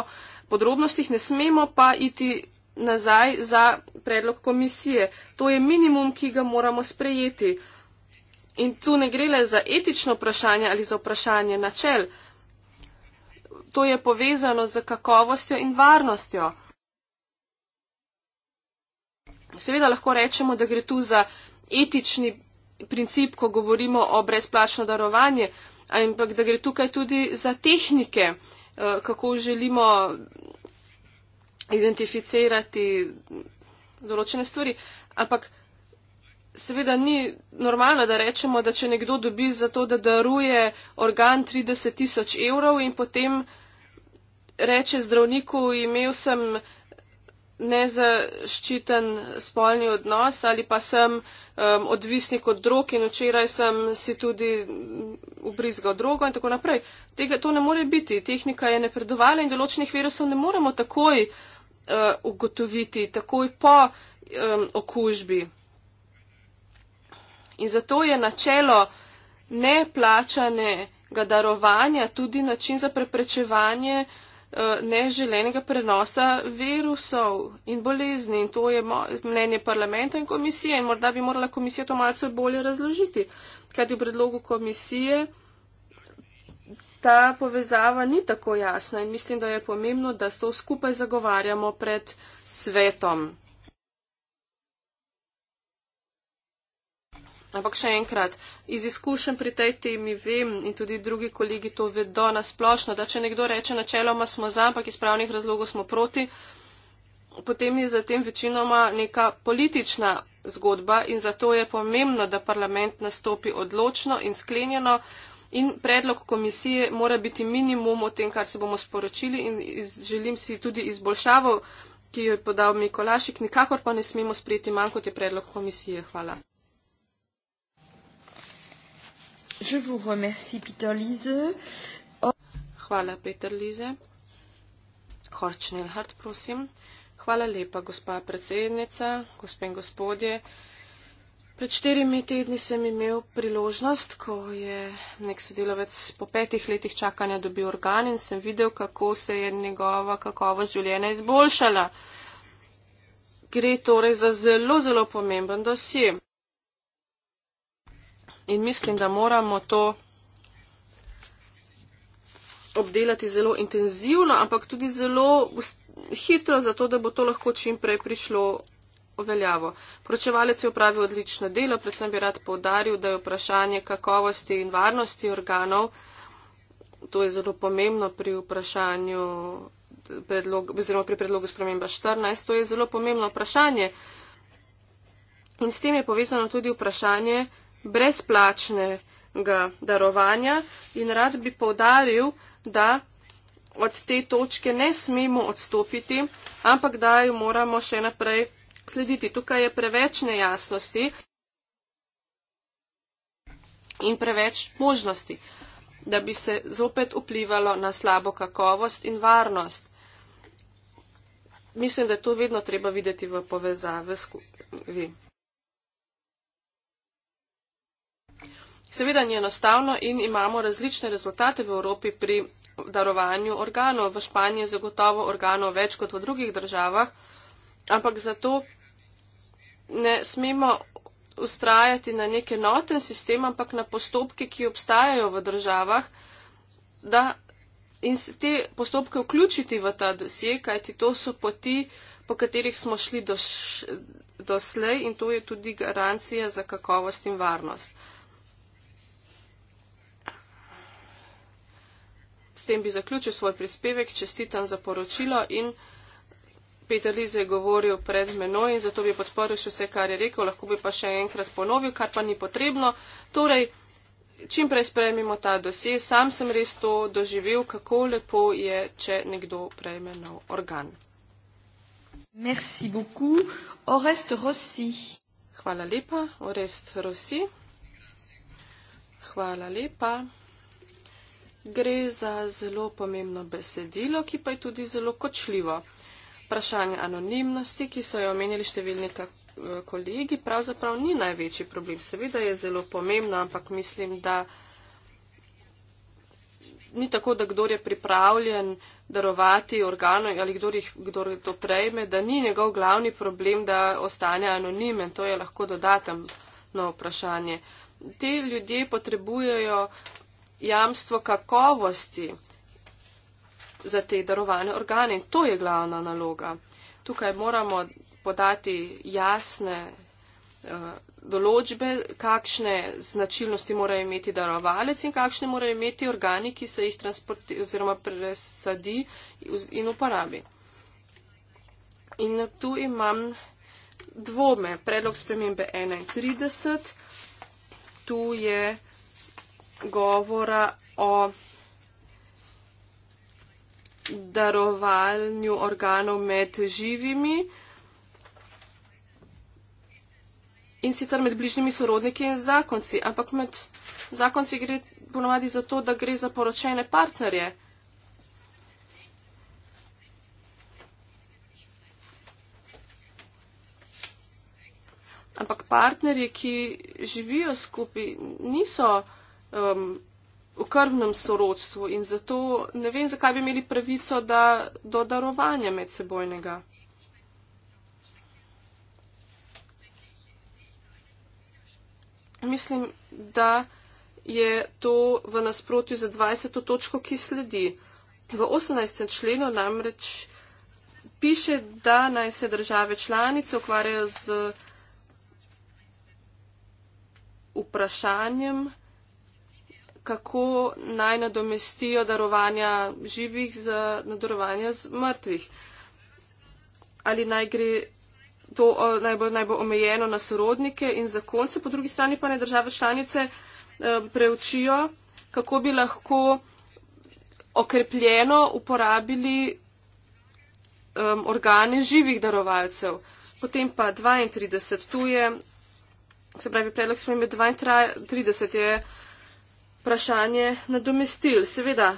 podrobnostih, ne smemo pa iti nazaj za predlog komisije. To je minimum, ki ga moramo sprejeti. In tu ne gre le za etično vprašanje ali za vprašanje načel. To je povezano z kakovostjo in varnostjo. Seveda lahko rečemo, da gre tu za etični princip, ko govorimo o brezplačno darovanje, ampak da gre tukaj tudi za tehnike, eh, kako želimo identificirati določene stvari. Ampak seveda ni normalno, da rečemo, da če nekdo dobi za to, da daruje organ 30 tisoč evrov in potem reče zdravniku, imel sem nezaščiten spolni odnos ali pa sem um, odvisnik od drog in včeraj sem si tudi ubrizgal drogo in tako naprej. Tega, to ne more biti. Tehnika je napredovala in določenih virusov ne moremo takoj uh, ugotoviti, takoj po um, okužbi. In zato je načelo neplačanega darovanja tudi način za preprečevanje uh, Eh, neželenega prenosa virusov in bolezni. In to je mnenje parlamenta in komisije in morda bi morala komisija to malce bolje razložiti, kajti v predlogu komisije ta povezava ni tako jasna in mislim, da je pomembno, da to skupaj zagovarjamo pred svetom. Ampak še enkrat, iz izkušenj pri tej temi vem in tudi drugi kolegi to vedo nasplošno, da če nekdo reče načeloma smo za, ampak iz pravnih razlogov smo proti, potem je zatem večinoma neka politična zgodba in zato je pomembno, da parlament nastopi odločno in sklenjeno in predlog komisije mora biti minimum o tem, kar se bomo sporočili in želim si tudi izboljšavo, ki jo je podal Mikolašik, nikakor pa ne smemo sprejeti manj kot je predlog komisije. Hvala. Je vous remercie, Peter Lise. Oh. Hvala, Peter Lise. Hort prosim. Hvala lepa, gospa predsednica, gospe in gospodje. Pred štirimi tedni sem imel priložnost, ko je nek sodelovec po petih letih čakanja dobil organ in sem videl, kako se je njegova kakovost življenja izboljšala. Gre torej za zelo, zelo pomemben dosje in mislim, da moramo to obdelati zelo intenzivno, ampak tudi zelo hitro, zato da bo to lahko čimprej prišlo v veljavo. Poročevalec je upravil odlično delo, predvsem bi rad povdaril, da je vprašanje kakovosti in varnosti organov, to je zelo pomembno pri vprašanju, predlog, oziroma pri predlogu spremenba 14, to je zelo pomembno vprašanje. In s tem je povezano tudi vprašanje, brezplačnega darovanja in rad bi povdaril, da od te točke ne smemo odstopiti, ampak da jo moramo še naprej slediti. Tukaj je preveč nejasnosti in preveč možnosti, da bi se zopet vplivalo na slabo kakovost in varnost. Mislim, da je to vedno treba videti v povezavi skupaj. Seveda ni enostavno in imamo različne rezultate v Evropi pri darovanju organov. V Španiji je zagotovo organov več kot v drugih državah, ampak zato ne smemo ustrajati na neki enoten sistem, ampak na postopke, ki obstajajo v državah, da in te postopke vključiti v ta dosje, kajti to so poti, po katerih smo šli do, doslej in to je tudi garancija za kakovost in varnost. s tem bi zaključil svoj prispevek, čestitam za poročilo in Peter Lize je govoril pred menoj in zato bi podporil še vse, kar je rekel, lahko bi pa še enkrat ponovil, kar pa ni potrebno. Torej, čim prej sprejmimo ta dosje, sam sem res to doživel, kako lepo je, če nekdo prejme nov organ. Merci beaucoup. Orest Rossi. Hvala lepa, Orest Rossi. Hvala lepa gre za zelo pomembno besedilo, ki pa je tudi zelo kočljivo. Vprašanje anonimnosti, ki so jo omenili številni kolegi, pravzaprav ni največji problem. Seveda je zelo pomembno, ampak mislim, da ni tako, da kdo je pripravljen darovati organo ali kdo, jih, kdo to prejme, da ni njegov glavni problem, da ostane anonimen. To je lahko dodatno vprašanje. Te ljudje potrebujejo jamstvo kakovosti za te darovane organe. In to je glavna naloga. Tukaj moramo podati jasne uh, določbe, kakšne značilnosti mora imeti darovalec in kakšne mora imeti organi, ki se jih transporti oziroma presadi in uporabi. In tu imam dvome. Predlog spremembe 31. Tu je govora o darovanju organov med živimi in sicer med bližnjimi sorodniki in zakonci, ampak med zakonci gre ponovadi za to, da gre za poročene partnerje. Ampak partnerji, ki živijo skupaj, niso um, v krvnem sorodstvu in zato ne vem, zakaj bi imeli pravico da, do darovanja medsebojnega. Mislim, da je to v nasprotju za 20. točko, ki sledi. V 18. členu namreč piše, da naj se države članice ukvarjajo z vprašanjem, kako naj nadomestijo darovanja živih za nadarovanje z mrtvih. Ali naj gre to najbolj naj omejeno na sorodnike in zakonce, po drugi strani pa naj države članice preučijo, kako bi lahko okrepljeno uporabili organe živih darovalcev. Potem pa 32, tu je, se pravi, predlog spremembe 32 je vprašanje nadomestil. Seveda,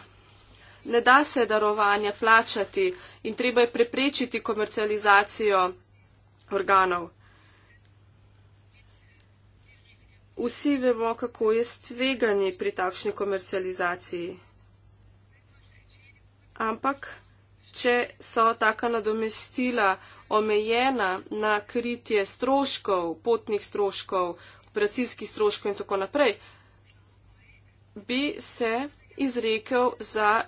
ne da se darovanja plačati in treba je preprečiti komercializacijo organov. Vsi vemo, kako je stveganje pri takšni komercializaciji. Ampak, če so taka nadomestila omejena na kritje stroškov, potnih stroškov, operacijskih stroškov in tako naprej, bi se izrekel za,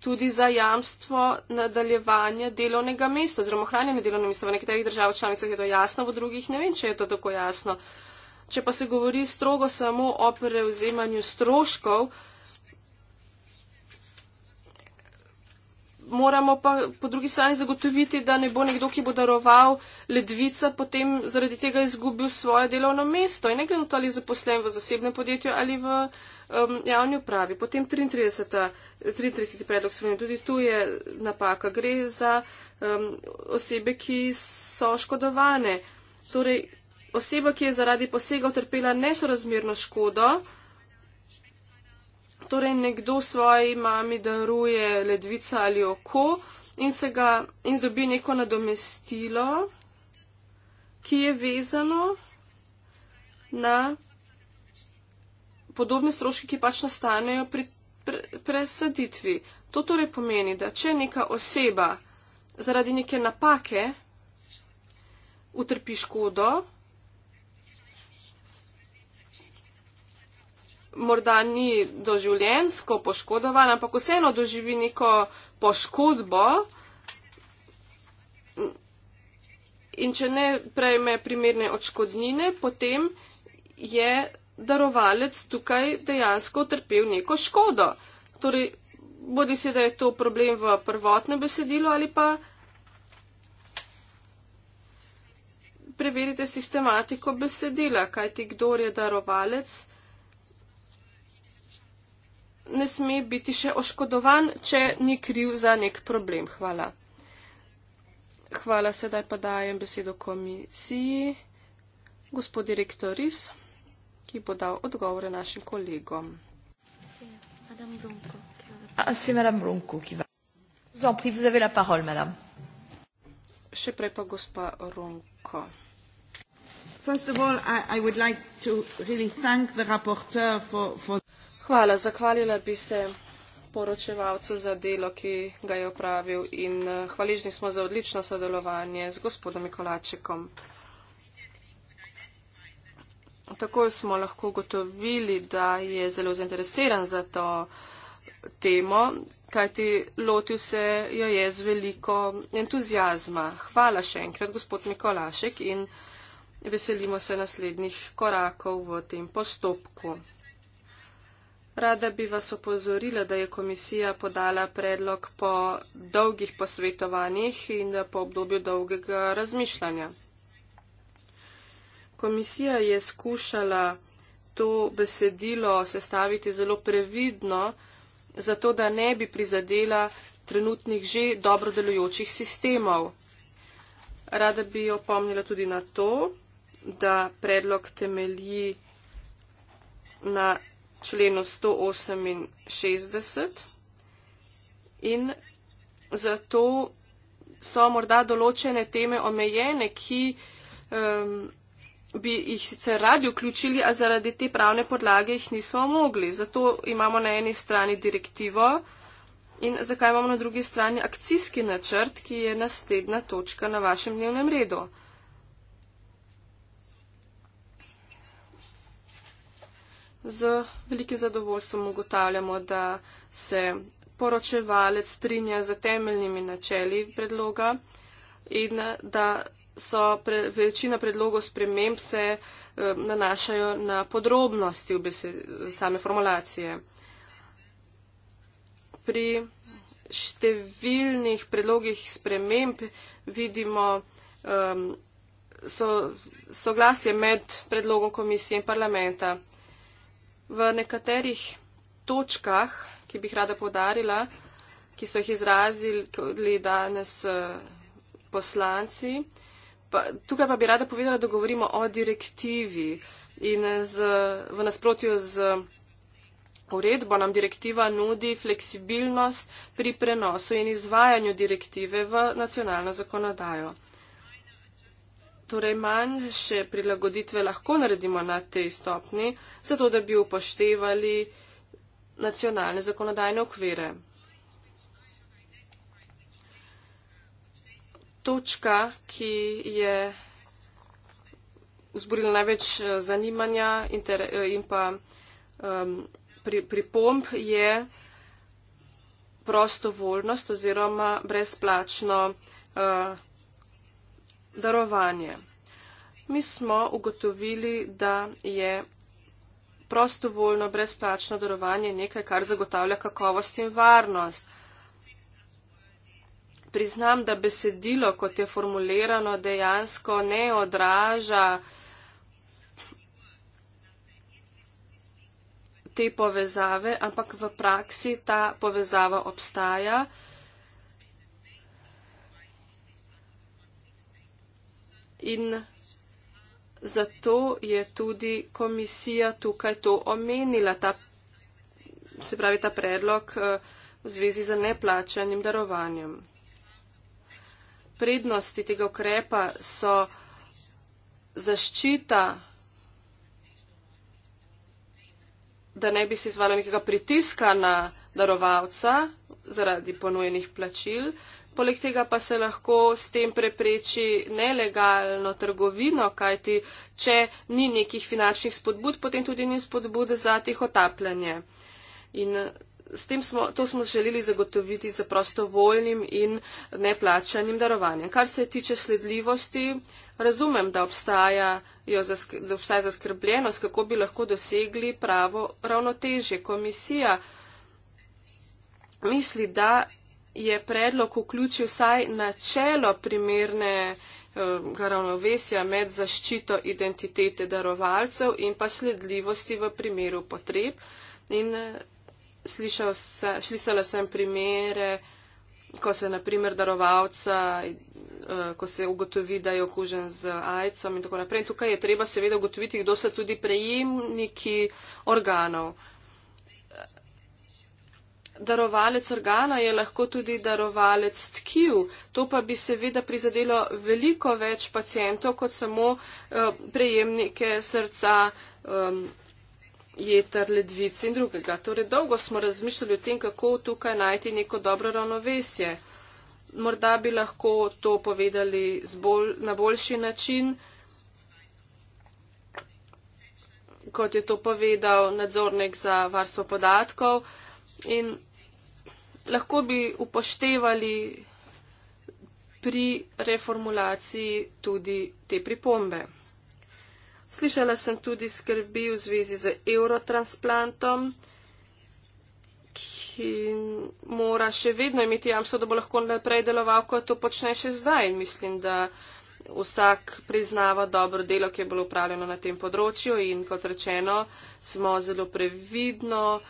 tudi za jamstvo nadaljevanja delovnega mesta oziroma ohranjanja delovnega mesta. V nekaterih državah članicah je to jasno, v drugih ne vem, če je to tako jasno. Če pa se govori strogo samo o prevzemanju stroškov, uh, moramo pa po drugi strani zagotoviti, da ne bo nekdo, ki bo daroval ledvica, potem zaradi tega izgubil svoje delovno mesto in ne glede na to, ali je zaposlen v zasebnem podjetju ali v um, javni upravi. Potem 33. 33. predlog spremenja, tudi tu je napaka, gre za um, osebe, ki so oškodovane. Torej, oseba, ki je zaradi posega utrpela nesorazmerno škodo, torej nekdo svoji mami daruje ledvica ali oko in se ga in dobi neko nadomestilo, ki je vezano na podobne stroške, ki pač nastanejo pri presaditvi. To torej pomeni, da če neka oseba zaradi neke napake utrpi škodo, morda ni doživljensko poškodovan, ampak vseeno doživi neko poškodbo. In če ne prejme primerne odškodnine, potem je darovalec tukaj dejansko utrpel neko škodo. Torej, bodi se, da je to problem v prvotnem besedilu ali pa preverite sistematiko besedila, kajti kdo je darovalec ne sme biti še oškodovan, če ni kriv za nek problem. Hvala. Hvala, sedaj pa dajem besedo komisiji, gospod direktoris, ki bo dal odgovore našim kolegom. Ah, še prej pa gospa Ronko. First of all, I, I would like to really thank the rapporteur for, for Hvala. Zahvalila bi se poročevalcu za delo, ki ga je opravil in eh, hvaležni smo za odlično sodelovanje z gospodom Mikolačekom. Takoj smo lahko gotovili, da je zelo zainteresiran za to temo, kajti lotil se jo je z veliko entuzijazma. Hvala še enkrat, gospod Mikolašek, in veselimo se naslednjih korakov v tem postopku. Rada bi vas opozorila, da je komisija podala predlog po dolgih posvetovanjih in po obdobju dolgega razmišljanja. Komisija je skušala to besedilo sestaviti zelo previdno, zato da ne bi prizadela trenutnih že dobro delujočih sistemov. Rada bi opomnila tudi na to, da predlog temelji na členu 168 in zato so morda določene teme omejene, ki um, bi jih sicer radi vključili, a zaradi te pravne podlage jih nismo mogli. Zato imamo na eni strani direktivo in zakaj imamo na drugi strani akcijski načrt, ki je naslednja točka na vašem dnevnem redu. z velikim zadovoljstvom ugotavljamo, da se poročevalec strinja z temeljnimi načeli predloga in da so pre, večina predlogov sprememb se eh, nanašajo na podrobnosti v besed, same formulacije. Pri številnih predlogih sprememb vidimo eh, so, soglasje med predlogom komisije in parlamenta v nekaterih točkah, ki bi jih rada podarila, ki so jih izrazili danes eh, poslanci. Pa, tukaj pa bi rada povedala, da govorimo o direktivi in z, v nasprotju z uredbo nam direktiva nudi fleksibilnost pri prenosu in izvajanju direktive v nacionalno zakonodajo torej manjše prilagoditve lahko naredimo na tej stopni, zato da bi upoštevali nacionalne zakonodajne okvire. Točka, ki je vzburila največ eh, zanimanja eh, in pa um, pripomb, pri je prostovoljnost oziroma brezplačno uh, darovanje. Mi smo ugotovili, da je prostovoljno, brezplačno darovanje nekaj, kar zagotavlja kakovost in varnost. Priznam, da besedilo, kot je formulirano, dejansko ne odraža te povezave, ampak v praksi ta povezava obstaja. in zato je tudi komisija tukaj to omenila, ta, se pravi ta predlog eh, v zvezi z neplačanim darovanjem. Prednosti tega ukrepa so zaščita, da ne bi se izvalo nekega pritiska na darovalca zaradi ponujenih plačil, Poleg tega pa se lahko s tem prepreči nelegalno trgovino, kajti če ni nekih finančnih spodbud, potem tudi ni spodbud za tiho tapljanje. In s tem smo, to smo želeli zagotoviti za prostovoljnim in neplačanim darovanjem. Kar se tiče sledljivosti, razumem, da obstaja. Da obstaja zaskrbljenost, kako bi lahko dosegli pravo ravnotežje. Komisija misli, da je predlog vključil saj načelo primerne eh, ravnovesja med zaščito identitete darovalcev in pa sledljivosti v primeru potreb. In eh, slišala sem primere, ko se naprimer darovalca, eh, ko se ugotovi, da je okužen z AIDS-om in tako naprej. In tukaj je treba seveda ugotoviti, kdo so tudi prejemniki organov darovalec organa je lahko tudi darovalec tkiv. To pa bi seveda prizadelo veliko več pacijentov kot samo eh, prejemnike srca, jeter, ledvic in drugega. Torej dolgo smo razmišljali o tem, kako tukaj najti neko dobro ravnovesje. Morda bi lahko to povedali bolj, na boljši način, kot je to povedal nadzornik za varstvo podatkov. In lahko bi upoštevali pri reformulaciji tudi te pripombe. Slišala sem tudi skrbi v zvezi z eurotransplantom, ki mora še vedno imeti jamstvo, da bo lahko naprej deloval, kot to počne še zdaj. In mislim, da uh, vsak priznava dobro delo, ki je bilo upravljeno na tem področju in kot rečeno, smo zelo previdno uh,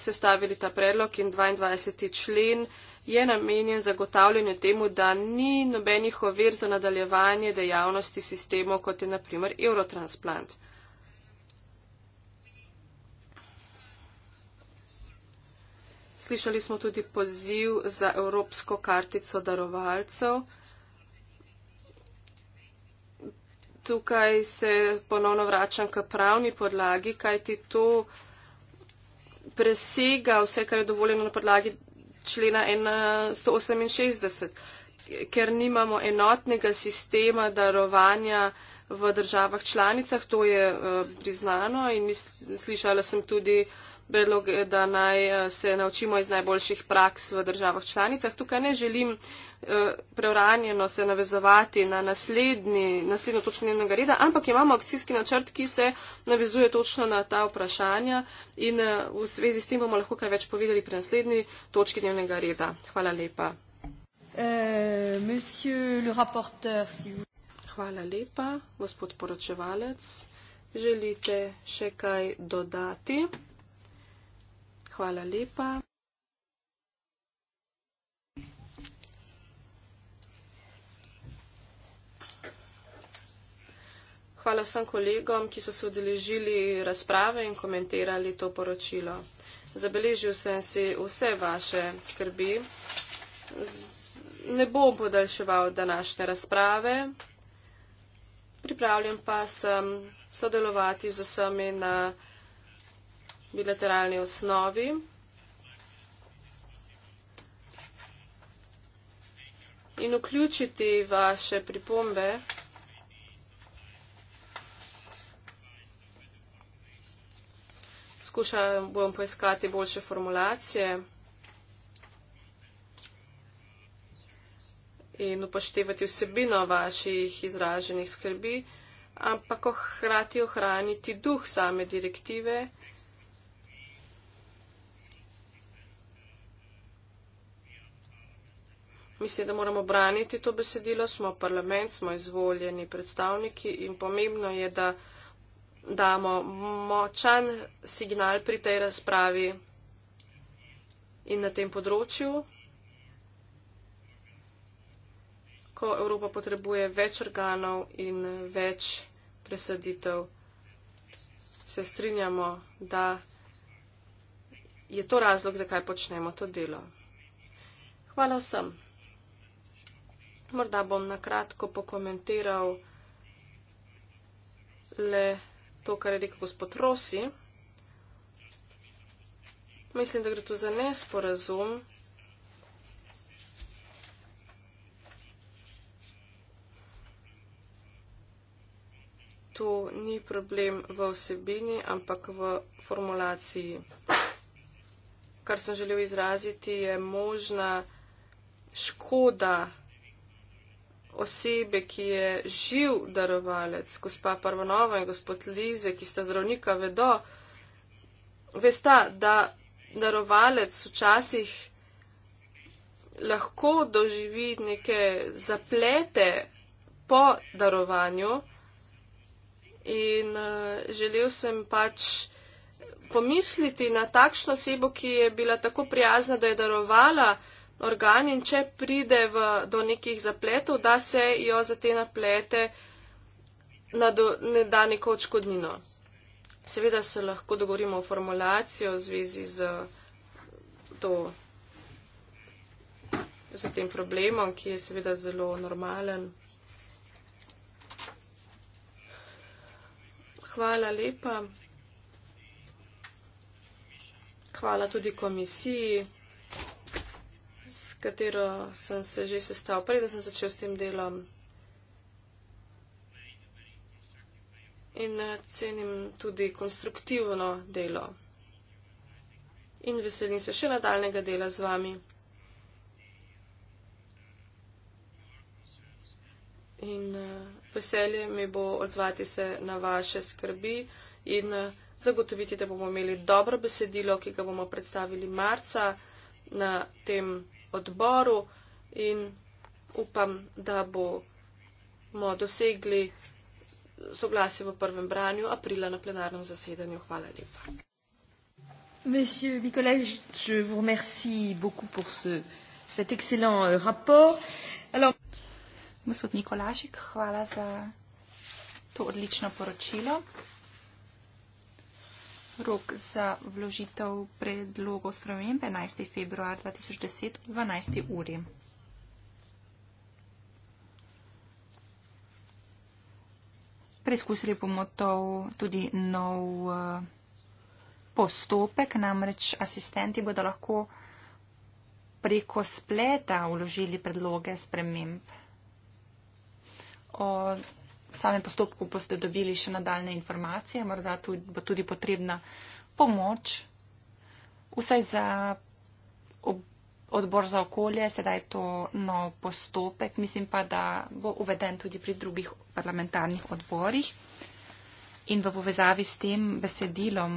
sestavili ta predlog in 22. člen je namenjen zagotavljanju temu, da ni nobenih ovir za nadaljevanje dejavnosti sistemov, kot je naprimer eurotransplant. Slišali smo tudi poziv za Evropsko kartico darovalcev. tukaj se ponovno vračam k pravni podlagi, kajti to presega vse, kar je dovoljeno na podlagi člena 168, ker nimamo enotnega sistema darovanja v državah članicah, to je eh, priznano in slišala sem tudi predloge, da naj eh, se naučimo iz najboljših praks v državah članicah. Tukaj ne želim Eh, preuranjeno se navezovati na naslednji, naslednjo točko njenega reda, ampak imamo akcijski načrt, ki se navezuje točno na ta vprašanja in eh, v svezi s tem bomo lahko kaj več povedali pri naslednji točki njenega reda. Hvala lepa. Eh, Hvala lepa, gospod poročevalec. Želite še kaj dodati? Hvala lepa. hvala vsem kolegom, ki so se odeležili razprave in komentirali to poročilo. Zabeležil sem si vse vaše skrbi. Ne bom podaljševal današnje razprave. Pripravljen pa sem sodelovati z vsemi na bilateralni osnovi. In vključiti vaše pripombe. poskušal bom poiskati boljše formulacije in upoštevati vsebino vaših izraženih skrbi, ampak oh, hkrati ohraniti duh same direktive. Mislim, da moramo braniti to besedilo, smo parlament, smo izvoljeni predstavniki in pomembno je, da damo močan signal pri tej razpravi in na tem področju, ko Evropa potrebuje več organov in več presaditev. Se strinjamo, da je to razlog, zakaj počnemo to delo. Hvala vsem. Morda bom na kratko pokomentiral le to, kar je rekel gospod Rosi. Mislim, da gre tu za nesporazum. Tu ni problem v vsebini, ampak v formulaciji. Kar sem želel izraziti, je možna škoda osebe, ki je živ darovalec, gospa Parvanova in gospod Lize, ki sta zdravnika, vedo, veste, da darovalec včasih lahko doživi neke zaplete po darovanju in eh, želel sem pač pomisliti na takšno osebo, ki je bila tako prijazna, da je darovala organ in če pride v, do nekih zapletov, da se jo za te naplete nado, ne da neko očkodnino. Seveda se lahko dogovorimo o formulacijo v zvezi z, to, z tem problemom, ki je seveda zelo normalen. Hvala lepa. Hvala tudi komisiji s katero sem se že sestal, prej, da sem začel s tem delom. In eh, cenim tudi konstruktivno delo. In veselim se še nadaljnega dela z vami. In eh, veselje mi bo odzvati se na vaše skrbi in eh, zagotoviti, da bomo imeli dobro besedilo, ki ga bomo predstavili marca na tem odboru in upam, da bomo dosegli soglasje v prvem branju aprila na plenarnem zasedanju. Hvala lepa. Monsieur Nicolas, je vous remercie beaucoup pour ce, cet excellent euh, rapport. Alors... Monsieur Nicolas, je vous remercie pour ce excellent rapport. Rok za vložitev predlogov spremembe 11. februar 2010 v 12. uri. Preizkusili bomo to tudi nov eh, postopek, namreč asistenti bodo lahko preko spleta vložili predloge sprememb. O v samem postopku boste dobili še nadaljne informacije, morda tudi, bo tudi potrebna pomoč, vsaj za ob, odbor za okolje, sedaj to nov postopek, mislim pa, da bo uveden tudi pri drugih parlamentarnih odborih. In v povezavi s tem besedilom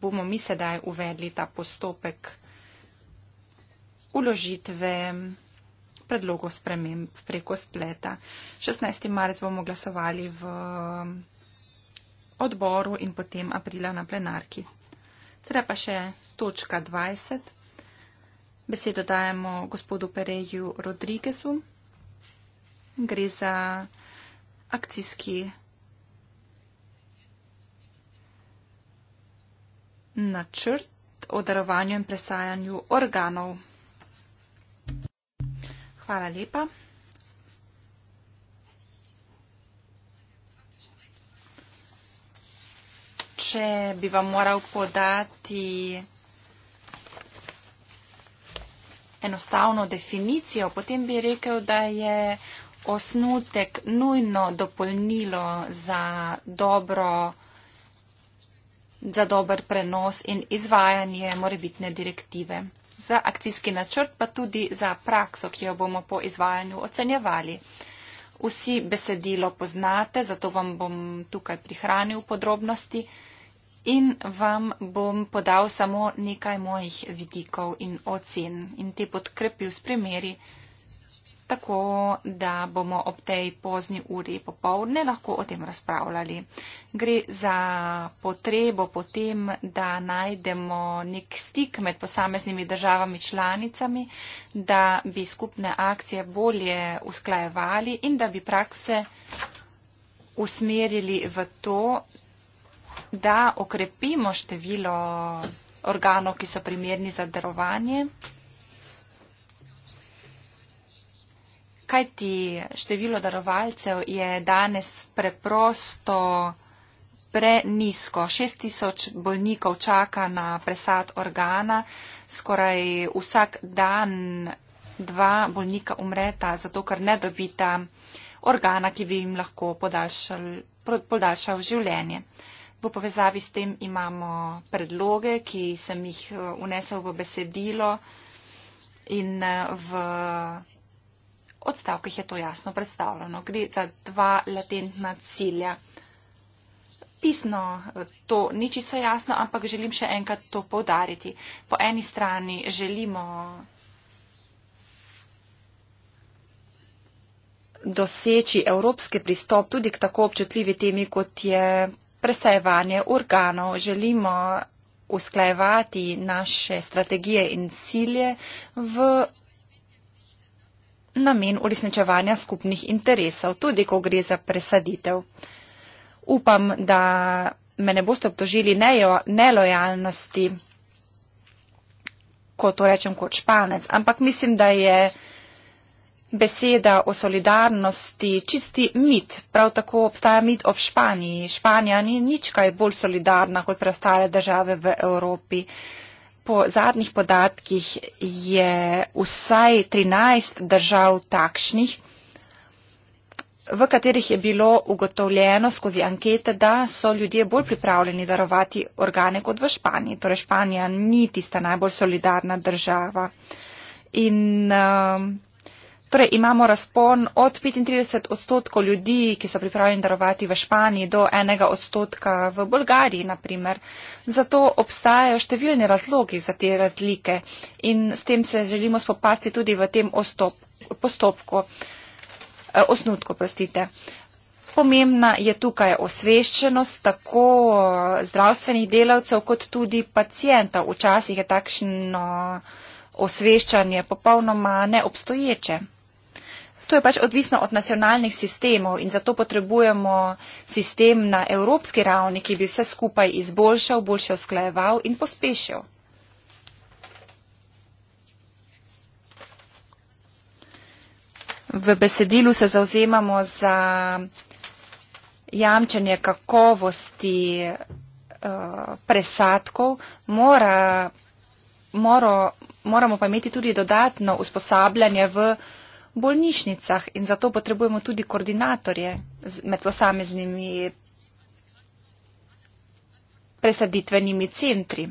bomo mi sedaj uvedli ta postopek uložitve predlogov sprememb preko spleta. 16. marec bomo glasovali v um, odboru in potem aprila na plenarki. Sedaj pa še točka 20. Besedo dajemo gospodu Pereju Rodrigezu. Gre za akcijski načrt o darovanju in presajanju organov. Hvala lepa. Če bi vam moral podati enostavno definicijo, potem bi rekel, da je osnutek nujno dopolnilo za, dobro, za dober prenos in izvajanje morebitne direktive za akcijski načrt, pa tudi za prakso, ki jo bomo po izvajanju ocenjevali. Vsi besedilo poznate, zato vam bom tukaj prihranil podrobnosti in vam bom podal samo nekaj mojih vidikov in ocen in te podkrepil s primeri, tako da bomo ob tej pozni uri popovdne lahko o tem razpravljali. Gre za potrebo potem, da najdemo nek stik med posameznimi državami članicami, da bi skupne akcije bolje usklajevali in da bi prakse usmerili v to, da okrepimo število organov, ki so primerni za darovanje. Kaj ti število darovalcev je danes preprosto prenisko? 6 tisoč bolnikov čaka na presad organa, skoraj vsak dan dva bolnika umreta, zato ker ne dobita organa, ki bi jim lahko podaljšal, podaljšal življenje. V povezavi s tem imamo predloge, ki sem jih unesel eh, v besedilo in eh, v odstavkih je to jasno predstavljeno. Gre za dva latentna cilja. Pisno eh, to ni čisto jasno, ampak želim še enkrat to povdariti. Po eni strani želimo doseči evropski pristop tudi k tako občutljivi temi, kot je presajevanje organov. Želimo usklajevati naše strategije in cilje v namen uresničevanja skupnih interesov, tudi ko gre za presaditev. Upam, da me ne boste obtožili nelojalnosti, ko to rečem kot španec, ampak mislim, da je beseda o solidarnosti čisti mit. Prav tako obstaja mit o Španiji. Španija ni nič kaj bolj solidarna kot preostale države v Evropi po zadnjih podatkih je vsaj 13 držav takšnih, v katerih je bilo ugotovljeno skozi ankete, da so ljudje bolj pripravljeni darovati organe kot v Španiji. Torej Španija ni tista najbolj solidarna država. In, uh, Torej imamo razpon od 35 odstotkov ljudi, ki so pripravljeni darovati v Španiji, do enega odstotka v Bolgariji, naprimer. Zato obstajajo številne razlogi za te razlike in s tem se želimo spopasti tudi v tem ostop, postopku, eh, osnutku, prostite. Pomembna je tukaj osveščenost tako zdravstvenih delavcev kot tudi pacijenta. Včasih je takšno osveščanje popolnoma neobstoječe to je pač odvisno od nacionalnih sistemov in zato potrebujemo sistem na evropski ravni, ki bi vse skupaj izboljšal, boljše usklajeval in pospešil. V besedilu se zauzemamo za jamčenje kakovosti uh, presadkov. Mora, moro, moramo pa imeti tudi dodatno usposabljanje v bolnišnicah in zato potrebujemo tudi koordinatorje med posameznimi presaditvenimi centri.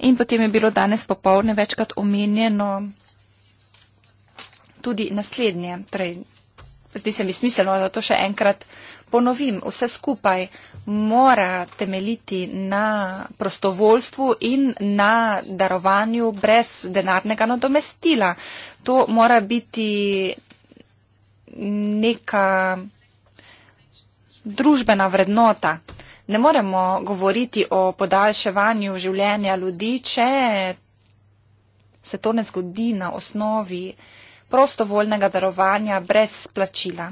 In potem je bilo danes popolne večkrat omenjeno tudi naslednje. Torej, zdi se mi smiselno, da to še enkrat ponovim, vse skupaj mora temeljiti na prostovoljstvu in na darovanju brez denarnega nadomestila. To mora biti neka družbena vrednota. Ne moremo govoriti o podaljševanju življenja ljudi, če se to ne zgodi na osnovi prostovoljnega darovanja brez plačila.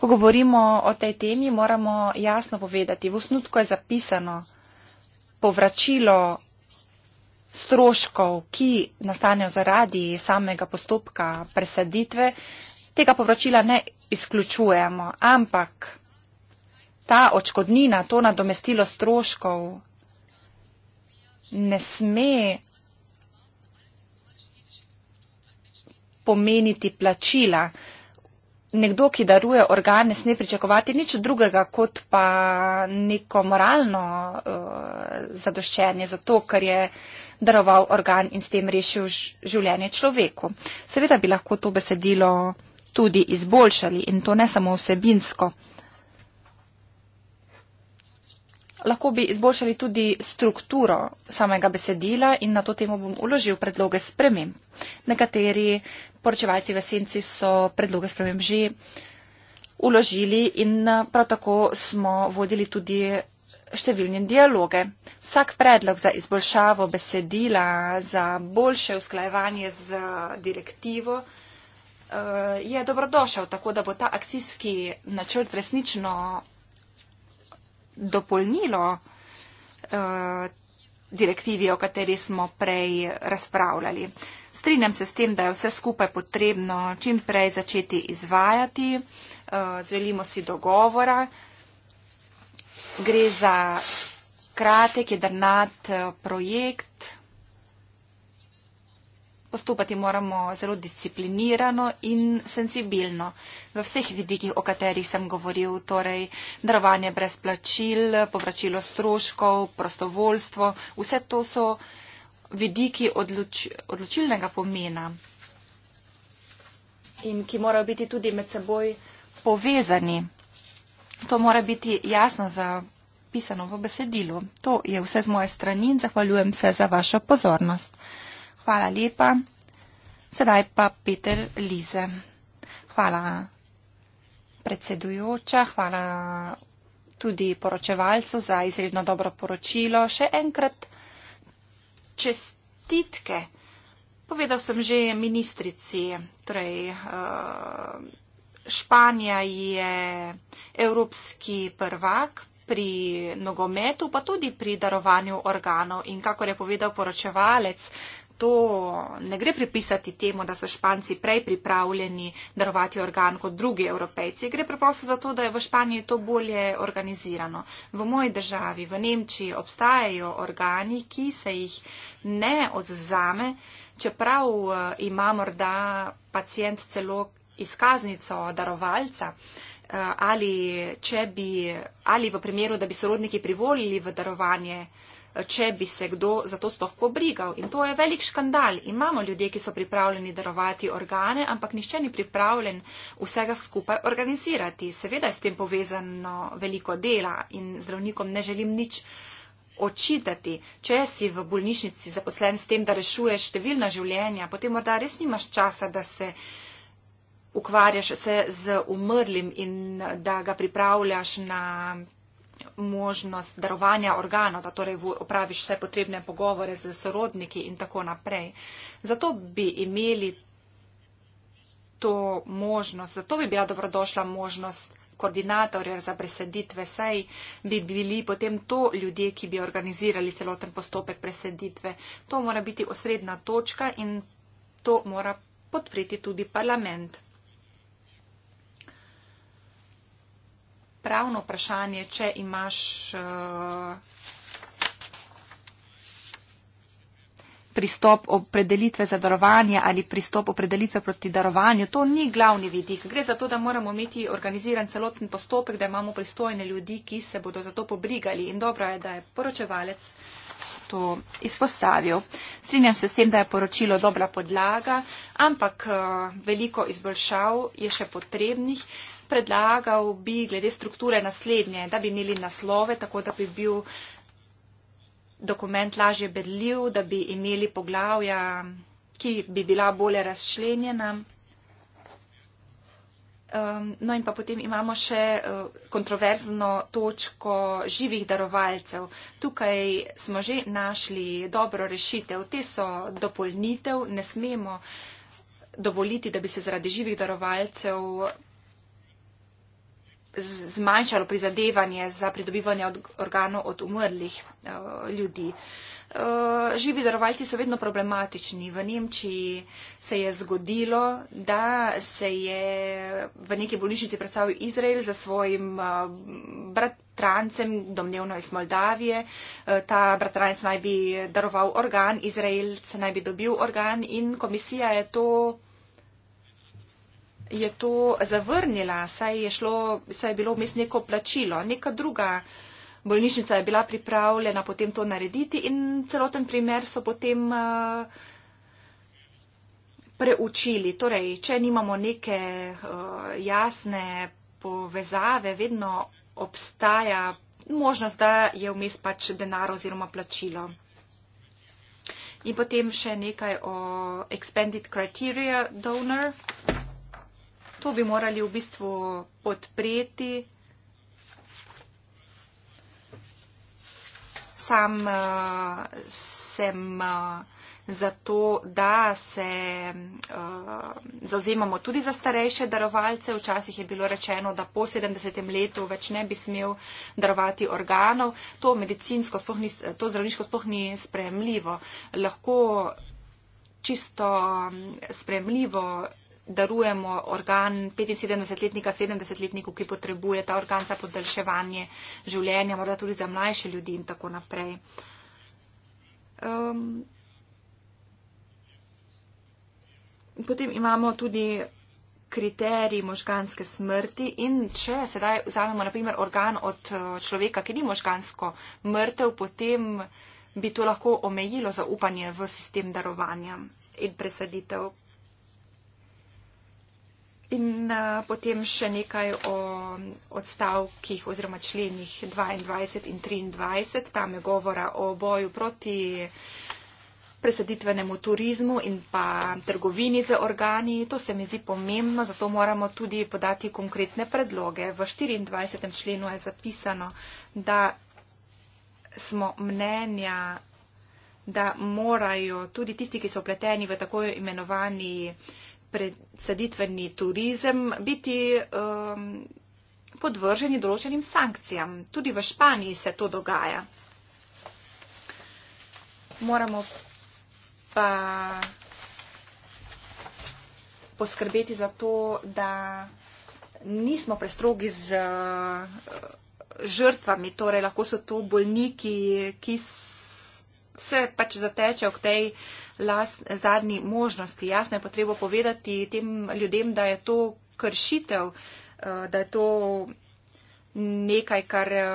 Ko govorimo o tej temi, moramo jasno povedati, v osnutku je zapisano povračilo stroškov, ki nastanejo zaradi samega postopka presaditve, tega povračila ne izključujemo, ampak ta očkodnina, to nadomestilo stroškov ne sme pomeniti plačila nekdo, ki daruje organ, ne sme pričakovati nič drugega, kot pa neko moralno uh, zadoščenje za to, kar je daroval organ in s tem rešil življenje človeku. Seveda bi lahko to besedilo tudi izboljšali in to ne samo vsebinsko, lahko bi izboljšali tudi strukturo samega besedila in na to temo bom uložil predloge sprememb. Nekateri poročevalci v senci so predloge sprememb že uložili in eh, prav tako smo vodili tudi številne dialoge. Vsak predlog za izboljšavo besedila, za boljše usklajevanje z eh, direktivo eh, je dobrodošel, tako da bo ta akcijski načrt resnično dopolnilo eh, direktivi, o kateri smo prej razpravljali. Strinjam se s tem, da je vse skupaj potrebno čim prej začeti izvajati, eh, želimo si dogovora. Gre za kratek, jedrnat eh, projekt, Postopati moramo zelo disciplinirano in sensibilno v vseh vidikih, o katerih sem govoril, torej darovanje brez plačil, povračilo stroškov, prostovoljstvo. Vse to so vidiki odloč, odločilnega pomena in ki morajo biti tudi med seboj povezani. To mora biti jasno zapisano v besedilu. To je vse z moje strani in zahvaljujem se za vašo pozornost. Hvala lepa. Sedaj pa Peter Lize. Hvala predsedujoča, hvala tudi poročevalcu za izredno dobro poročilo. Še enkrat čestitke. Povedal sem že ministrici, torej eh, Španija je evropski prvak pri nogometu, pa tudi pri darovanju organov. In kako je povedal poročevalec, to ne gre pripisati temu, da so Španci prej pripravljeni darovati organ kot drugi evropejci. Gre preprosto za to, da je v Španiji to bolje organizirano. V moji državi, v Nemčiji, obstajajo organi, ki se jih ne odzame, čeprav eh, ima morda pacijent celo izkaznico darovalca. Eh, ali, bi, ali v primeru, da bi sorodniki privolili v darovanje uh, če bi se kdo za to sploh pobrigal. In to je velik škandal. Imamo ljudje, ki so pripravljeni darovati organe, ampak nišče ni pripravljen vsega skupaj organizirati. Seveda je s tem povezano veliko dela in zdravnikom ne želim nič očitati. Če si v bolnišnici zaposlen s tem, da rešuješ številna življenja, potem morda res nimaš časa, da se ukvarjaš se z umrlim in da ga pripravljaš na možnost darovanja organov, da torej opraviš vse potrebne pogovore z sorodniki in tako naprej. Zato bi imeli to možnost, zato bi bila dobrodošla možnost koordinatorja za preseditve, saj bi bili potem to ljudje, ki bi organizirali celoten postopek preseditve. To mora biti osredna točka in to mora podpreti tudi parlament. pravno vprašanje, če imaš eh, pristop opredelitve za darovanje ali pristop opredelitve proti darovanju. To ni glavni vidik. Gre za to, da moramo imeti organiziran celoten postopek, da imamo pristojne ljudi, ki se bodo za to pobrigali. In dobro je, da je poročevalec to izpostavil. Strinjam se s tem, da je poročilo dobra podlaga, ampak eh, veliko izboljšav je še potrebnih predlagal bi glede strukture naslednje, da bi imeli naslove, tako da bi bil dokument lažje bedljiv, da bi imeli poglavja, ki bi bila bolje razšlenjena. Um, no in pa potem imamo še uh, kontroverzno točko živih darovalcev. Tukaj smo že našli dobro rešitev. Te so dopolnitev, ne smemo dovoliti, da bi se zaradi živih darovalcev zmanjšalo prizadevanje za pridobivanje organov od umrlih eh, ljudi. Eh, živi darovalci so vedno problematični. V Nemčiji se je zgodilo, da se je v neki bolnišnici predstavil Izrael za svojim eh, bratrancem, domnevno iz Moldavije. Ta bratranec naj bi daroval organ, Izraelc naj bi dobil organ in komisija je to je to zavrnila, saj je, šlo, saj je bilo vmes neko plačilo. Neka druga bolnišnica je bila pripravljena potem to narediti in celoten primer so potem uh, preučili. Torej, če nimamo neke uh, jasne povezave, vedno obstaja možnost, da je vmes pač denar oziroma plačilo. In potem še nekaj o expanded criteria donor. To bi morali v bistvu podpreti. Sam uh, sem uh, za to, da se uh, eh, zauzemamo tudi za starejše darovalce. Včasih je bilo rečeno, da po 70. letu več ne bi smel darovati organov. To, ni, to zdravniško sploh ni spremljivo. Lahko čisto mm, spremljivo darujemo organ 75-letnika, 70-letniku, ki potrebuje ta organ za podaljševanje življenja, morda tudi za mlajše ljudi in tako naprej. Um, potem imamo tudi kriterij možganske smrti in če sedaj vzamemo naprimer organ od eh, človeka, ki ni možgansko mrtev, potem bi to lahko omejilo zaupanje v sistem darovanja in presaditev. In uh, potem še nekaj o odstavkih oziroma členih 22 in 23. Tam je govora o boju proti presaditvenemu turizmu in pa trgovini za organi. To se mi zdi pomembno, zato moramo tudi podati konkretne predloge. V 24. členu je zapisano, da smo mnenja, da morajo tudi tisti, ki so vpleteni v tako imenovani uh, predseditveni turizem biti um, podvrženi določenim sankcijam. Tudi v Španiji se to dogaja. Moramo pa poskrbeti za to, da nismo prestrogi z uh, žrtvami. Torej, lahko so to bolniki, ki se pač zateče ob tej last, zadnji možnosti. Jasno je potrebo povedati tem ljudem, da je to kršitev, eh, da je to nekaj, kar eh,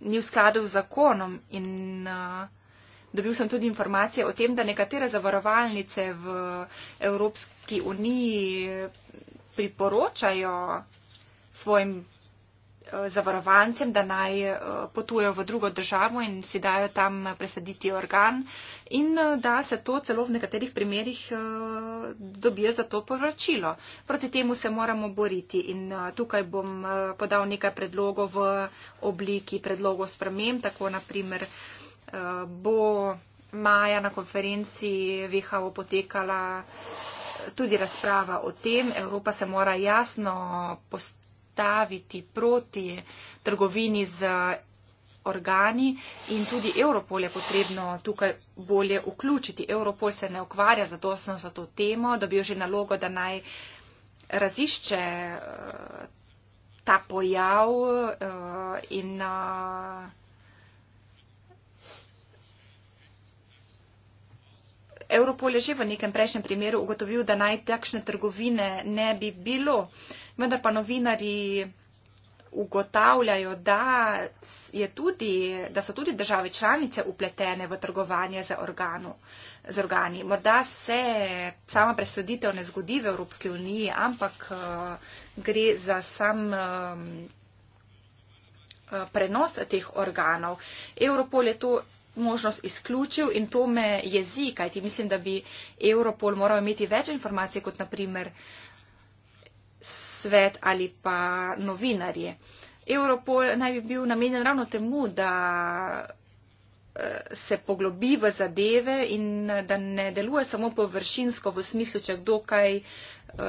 ni v skladu z zakonom. In eh, dobil sem tudi informacije o tem, da nekatere zavarovalnice v Evropski uniji priporočajo svojim zavarovancem, da naj eh, potujejo v drugo državo in si dajo tam presaditi organ in eh, da se to celo v nekaterih primerjih eh, dobijo za to povračilo. Proti temu se moramo boriti in tukaj bom podal nekaj predlogov v obliki predlogov spremem, tako naprimer bo maja na konferenci VHO potekala tudi razprava o tem, Evropa se mora jasno postaviti postaviti proti trgovini z organi in tudi Europol je potrebno tukaj bolje vključiti. Europol se ne ukvarja zadostno za to temo, dobijo že nalogo, da naj eh, razišče eh, ta pojav eh, in Europol je že v nekem prejšnjem primeru ugotovil, da naj takšne trgovine ne bi bilo, vendar pa novinari ugotavljajo, da, tudi, da so tudi države članice upletene v trgovanje z, organu, z organi. Morda se sama presoditev ne zgodi v Evropski uniji, ampak uh, gre za sam. Um, prenos teh organov. Europol je to možnost izključil in to me jezi, kajti mislim, da bi Europol moral imeti več informacij kot naprimer svet ali pa novinarje. Europol naj bi bil namenjen ravno temu, da eh, se poglobi v zadeve in da ne deluje samo površinsko v smislu, če kdo kaj eh,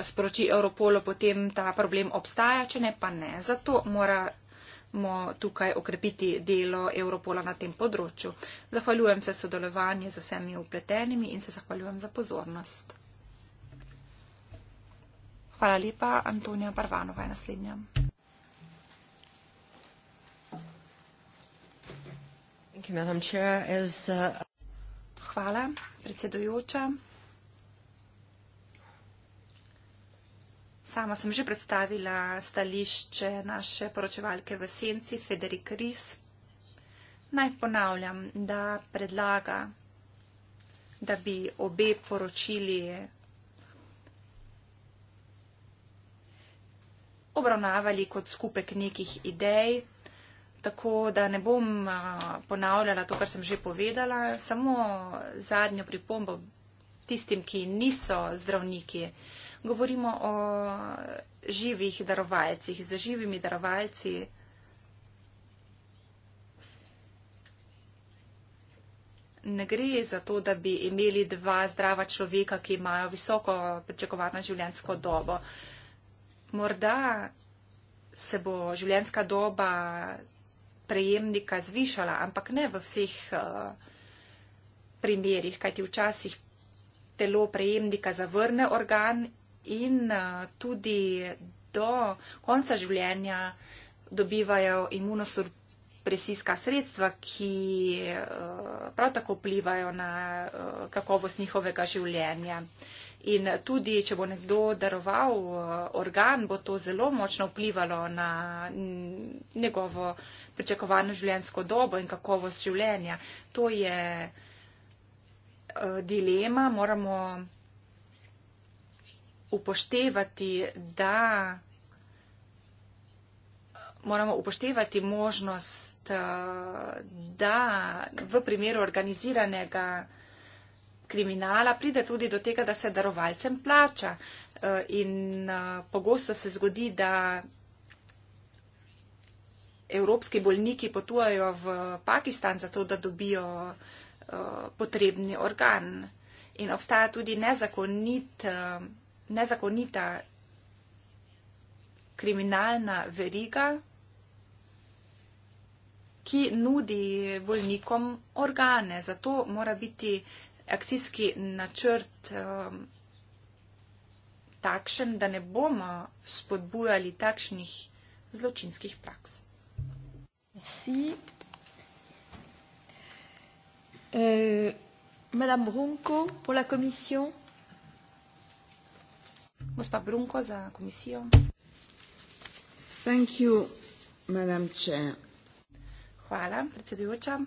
sporoči Europolu, potem ta problem obstaja, če ne pa ne. Zato mora moramo tukaj okrepiti delo Evropola na tem področju. Zahvaljujem se sodelovanje z vsemi upletenimi in se zahvaljujem za pozornost. Hvala lepa, Antonija Barvanova je naslednja. Uh, Hvala, predsedujoča. Sama sem že predstavila stališče naše poročevalke v senci Federik Ris. Naj ponavljam, da predlaga, da bi obe poročili obravnavali kot skupek nekih idej, tako da ne bom ponavljala to, kar sem že povedala, samo zadnjo pripombo tistim, ki niso zdravniki govorimo o živih darovalcih, za živimi darovalci. Ne gre za to, da bi imeli dva zdrava človeka, ki imajo visoko pričakovano življenjsko dobo. Morda se bo življenjska doba prejemnika zvišala, ampak ne v vseh uh, primerih, kajti včasih telo prejemnika zavrne organ in eh, tudi do konca življenja dobivajo imunosupresijska sredstva, ki eh, prav tako vplivajo na eh, kakovost njihovega življenja. In tudi, če bo nekdo daroval organ, bo to zelo močno vplivalo na njegovo pričakovano življenjsko dobo in kakovost življenja. To je dilema, moramo upoštevati, da moramo upoštevati možnost, eh, da v primeru organiziranega kriminala pride tudi do tega, da se darovalcem plača. Eh, in eh, pogosto se zgodi, da evropski bolniki potujejo v Pakistan zato, da dobijo potrebni organ. In obstaja tudi nezakonit nezakonita kriminalna veriga, ki nudi bolnikom organe. Zato mora biti akcijski načrt um, takšen, da ne bomo spodbujali takšnih zločinskih praks. Merci. Euh, Madame Brunko, pour la commission. Gospa Brunko za komisijo. Thank you, madam chair. Hvala, predsedujoča.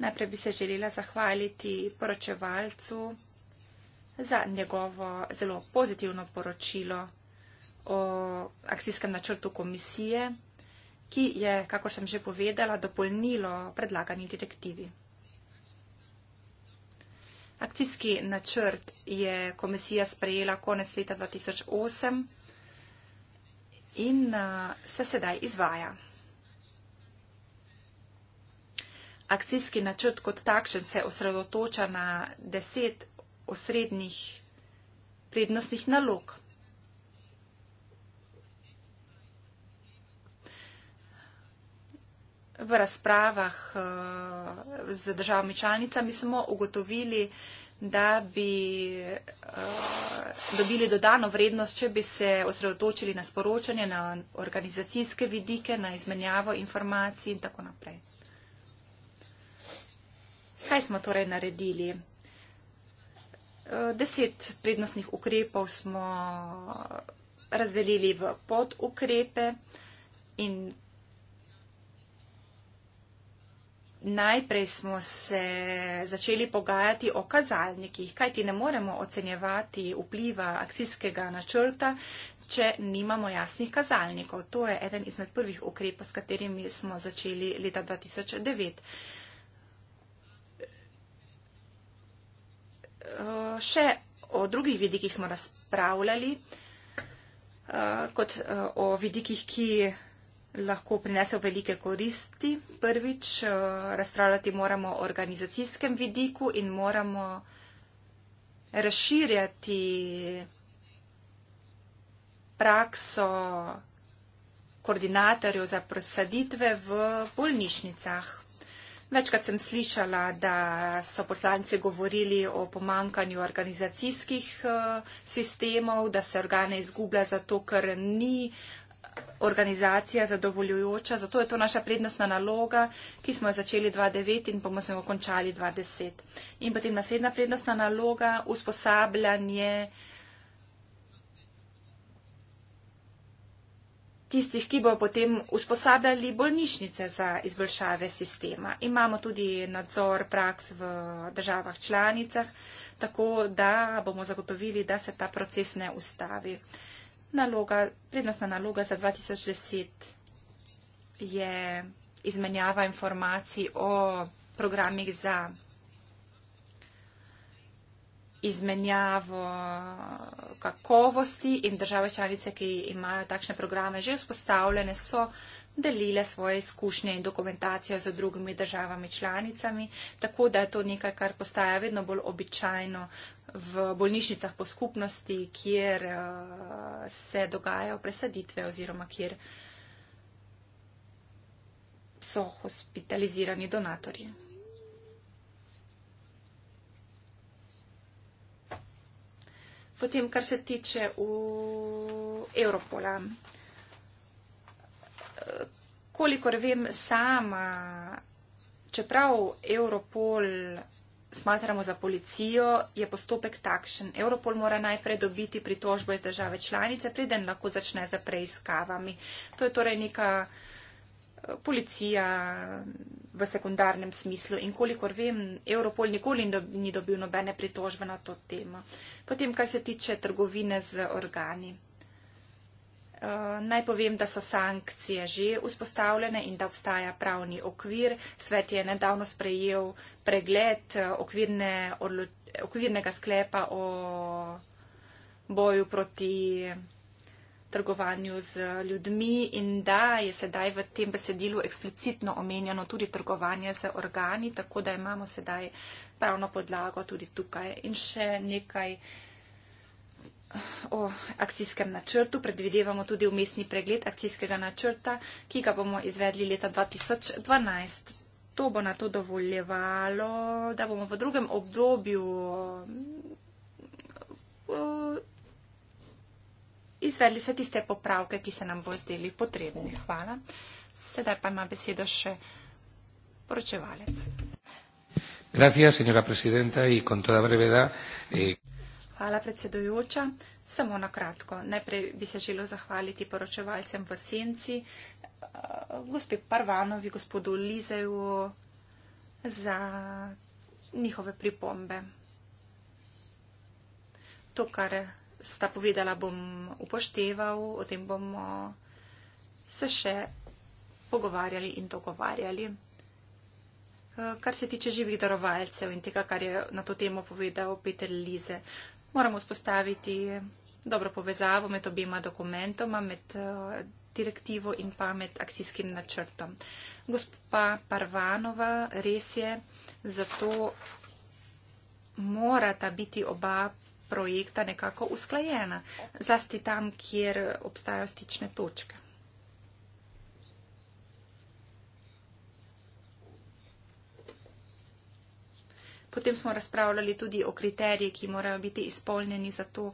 Najprej bi se želela zahvaliti poročevalcu za njegovo zelo pozitivno poročilo o akcijskem načrtu komisije, ki je, kako sem že povedala, dopolnilo predlagani direktivi. Akcijski načrt je komisija sprejela konec leta 2008 in uh, se sedaj izvaja. Akcijski načrt kot takšen se osredotoča na deset osrednjih prednostnih nalog. v razpravah eh, z državami članicami smo ugotovili, da bi eh, dobili dodano vrednost, če bi se osredotočili na sporočanje, na organizacijske vidike, na izmenjavo informacij in tako naprej. Kaj smo torej naredili? Eh, deset prednostnih ukrepov smo razdelili v podukrepe in najprej smo se začeli pogajati o kazalnikih, kajti ne moremo ocenjevati vpliva akcijskega načrta, če nimamo jasnih kazalnikov. To je eden izmed prvih ukrepov, s katerimi smo začeli leta 2009. Eh, še o drugih vidikih smo razpravljali, eh, kot eh, o vidikih, ki lahko prinesel velike koristi. Prvič, eh, razpravljati moramo o organizacijskem vidiku in moramo razširjati prakso koordinatorjev za presaditve v bolnišnicah. Večkrat sem slišala, da so poslanci govorili o pomankanju organizacijskih eh, sistemov, da se organe izgublja zato, ker ni uh, organizacija zadovoljujoča, zato je to naša prednostna naloga, ki smo jo začeli 2009 in bomo se jo končali 2010. In potem naslednja prednostna naloga, usposabljanje tistih, ki bojo potem usposabljali bolnišnice za izboljšave sistema. Imamo tudi nadzor praks v državah članicah, tako da bomo zagotovili, da se ta proces ne ustavi naloga, prednostna naloga za 2010 je izmenjava informacij o programih za izmenjavo kakovosti in države članice, ki imajo takšne programe že vzpostavljene, so delile svoje izkušnje in dokumentacijo z drugimi državami članicami, tako da je to nekaj, kar postaja vedno bolj običajno v bolnišnicah po skupnosti, kjer eh, se dogajajo presaditve oziroma kjer so hospitalizirani donatorji. Potem, kar se tiče Europola kolikor vem sama, čeprav Europol smatramo za policijo, je postopek takšen. Europol mora najprej dobiti pritožbo iz države članice, preden lahko začne za preiskavami. To je torej neka eh, policija v sekundarnem smislu in kolikor vem, Europol nikoli ni dobil nobene pritožbe na to temo. Potem, kar se tiče trgovine z organi. Eh, naj povem, da so sankcije že vzpostavljene in da obstaja pravni okvir. Svet je nedavno sprejel pregled eh, okvirne, okvirnega sklepa o boju proti trgovanju z ljudmi in da je sedaj v tem besedilu eksplicitno omenjeno tudi trgovanje z organi, tako da imamo sedaj pravno podlago tudi tukaj. In še nekaj uh, o akcijskem načrtu, predvidevamo tudi umestni pregled akcijskega načrta, ki ga bomo izvedli leta 2012. To bo na to dovoljevalo, da bomo v drugem obdobju izvedli vse tiste popravke, ki se nam bo zdeli potrebni. Hvala. Sedaj pa ima besedo še poročevalec. Gracias, señora presidenta, y con toda brevedad. Eh... Hvala, predsedujoča. Samo na kratko. Najprej bi se želel zahvaliti poročevalcem v Senci, eh, gospe Parvanovi, gospodu Lizeju za njihove pripombe. To, kar sta povedala, bom upošteval, o tem bomo se še pogovarjali in dogovarjali. Eh, kar se tiče živih darovalcev in tega, kar je na to temo povedal Peter Lize moramo vzpostaviti dobro povezavo med obima dokumentoma, med eh, direktivo in pa med akcijskim načrtom. Gospa Parvanova, res je, zato morata biti oba projekta nekako usklajena, zlasti tam, kjer obstajajo stične točke. Potem smo razpravljali tudi o kriterijih, ki morajo biti izpolnjeni za to,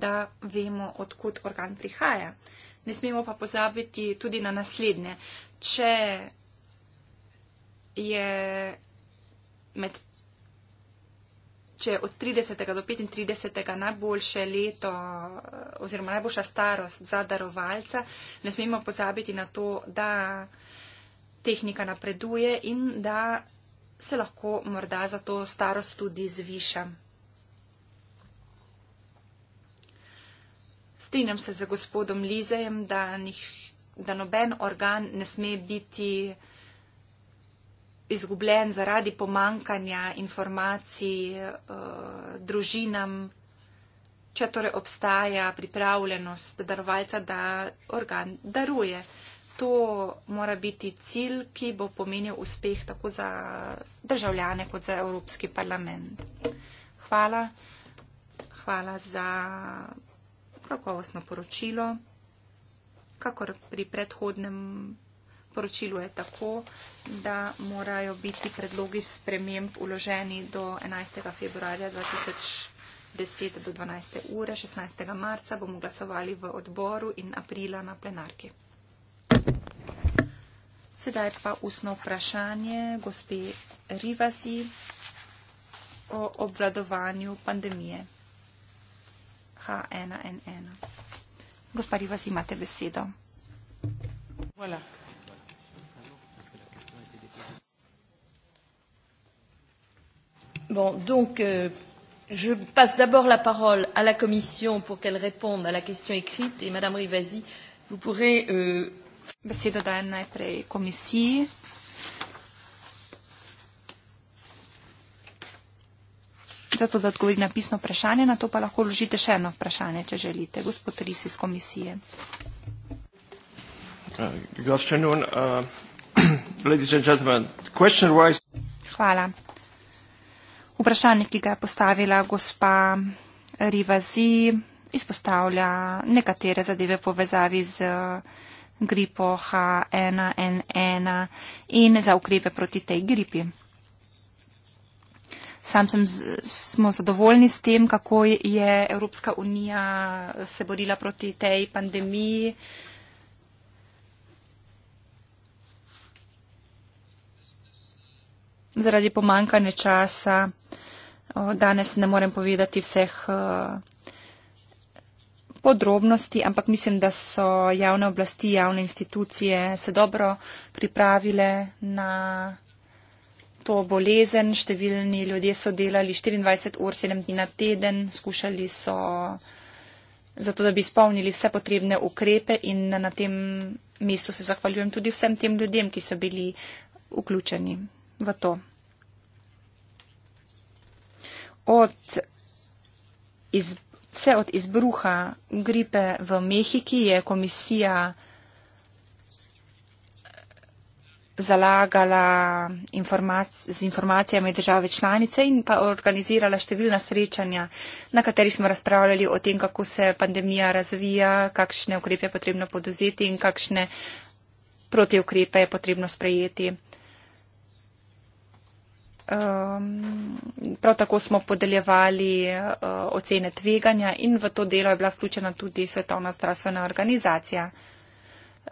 da vemo, odkud organ prihaja. Ne smemo pa pozabiti tudi na naslednje. Če je med. Če od 30. do 35. najboljše leto oziroma najboljša starost za darovalca, ne smemo pozabiti na to, da tehnika napreduje in da se lahko morda za to starost tudi zviša. Strinjam se z gospodom Lizejem, da, nih, da noben organ ne sme biti izgubljen zaradi pomankanja informacij eh, družinam, če torej obstaja pripravljenost darovalca, da organ daruje. Eh, to mora biti cilj, ki bo pomenil uspeh tako za državljane kot za Evropski parlament. Hvala. Hvala za kakovostno poročilo. Kakor pri predhodnem poročilu je tako, da morajo biti predlogi sprememb uloženi do 11. februarja 2010 do 12. ure. 16. marca bomo glasovali v odboru in aprila na plenarki. Sedaj pa ustno vprašanje gospe Rivasi o obvladovanju pandemije H1N1. Gospa Rivasi, imate besedo. Hvala. Bon, donc, euh, je passe d'abord la parole à la Commission pour qu'elle réponde à la question écrite et Madame Rivasi, vous pourrez euh, Besedo dajem najprej komisiji. Zato, da odgovori na pisno vprašanje, na to pa lahko vložite še eno vprašanje, če želite. Gospod Ris iz komisije. Uh, uh, Hvala. Vprašanje, ki ga je postavila gospa Rivazi, izpostavlja nekatere zadeve povezavi z gripo H1N1 in za ukrepe proti tej gripi. Sam sem, smo zadovoljni s tem, kako je Evropska unija se borila proti tej pandemiji. Zaradi pomankanja časa danes ne morem povedati vseh podrobnosti, ampak mislim, da so javne oblasti, javne institucije se dobro pripravile na to bolezen. Številni ljudje so delali 24 ur, 7 dni na teden, skušali so zato, da bi izpolnili vse potrebne ukrepe in na tem mestu se zahvaljujem tudi vsem tem ljudem, ki so bili vključeni v to. Od izbor Vse od izbruha gripe v Mehiki je komisija eh, zalagala informac z informacijami države članice in pa organizirala številna srečanja, na katerih smo razpravljali o tem, kako se pandemija razvija, kakšne ukrepe je potrebno poduzeti in kakšne protiukrepe je potrebno sprejeti. Um, prav tako smo podeljevali uh, ocene tveganja in v to delo je bila vključena tudi Svetovna zdravstvena organizacija.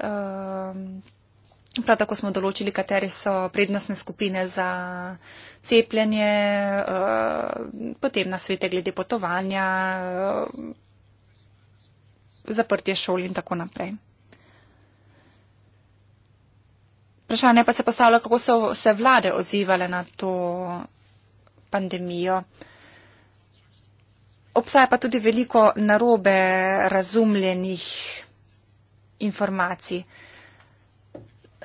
Um, prav tako smo določili, katere so prednostne skupine za cepljenje, uh, potem na svete glede potovanja, uh, zaprtje šol in tako naprej. Vprašanje pa se postavlja, kako so se vlade odzivale na to pandemijo. Obstaja pa tudi veliko narobe razumljenih informacij.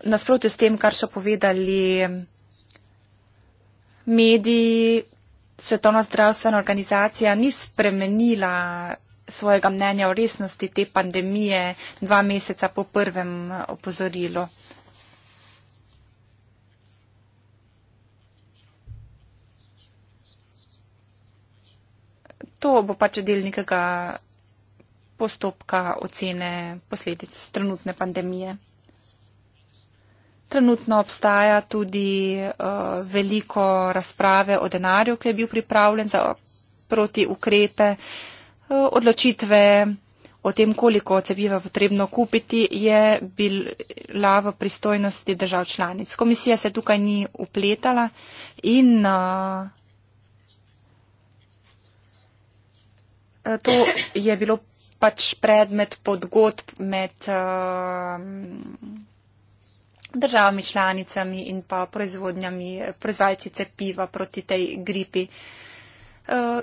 Nasprotju s tem, kar so povedali mediji, Svetovna zdravstvena organizacija ni spremenila svojega mnenja o resnosti te pandemije dva meseca po prvem opozorilu. to bo pač del nekega postopka ocene posledic trenutne pandemije. Trenutno obstaja tudi uh, veliko razprave o denarju, ki je bil pripravljen za proti ukrepe. Uh, odločitve o tem, koliko cepiva potrebno kupiti, je bila v pristojnosti držav članic. Komisija se tukaj ni upletala in uh, Eh, to je bilo pač predmet podgodb med eh, državami članicami in pa proizvodnjami, eh, proizvajalci cepiva proti tej gripi.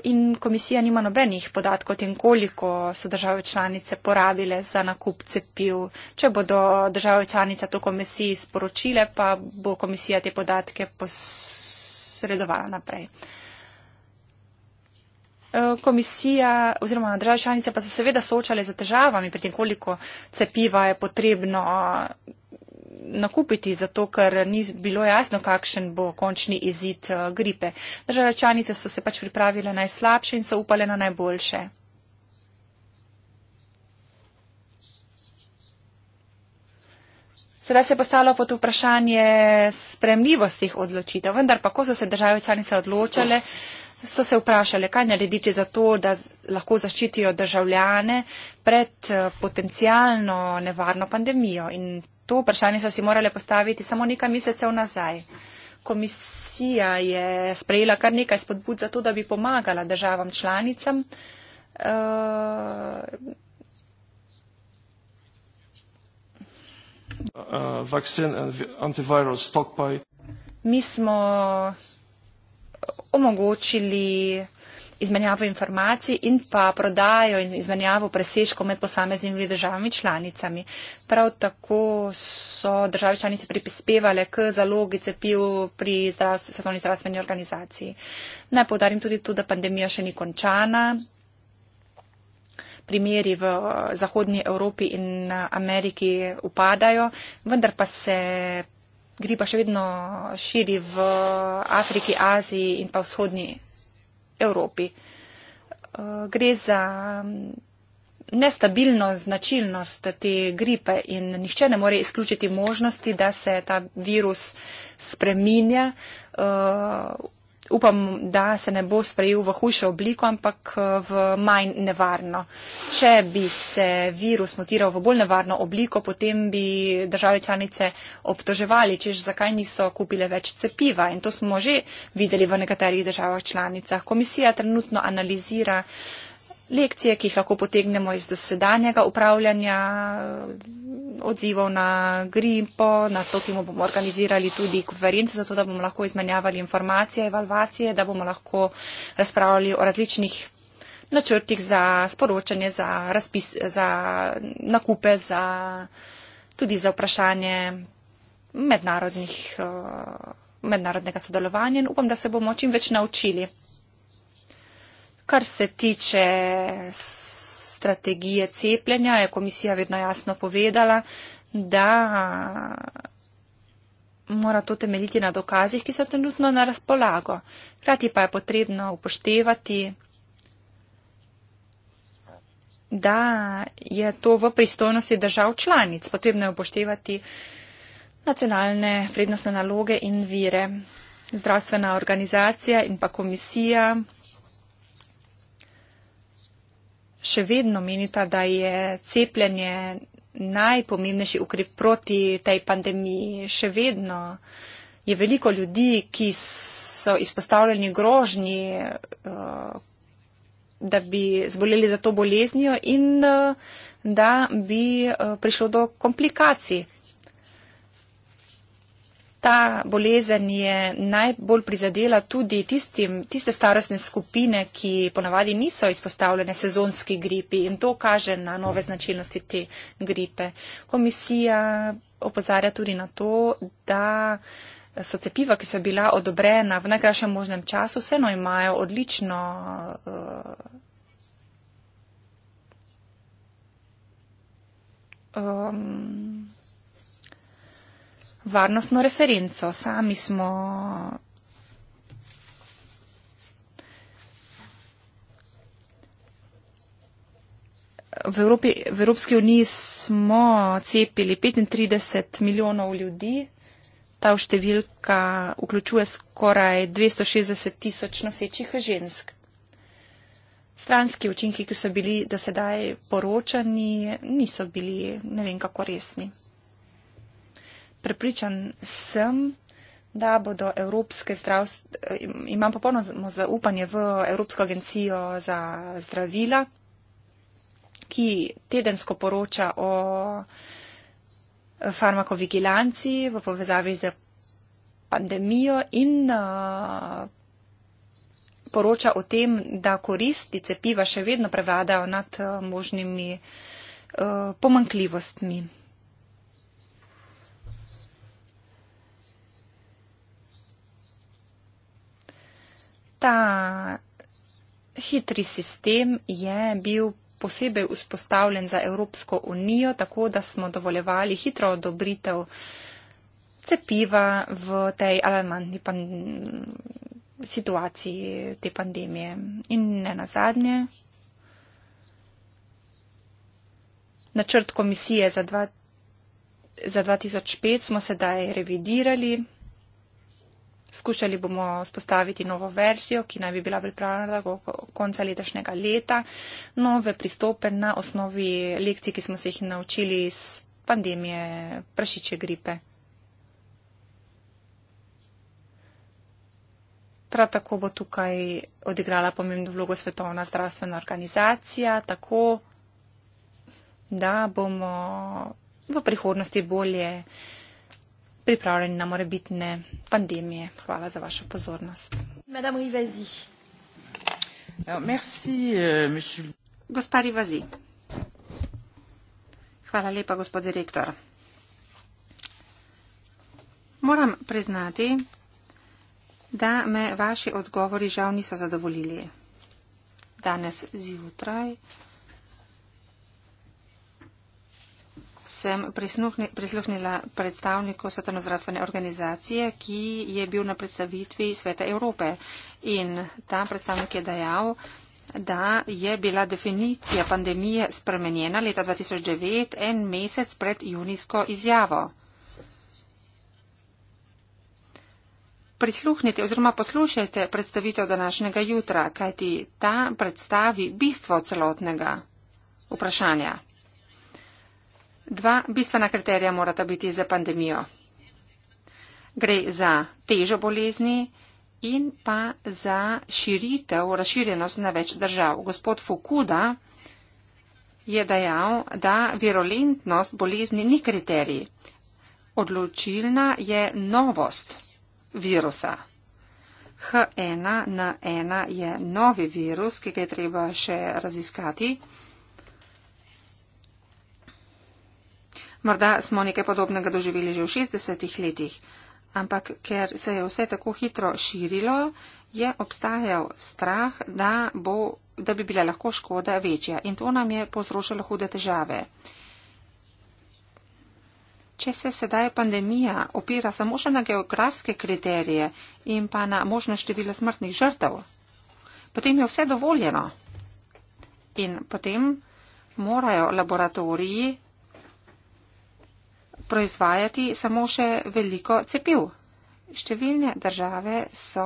In komisija nima nobenih podatkov o tem, koliko so države članice porabile za nakup cepiv. Če bodo države članice to komisiji sporočile, pa bo komisija te podatke posredovala naprej. Uh, Eh, komisija oziroma države članice pa so seveda soočale za težavami pri tem, koliko cepiva je potrebno eh, nakupiti, zato ker ni bilo jasno, kakšen bo končni izid eh, gripe. Države članice so se pač pripravile najslabše in so upale na najboljše. Sedaj se je postalo pod vprašanje spremljivosti odločitev, vendar pa ko so se države članice odločale, oh so se vprašali, kaj narediti za to, da lahko zaščitijo državljane pred eh, potencijalno nevarno pandemijo. In to vprašanje so si morali postaviti samo nekaj mesecev nazaj. Komisija je sprejela kar nekaj spodbud za to, da bi pomagala državam članicam. Uh, uh, vaccine, Mi smo omogočili izmenjavo informacij in pa prodajo in izmenjavo presežkov med posameznimi državami članicami. Prav tako so države članice pripispevale k zalogi cepiv pri zdravstv, svetovni zdravstveni organizaciji. Naj povdarim tudi to, da pandemija še ni končana. Primeri v Zahodnji Evropi in Ameriki upadajo, vendar pa se gripa še vedno širi v Afriki, Aziji in pa vzhodnji Evropi. Eh, gre za mm, nestabilno značilnost te gripe in nihče ne more izključiti možnosti, da se ta virus spreminja eh, upam, da se ne bo sprejel v hujšo obliko, ampak eh, v manj nevarno. Če bi se virus mutiral v bolj nevarno obliko, potem bi države članice obtoževali, češ zakaj niso kupile več cepiva. In to smo že videli v nekaterih državah članicah. Komisija trenutno analizira uh, lekcije, ki jih lahko potegnemo iz dosedanjega upravljanja, odzivov na gripo, na to, ki bomo organizirali tudi konference, zato da bomo lahko izmenjavali informacije, evalvacije, da bomo lahko razpravljali o različnih načrtih za sporočanje, za, razpis, za nakupe, za, tudi za vprašanje mednarodnih, eh, mednarodnega sodelovanja in upam, da se bomo čim več naučili. Kar se tiče strategije cepljenja, je komisija vedno jasno povedala, da mora to temeljiti na dokazih, ki so trenutno na razpolago. Hkrati pa je potrebno upoštevati, da je to v pristojnosti držav članic. Potrebno je upoštevati nacionalne prednostne naloge in vire. Zdravstvena organizacija in pa komisija še vedno menita, da je cepljenje najpomembnejši ukrep proti tej pandemiji. Še vedno je veliko ljudi, ki so izpostavljeni grožnji, eh, da bi zboleli za to boleznijo in eh, da bi eh, prišlo do komplikacij. Ta bolezen je najbolj prizadela tudi tistim, tiste starostne skupine, ki ponavadi niso izpostavljene sezonski gripi in to kaže na nove značilnosti te gripe. Komisija opozarja tudi na to, da so cepiva, ki so bila odobrena v najkrajšem možnem času, vseeno imajo odlično. Uh, um, varnostno referenco. Sami smo v, Evropi, v Evropski uniji smo cepili 35 milijonov ljudi. Ta številka vključuje skoraj 260 tisoč nosečih žensk. Stranski učinki, ki so bili do sedaj poročani, niso bili ne vem kako resni prepričan sem, da bodo evropske zdravstvene, imam popolno zaupanje v Evropsko agencijo za zdravila, ki tedensko poroča o eh, farmakovigilanci v povezavi z pandemijo in eh, poroča o tem, da koristi cepiva še vedno prevladajo nad eh, možnimi pomankljivostmi. ta hitri sistem je bil posebej vzpostavljen za Evropsko unijo, tako da smo dovoljevali hitro odobritev cepiva v tej alarmantni pan situaciji te pandemije. In ne nazadnje, načrt komisije za, dva, za 2005 smo sedaj revidirali. Skušali bomo spostaviti novo verzijo, ki naj bi bila pripravljena do konca letošnjega leta, nove pristope na osnovi lekcij, ki smo se jih naučili iz pandemije prašiče gripe. Prav tako bo tukaj odigrala pomembno vlogo Svetovna zdravstvena organizacija, tako da bomo v prihodnosti bolje pripravljeni na morebitne pandemije. Hvala za vašo pozornost. Euh, Gospa Rivazi. Hvala lepa, gospod direktor. Moram priznati, da me vaši odgovori žal niso zadovoljili. Danes zjutraj sem prisluhni, prisluhnila predstavniku svetovno-zdravstvene organizacije, ki je bil na predstavitvi Sveta Evrope. In ta predstavnik je dejal, da je bila definicija pandemije spremenjena leta 2009, en mesec pred junijsko izjavo. Prisluhnite oziroma poslušajte predstavitev današnjega jutra, kajti ta predstavi bistvo celotnega vprašanja. Dva bistvena kriterija morata biti za pandemijo. Gre za težo bolezni in pa za širitev, razširjenost na več držav. Gospod Fukuda je dejal, da virulentnost bolezni ni kriterij. Odločilna je novost virusa. H1N1 je novi virus, ki ga je treba še raziskati. Morda smo nekaj podobnega doživeli že v 60-ih letih, ampak ker se je vse tako hitro širilo, je obstajal strah, da, bo, da bi bila lahko škoda večja in to nam je povzročalo hude težave. Če se sedaj pandemija opira samo še na geografske kriterije in pa na možno število smrtnih žrtev, potem je vse dovoljeno. In potem morajo laboratoriji proizvajati samo še veliko cepiv. Številne države so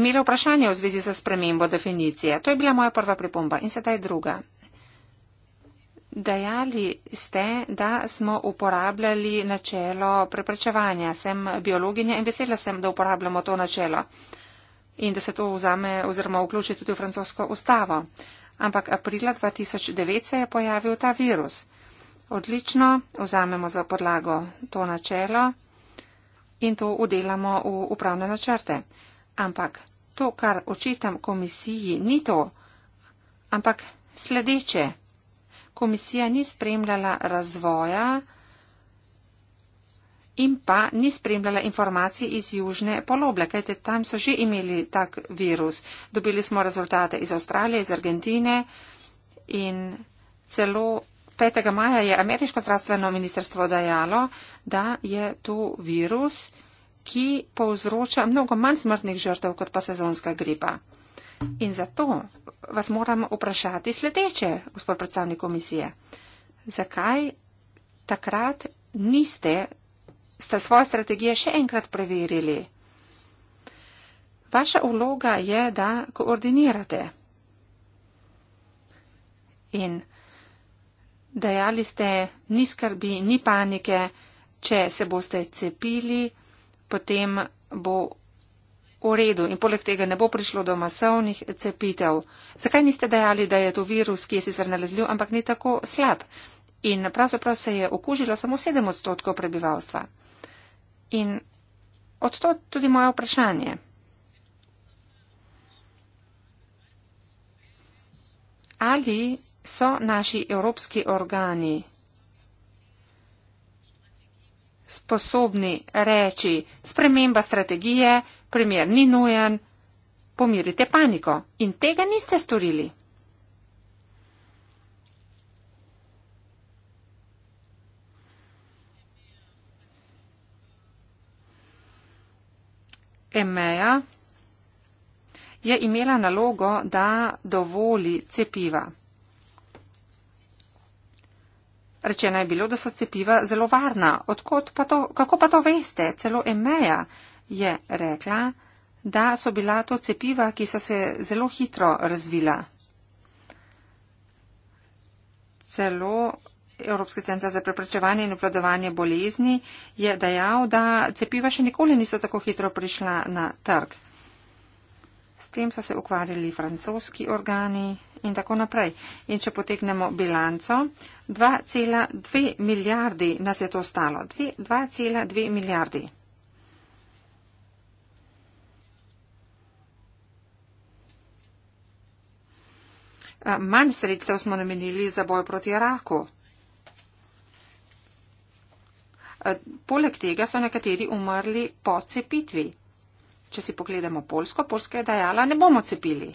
imele vprašanje v zvezi z spremembo definicije. To je bila moja prva pripomba in sedaj druga. Dajali ste, da smo uporabljali načelo preprečevanja. Sem biologinja in vesela sem, da uporabljamo to načelo in da se to vzame oziroma vključi tudi v francosko ustavo ampak aprila 2009 se je pojavil ta virus. Odlično, vzamemo za podlago to načelo in to udelamo v upravne načrte. Ampak to, kar očitam komisiji, ni to, ampak sledeče. Komisija ni spremljala razvoja, in pa ni spremljala informacij iz južne poloble, kajte tam so že imeli tak virus. Dobili smo rezultate iz Avstralije, iz Argentine in celo 5. maja je ameriško zdravstveno ministrstvo dajalo, da je to virus, ki povzroča mnogo manj smrtnih žrtev kot pa sezonska gripa. In zato vas moram vprašati sledeče, gospod predstavnik komisije. Zakaj takrat niste sta svoje strategije še enkrat preverili. Vaša vloga je, da koordinirate. In dejali ste, ni skrbi, ni panike, če se boste cepili, potem bo v redu in poleg tega ne bo prišlo do masovnih cepitev. Zakaj niste dejali, da je to virus, ki je sicer nalezljiv, ampak ni tako slab? In pravzaprav se je okužilo samo 7 odstotkov prebivalstva. In od to tudi moje vprašanje. Ali so naši evropski organi sposobni reči sprememba strategije, premjer ni nujen, pomirite paniko in tega niste storili. EMEA je imela nalogo, da dovoli cepiva. Rečeno je bilo, da so cepiva zelo varna. Odkot pa to, kako pa to veste? Celo EMEA je rekla, da so bila to cepiva, ki so se zelo hitro razvila. Celo Evropski centar za preprečevanje in obvladovanje bolezni je dejal, da cepiva še nikoli niso tako hitro prišla na trg. S tem so se ukvarjali francoski organi in tako naprej. In če potegnemo bilanco, 2,2 milijardi nas je to stalo. 2,2 milijardi. Manj sredstev smo namenili za boj proti raku. Eh, poleg tega so nekateri umrli po cepitvi. Če si pogledamo Polsko, Polska je dajala, ne bomo cepili.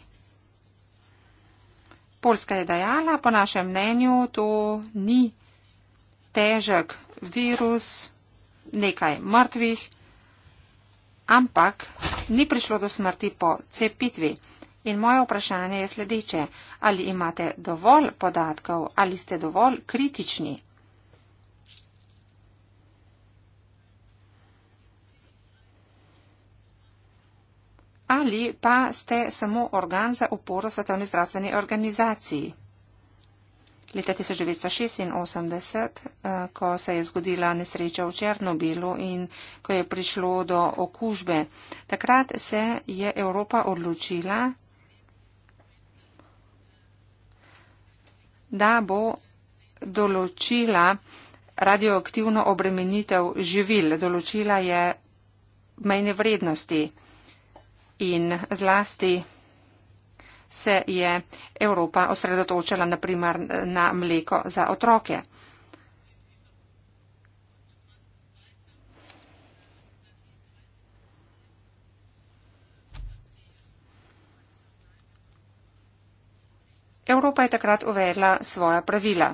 Polska je dajala, po našem mnenju, to ni težek virus, nekaj mrtvih, ampak ni prišlo do smrti po cepitvi. In moje vprašanje je sledeče, ali imate dovolj podatkov, ali ste dovolj kritični? ali pa ste samo organ za oporo svetovne zdravstvene organizaciji. Leta 1986, eh, ko se je zgodila nesreča v Černobilu in ko je prišlo do okužbe, takrat se je Evropa odločila, da bo določila radioaktivno obremenitev živil, določila je mejne vrednosti in zlasti se je Evropa osredotočila naprimer na mleko za otroke. Evropa je takrat uvedla svoja pravila.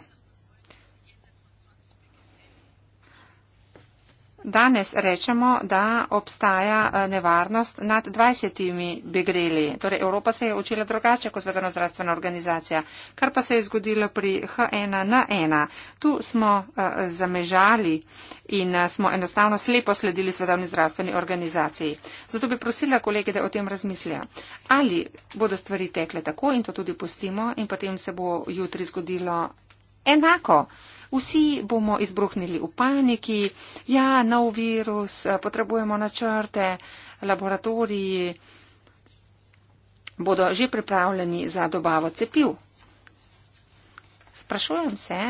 Danes rečemo, da obstaja eh, nevarnost nad 20 begreli. Torej, Evropa se je učila drugače kot svetovna zdravstvena organizacija. Kar pa se je zgodilo pri H1N1, tu smo uh, zamežali in uh, smo enostavno slepo sledili svetovni zdravstveni organizaciji. Zato bi prosila kolege, da o tem razmislja. Ali bodo stvari tekle tako in to tudi pustimo in potem se bo jutri zgodilo enako vsi bomo izbruhnili v paniki, ja, nov virus, eh, potrebujemo načrte, laboratoriji bodo že pripravljeni za dobavo cepiv. Sprašujem se,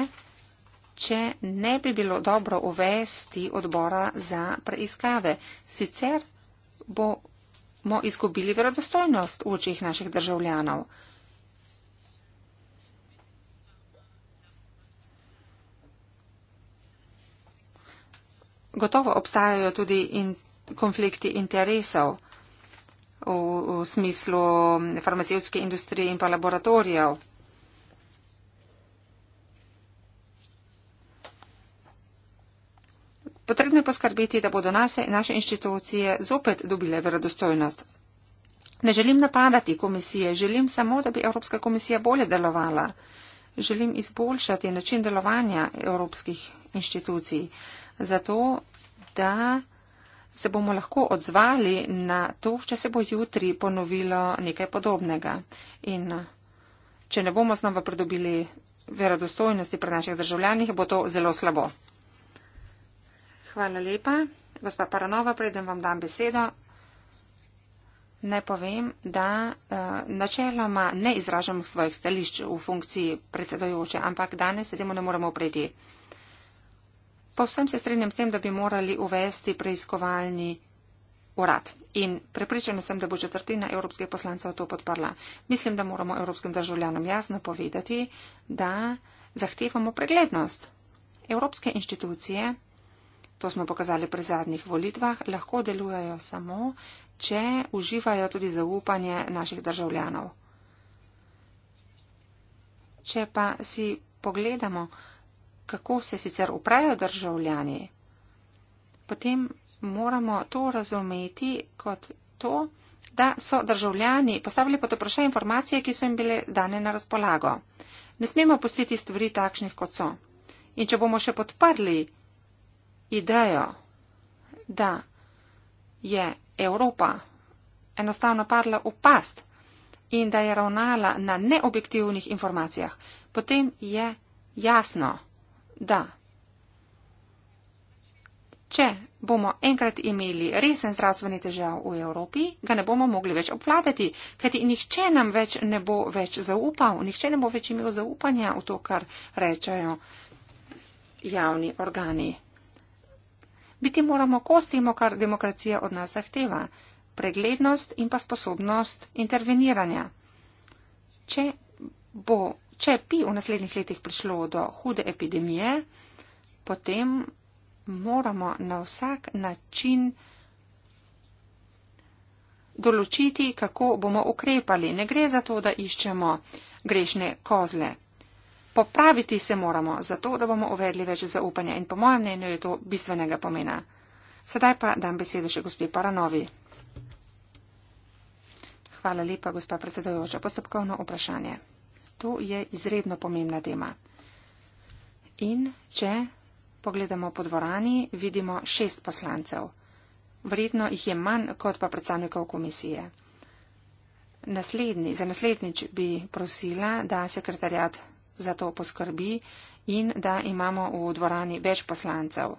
če ne bi bilo dobro uvesti odbora za preiskave. Sicer bomo izgubili verodostojnost v očih naših državljanov. gotovo obstajajo tudi in, konflikti interesov v, v smislu farmacevtske industrije in pa laboratorijev. Potrebno je poskrbeti, da bodo nase, naše inštitucije zopet dobile verodostojnost. Ne želim napadati komisije, želim samo, da bi Evropska komisija bolje delovala. Želim izboljšati način delovanja evropskih inštitucij zato da se bomo lahko odzvali na to, če se bo jutri ponovilo nekaj podobnega. In če ne bomo znova pridobili verodostojnosti pri naših državljanih, bo to zelo slabo. Hvala lepa. Gospa Paranova, preden vam dam besedo, naj povem, da uh, načeloma ne izražam svojih stališč v funkciji predsedojoče, ampak danes se temu ne moremo oprediti. Povsem se strinjam s tem, da bi morali uvesti preiskovalni urad. In prepričana sem, da bo četrtina evropskih poslancev to podprla. Mislim, da moramo evropskim državljanom jasno povedati, da zahtevamo preglednost. Evropske inštitucije, to smo pokazali pri zadnjih volitvah, lahko delujejo samo, če uživajo tudi zaupanje naših državljanov. Če pa si pogledamo, kako se sicer uprejo državljani, potem moramo to razumeti kot to, da so državljani postavili pod vprašanje informacije, ki so jim bile dane na razpolago. Ne smemo pustiti stvari takšnih, kot so. In če bomo še podprli idejo, da je Evropa enostavno padla v past in da je ravnala na neobjektivnih informacijah, potem je jasno, da. Če bomo enkrat imeli resen zdravstveni težav v Evropi, ga ne bomo mogli več obvladati, kajti nihče nam več ne bo več zaupal, nihče ne bo več imel zaupanja v to, kar rečejo javni organi. Biti moramo kost temu, kar demokracija od nas zahteva - preglednost in pa sposobnost interveniranja. Če bo če bi v naslednjih letih prišlo do hude epidemije, potem moramo na vsak način določiti, kako bomo ukrepali. Ne gre za to, da iščemo grešne kozle. Popraviti se moramo, zato da bomo uvedli več zaupanja in po mojem mnenju je to bistvenega pomena. Sedaj pa dam besedo še gospe Paranovi. Hvala lepa, gospa predsedojoča. Postopkovno vprašanje. To je izredno pomembna tema. In če pogledamo po dvorani, vidimo šest poslancev. Vredno jih je manj kot pa predstavnikov komisije. Naslednji, za naslednjič bi prosila, da sekretarjat za to poskrbi in da imamo v dvorani več poslancev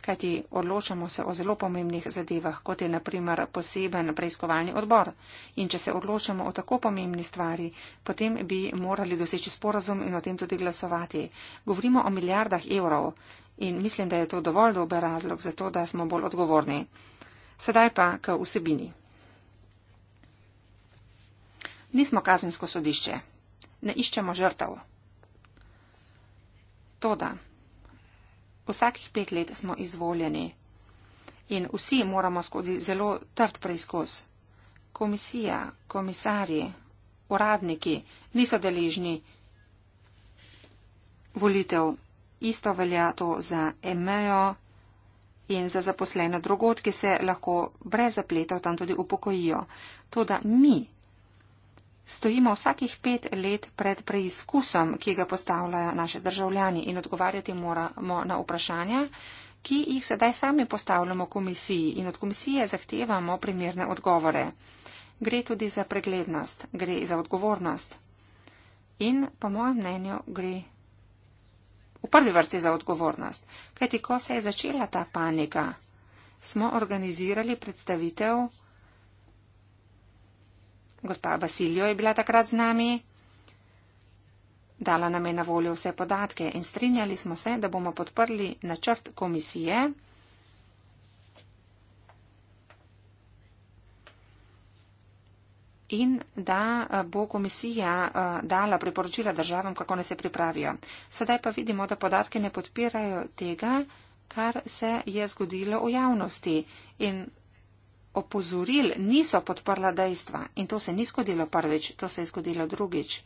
kajti odločamo se o zelo pomembnih zadevah, kot je naprimer poseben preiskovalni odbor. In če se odločamo o tako pomembni stvari, potem bi morali doseči sporazum in o tem tudi glasovati. Govorimo o milijardah evrov in mislim, da je to dovolj dober razlog za to, da smo bolj odgovorni. Sedaj pa k vsebini. Nismo kazensko sodišče. Ne iščemo žrtav. Toda. Vsakih pet let smo izvoljeni in vsi moramo skozi zelo trd preizkus. Komisija, komisarji, uradniki niso deležni volitev. Isto velja to za EMEO in za zaposlene drugot, ki se lahko brez zapletov tam tudi upokojijo. To, da mi stojimo vsakih pet let pred preizkusom, ki ga postavljajo naše državljani in odgovarjati moramo na vprašanja, ki jih sedaj sami postavljamo komisiji in od komisije zahtevamo primerne odgovore. Gre tudi za preglednost, gre za odgovornost. In po mojem mnenju gre v prvi vrsti za odgovornost. Kajti, ko se je začela ta panika, smo organizirali predstavitev Gospa Vasiljo je bila takrat z nami. Dala nam je na voljo vse podatke in strinjali smo se, da bomo podprli načrt komisije. In da eh, bo komisija eh, dala priporočila državam, kako ne se pripravijo. Sedaj pa vidimo, da podatke ne podpirajo tega, kar se je zgodilo v javnosti. In opozoril niso podprla dejstva in to se ni zgodilo prvič, to se je zgodilo drugič.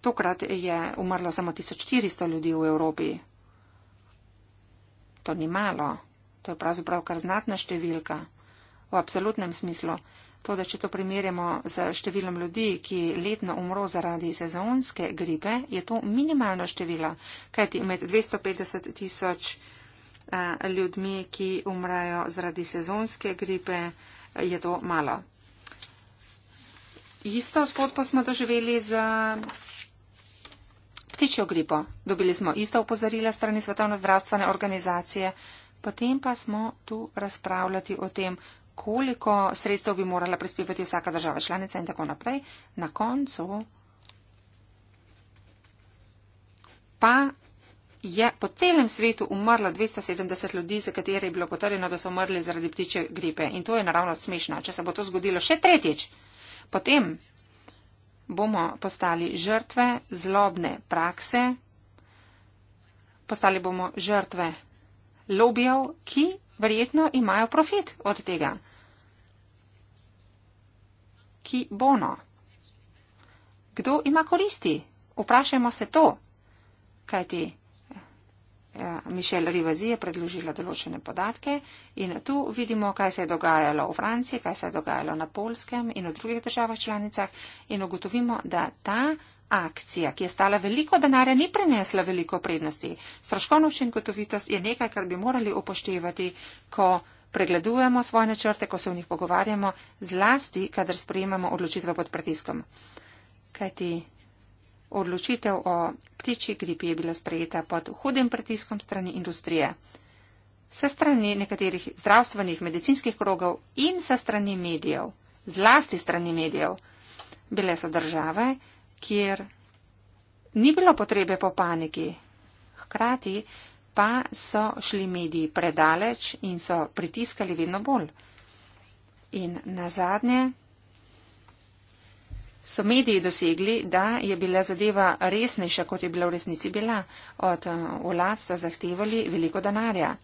Tokrat je umrlo samo 1400 ljudi v Evropi. To ni malo, to je pravzaprav kar znatna številka v absolutnem smislu. To, da če to primerjamo z številom ljudi, ki letno umro zaradi sezonske gripe, je to minimalno število, kajti med 250 tisoč 000 ljudmi, ki umrajo zaradi sezonske gripe, je to malo. Isto zgodbo smo doživeli z ptičjo gripo. Dobili smo isto upozorila strani Svetovne zdravstvene organizacije. Potem pa smo tu razpravljati o tem, koliko sredstev bi morala prispevati vsaka država članica in tako naprej. Na koncu pa je po celem svetu umrlo 270 ljudi, za katere je bilo potrjeno, da so umrli zaradi ptiče gripe. In to je naravno smešno. Če se bo to zgodilo še tretjič, potem bomo postali žrtve zlobne prakse, postali bomo žrtve lobijev, ki verjetno imajo profit od tega. Ki bono. Kdo ima koristi? Vprašajmo se to. Kaj ti? Mišel Rivazi je predložila določene podatke in tu vidimo, kaj se je dogajalo v Franciji, kaj se je dogajalo na Polskem in v drugih državah članicah in ugotovimo, da ta akcija, ki je stala veliko denarja, ni prinesla veliko prednosti. Stroškovno učinkovitost je nekaj, kar bi morali upoštevati, ko pregledujemo svoje načrte, ko se v njih pogovarjamo, zlasti, kadar sprejemamo odločitve pod pritiskom. Kaj ti? Odločitev o ptičji gripi je bila sprejeta pod hudim pritiskom strani industrije, se strani nekaterih zdravstvenih medicinskih krogov in se strani medijev, zlasti strani medijev. Bile so države, kjer ni bilo potrebe po paniki. Hkrati pa so šli mediji predaleč in so pritiskali vedno bolj. In na zadnje. So mediji dosegli, da je bila zadeva resnejša, kot je bila v resnici bila. Od eh, vlad so zahtevali veliko denarja.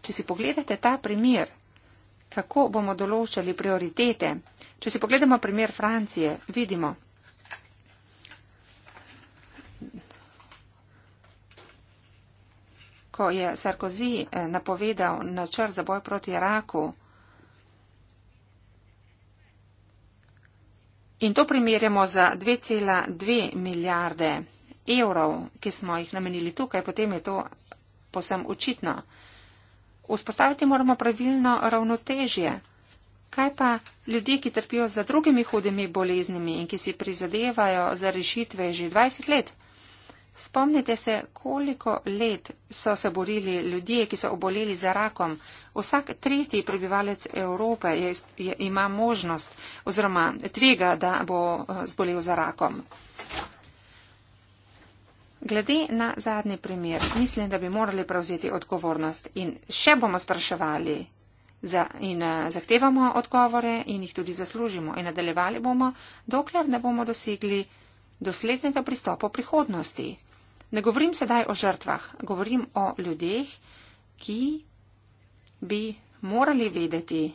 Če si pogledate ta primer, kako bomo določali prioritete, če si pogledamo primer Francije, vidimo, ko je Sarkozy eh, napovedal načrt za boj proti raku, In to primerjamo z 2,2 milijarde evrov, ki smo jih namenili tukaj, potem je to posem očitno. Vzpostaviti moramo pravilno ravnotežje. Kaj pa ljudje, ki trpijo za drugimi hudimi boleznimi in ki si prizadevajo za rešitve že 20 let? Spomnite se, koliko let so se borili ljudje, ki so oboleli za rakom. Vsak tretji prebivalec Evrope je, je, ima možnost oziroma tvega, da bo eh, zbolel za rakom. Glede na zadnji primer, mislim, da bi morali prevzeti odgovornost in še bomo spraševali za, in eh, zahtevamo odgovore in jih tudi zaslužimo in nadaljevali bomo, dokler ne bomo dosegli doslednega pristopa prihodnosti. Ne govorim sedaj o žrtvah, govorim o ljudeh, ki bi morali vedeti,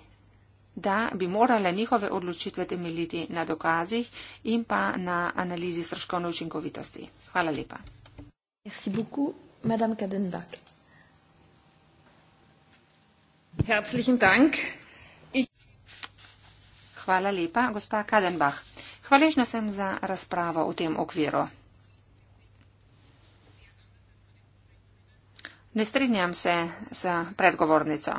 da bi morale njihove odločitve temeljiti na dokazih in pa na analizi stroškovne učinkovitosti. Hvala lepa. Merci beaucoup, madame Kadenbach. Herzlichen Dank. Ich... Hvala lepa, gospa Kadenbach. Hvaležna sem za razpravo v tem okviru. Ne strinjam se s predgovornico.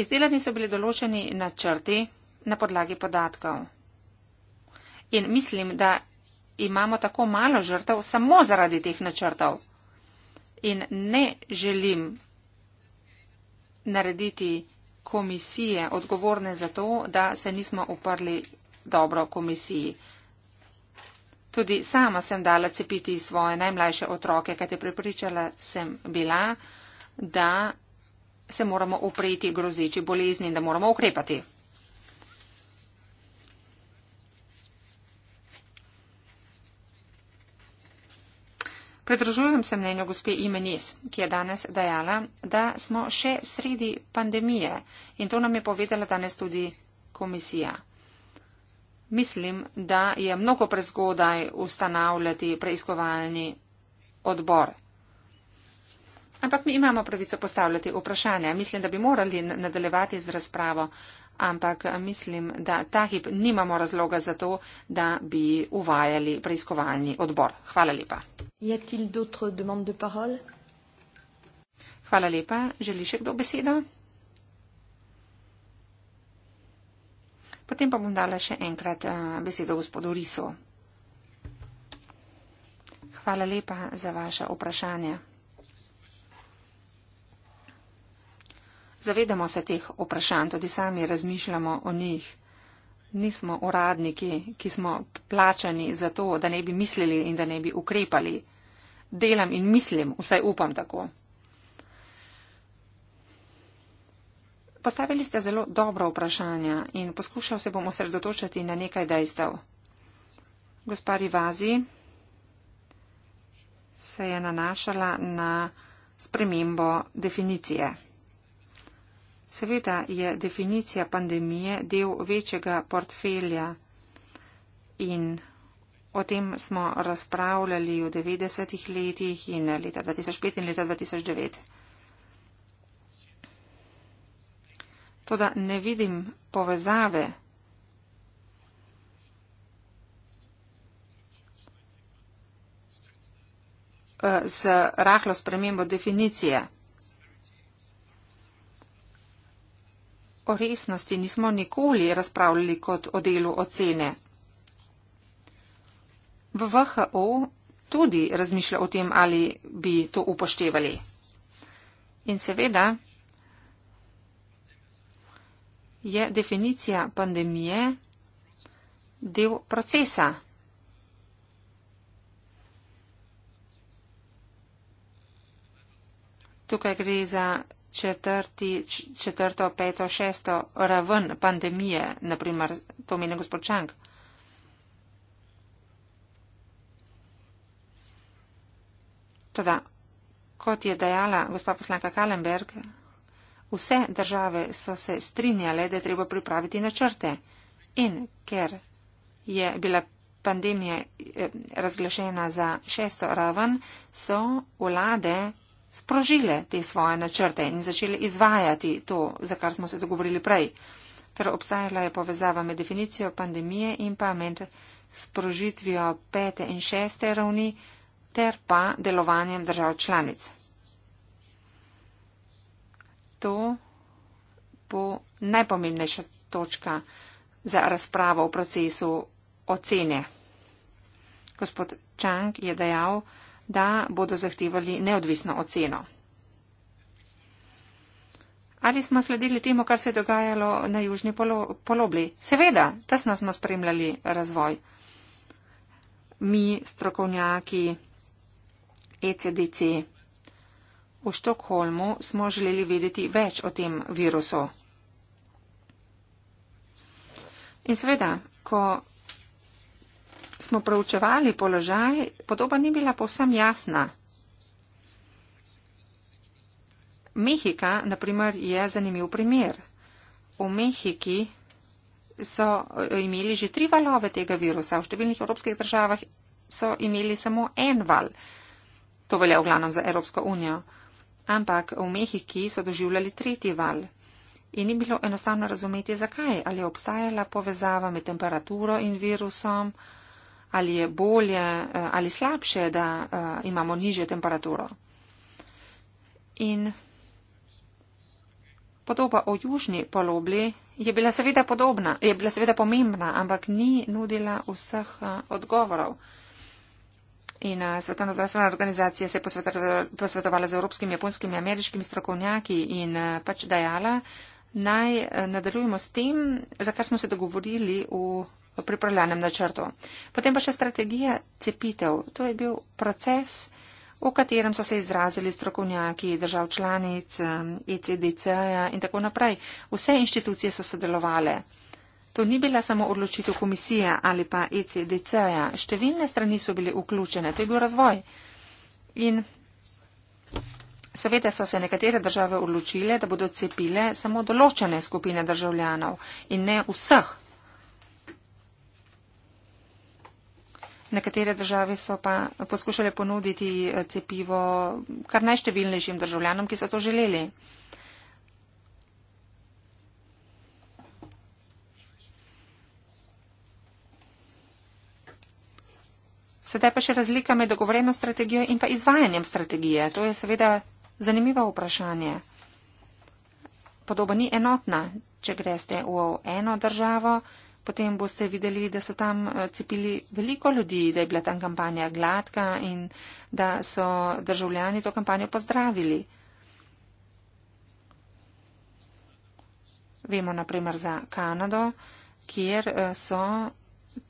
Izdelani so bili določeni načrti na podlagi podatkov. In mislim, da imamo tako malo žrtev samo zaradi teh načrtov. In ne želim narediti komisije odgovorne za to, da se nismo uprli dobro komisiji. Tudi sama sem dala cepiti svoje najmlajše otroke, kajte pripričala sem bila, da se moramo upreti grozeči bolezni in da moramo ukrepati. Pridružujem se mnenju gospe Imenis, ki je danes dejala, da smo še sredi pandemije in to nam je povedala danes tudi komisija. Mislim, da je mnogo prezgodaj ustanavljati preiskovalni odbor. Ampak mi imamo pravico postavljati vprašanja. Mislim, da bi morali nadaljevati z razpravo ampak eh, mislim, da ta hip nimamo razloga za to, da bi uvajali preiskovalni odbor. Hvala lepa. Hvala lepa. Želi še kdo besedo? Potem pa bom dala še enkrat eh, besedo gospodu Riso. Hvala lepa za vaše vprašanje. Zavedamo se teh vprašanj, tudi sami razmišljamo o njih. Nismo uradniki, ki smo plačani za to, da ne bi mislili in da ne bi ukrepali. Delam in mislim, vsaj upam tako. Postavili ste zelo dobro vprašanje in poskušal se bom osredotočiti na nekaj dejstev. Gospa Rivazi se je nanašala na spremembo definicije. Seveda je definicija pandemije del večjega portfelja in o tem smo razpravljali v 90-ih letih in leta 2005 in leta 2009. Toda ne vidim povezave z rahlo spremembo definicije. o resnosti nismo nikoli razpravljali kot o delu ocene. V VHO tudi razmišlja o tem, ali bi to upoštevali. In seveda je definicija pandemije del procesa. Tukaj gre za četrti, četrto, peto, šesto raven pandemije, naprimer, to meni gospod Čang. Teda, kot je dejala gospa poslanka Kalenberg, vse države so se strinjale, da je treba pripraviti načrte. In ker je bila pandemija eh, razglašena za šesto raven, so vlade sprožile te svoje načrte in začele izvajati to, za kar smo se dogovorili prej. Ter obstajala je povezava med definicijo pandemije in pa med sprožitvijo pete in šeste ravni ter pa delovanjem držav članic. To bo najpomembnejša točka za razpravo v procesu ocene. Gospod Čank je dejal, da da bodo zahtevali neodvisno oceno. Ali smo sledili temu, kar se je dogajalo na južni polo, polobli? Seveda, tesno smo spremljali razvoj. Mi, strokovnjaki ECDC, v Štokholmu smo želeli vedeti več o tem virusu. In seveda, ko smo preučevali položaj, podoba ni bila povsem jasna. Mehika, naprimer, je zanimiv primer. V Mehiki so eh, imeli že tri valove tega virusa, v številnih evropskih državah so imeli samo en val. To velja v glavnem za Evropsko unijo. Ampak v Mehiki so doživljali tretji val. In ni bilo enostavno razumeti, zakaj, ali je obstajala povezava med temperaturo in virusom, ali je bolje eh, ali slabše, da eh, imamo nižjo temperaturo. In podoba o južni polobli je bila seveda podobna, je bila seveda pomembna, ampak ni nudila vseh eh, odgovorov. In Svetovna zdravstvena organizacija se je posvetovala z evropskimi, japonskimi, ameriškimi strokovnjaki in pač dajala, naj nadaljujemo s tem, za kar smo se dogovorili v pripravljenem načrtu. Potem pa še strategija cepitev. To je bil proces, v katerem so se izrazili strokovnjaki držav članic, ECDC e in tako naprej. Vse inštitucije so sodelovale. To ni bila samo odločitev komisije ali pa ECDC. -ja. Številne strani so bile vključene. To je bil razvoj. In Seveda so se nekatere države odločile, da bodo cepile samo določene skupine državljanov in ne vseh Nekatere države so pa poskušale ponuditi eh, cepivo kar najštevilnejšim državljanom, ki so to želeli. Sedaj pa še razlika med dogovoreno strategijo in pa izvajanjem strategije. To je seveda zanimivo vprašanje. Podoba ni enotna, če greste v eno državo, potem boste videli, da so tam eh, cepili veliko ljudi, da je bila tam kampanja gladka in da so državljani to kampanjo pozdravili. Vemo naprimer za Kanado, kjer eh, so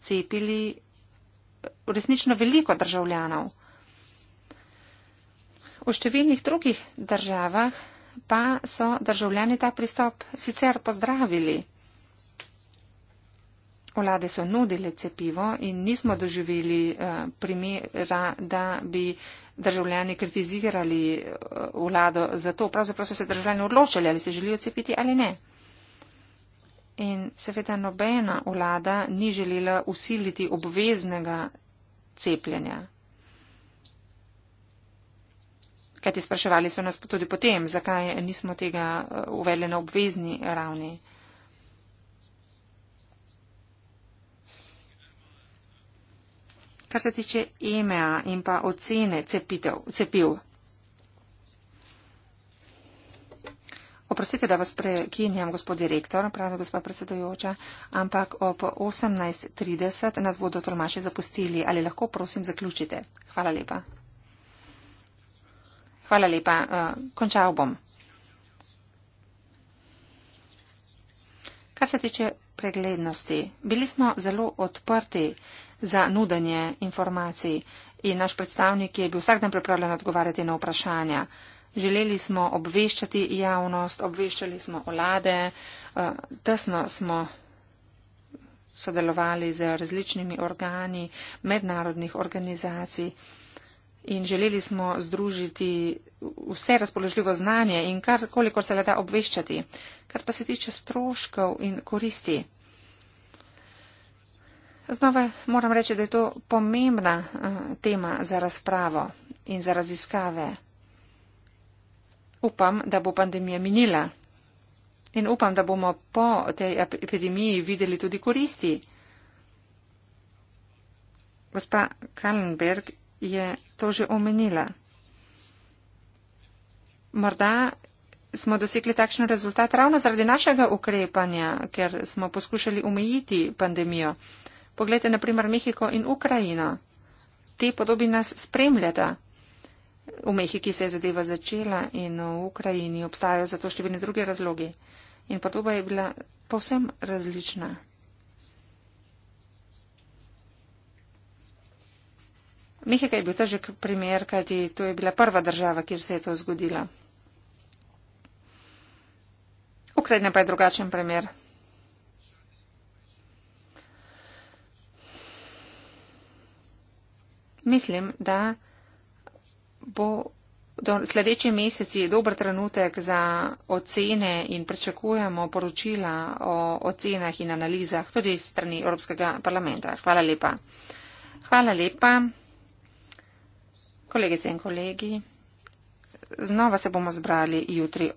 cepili eh, resnično veliko državljanov. V številnih drugih državah pa so državljani ta pristop sicer pozdravili vlade so nudile cepivo in nismo doživeli eh, primera, da bi državljani kritizirali eh, vlado za to. Pravzaprav so se državljani odločili, ali se želijo cepiti ali ne. In seveda nobena vlada ni želela usiliti obveznega cepljenja. Kajti spraševali so nas tudi potem, zakaj nismo tega eh, uvedli na obvezni ravni. kar se tiče EMEA in pa ocene cepitev, cepiv. Oprostite, da vas prekinjam, gospod direktor, pravi gospa predsedujoča, ampak ob 18.30 nas bodo tolmaši zapustili. Ali lahko, prosim, zaključite? Hvala lepa. Hvala lepa. Uh, končal bom. Kar se tiče preglednosti. Bili smo zelo odprti za nudenje informacij in naš predstavnik je bil vsak dan pripravljen odgovarjati na vprašanja. Želeli smo obveščati javnost, obveščali smo olade, eh, tesno smo sodelovali z različnimi organi mednarodnih organizacij in želeli smo združiti vse razpoložljivo znanje in kar koliko se le da obveščati, kar pa se tiče stroškov in koristi. Znova moram reči, da je to pomembna eh, tema za razpravo in za raziskave. Upam, da bo pandemija minila in upam, da bomo po tej epidemiji videli tudi koristi. Gospa Kallenberg je to že omenila morda smo dosegli takšen rezultat ravno zaradi našega ukrepanja, ker smo poskušali omejiti pandemijo. Poglejte, naprimer, Mehiko in Ukrajino. Te podobi nas spremljata. V Mehiki se je zadeva začela in v Ukrajini obstajajo zato številne druge razloge. In podoba je bila povsem različna. Mehika je bil težek primer, kajti to je bila prva država, kjer se je to zgodilo. Ukrajine pa je drugačen primer. Mislim, da bo do sledeči meseci dober trenutek za ocene in prečakujemo poročila o ocenah in analizah tudi strani Evropskega parlamenta. Hvala lepa. Hvala lepa, kolegice in kolegi. Znova se bomo zbrali jutri 8.30.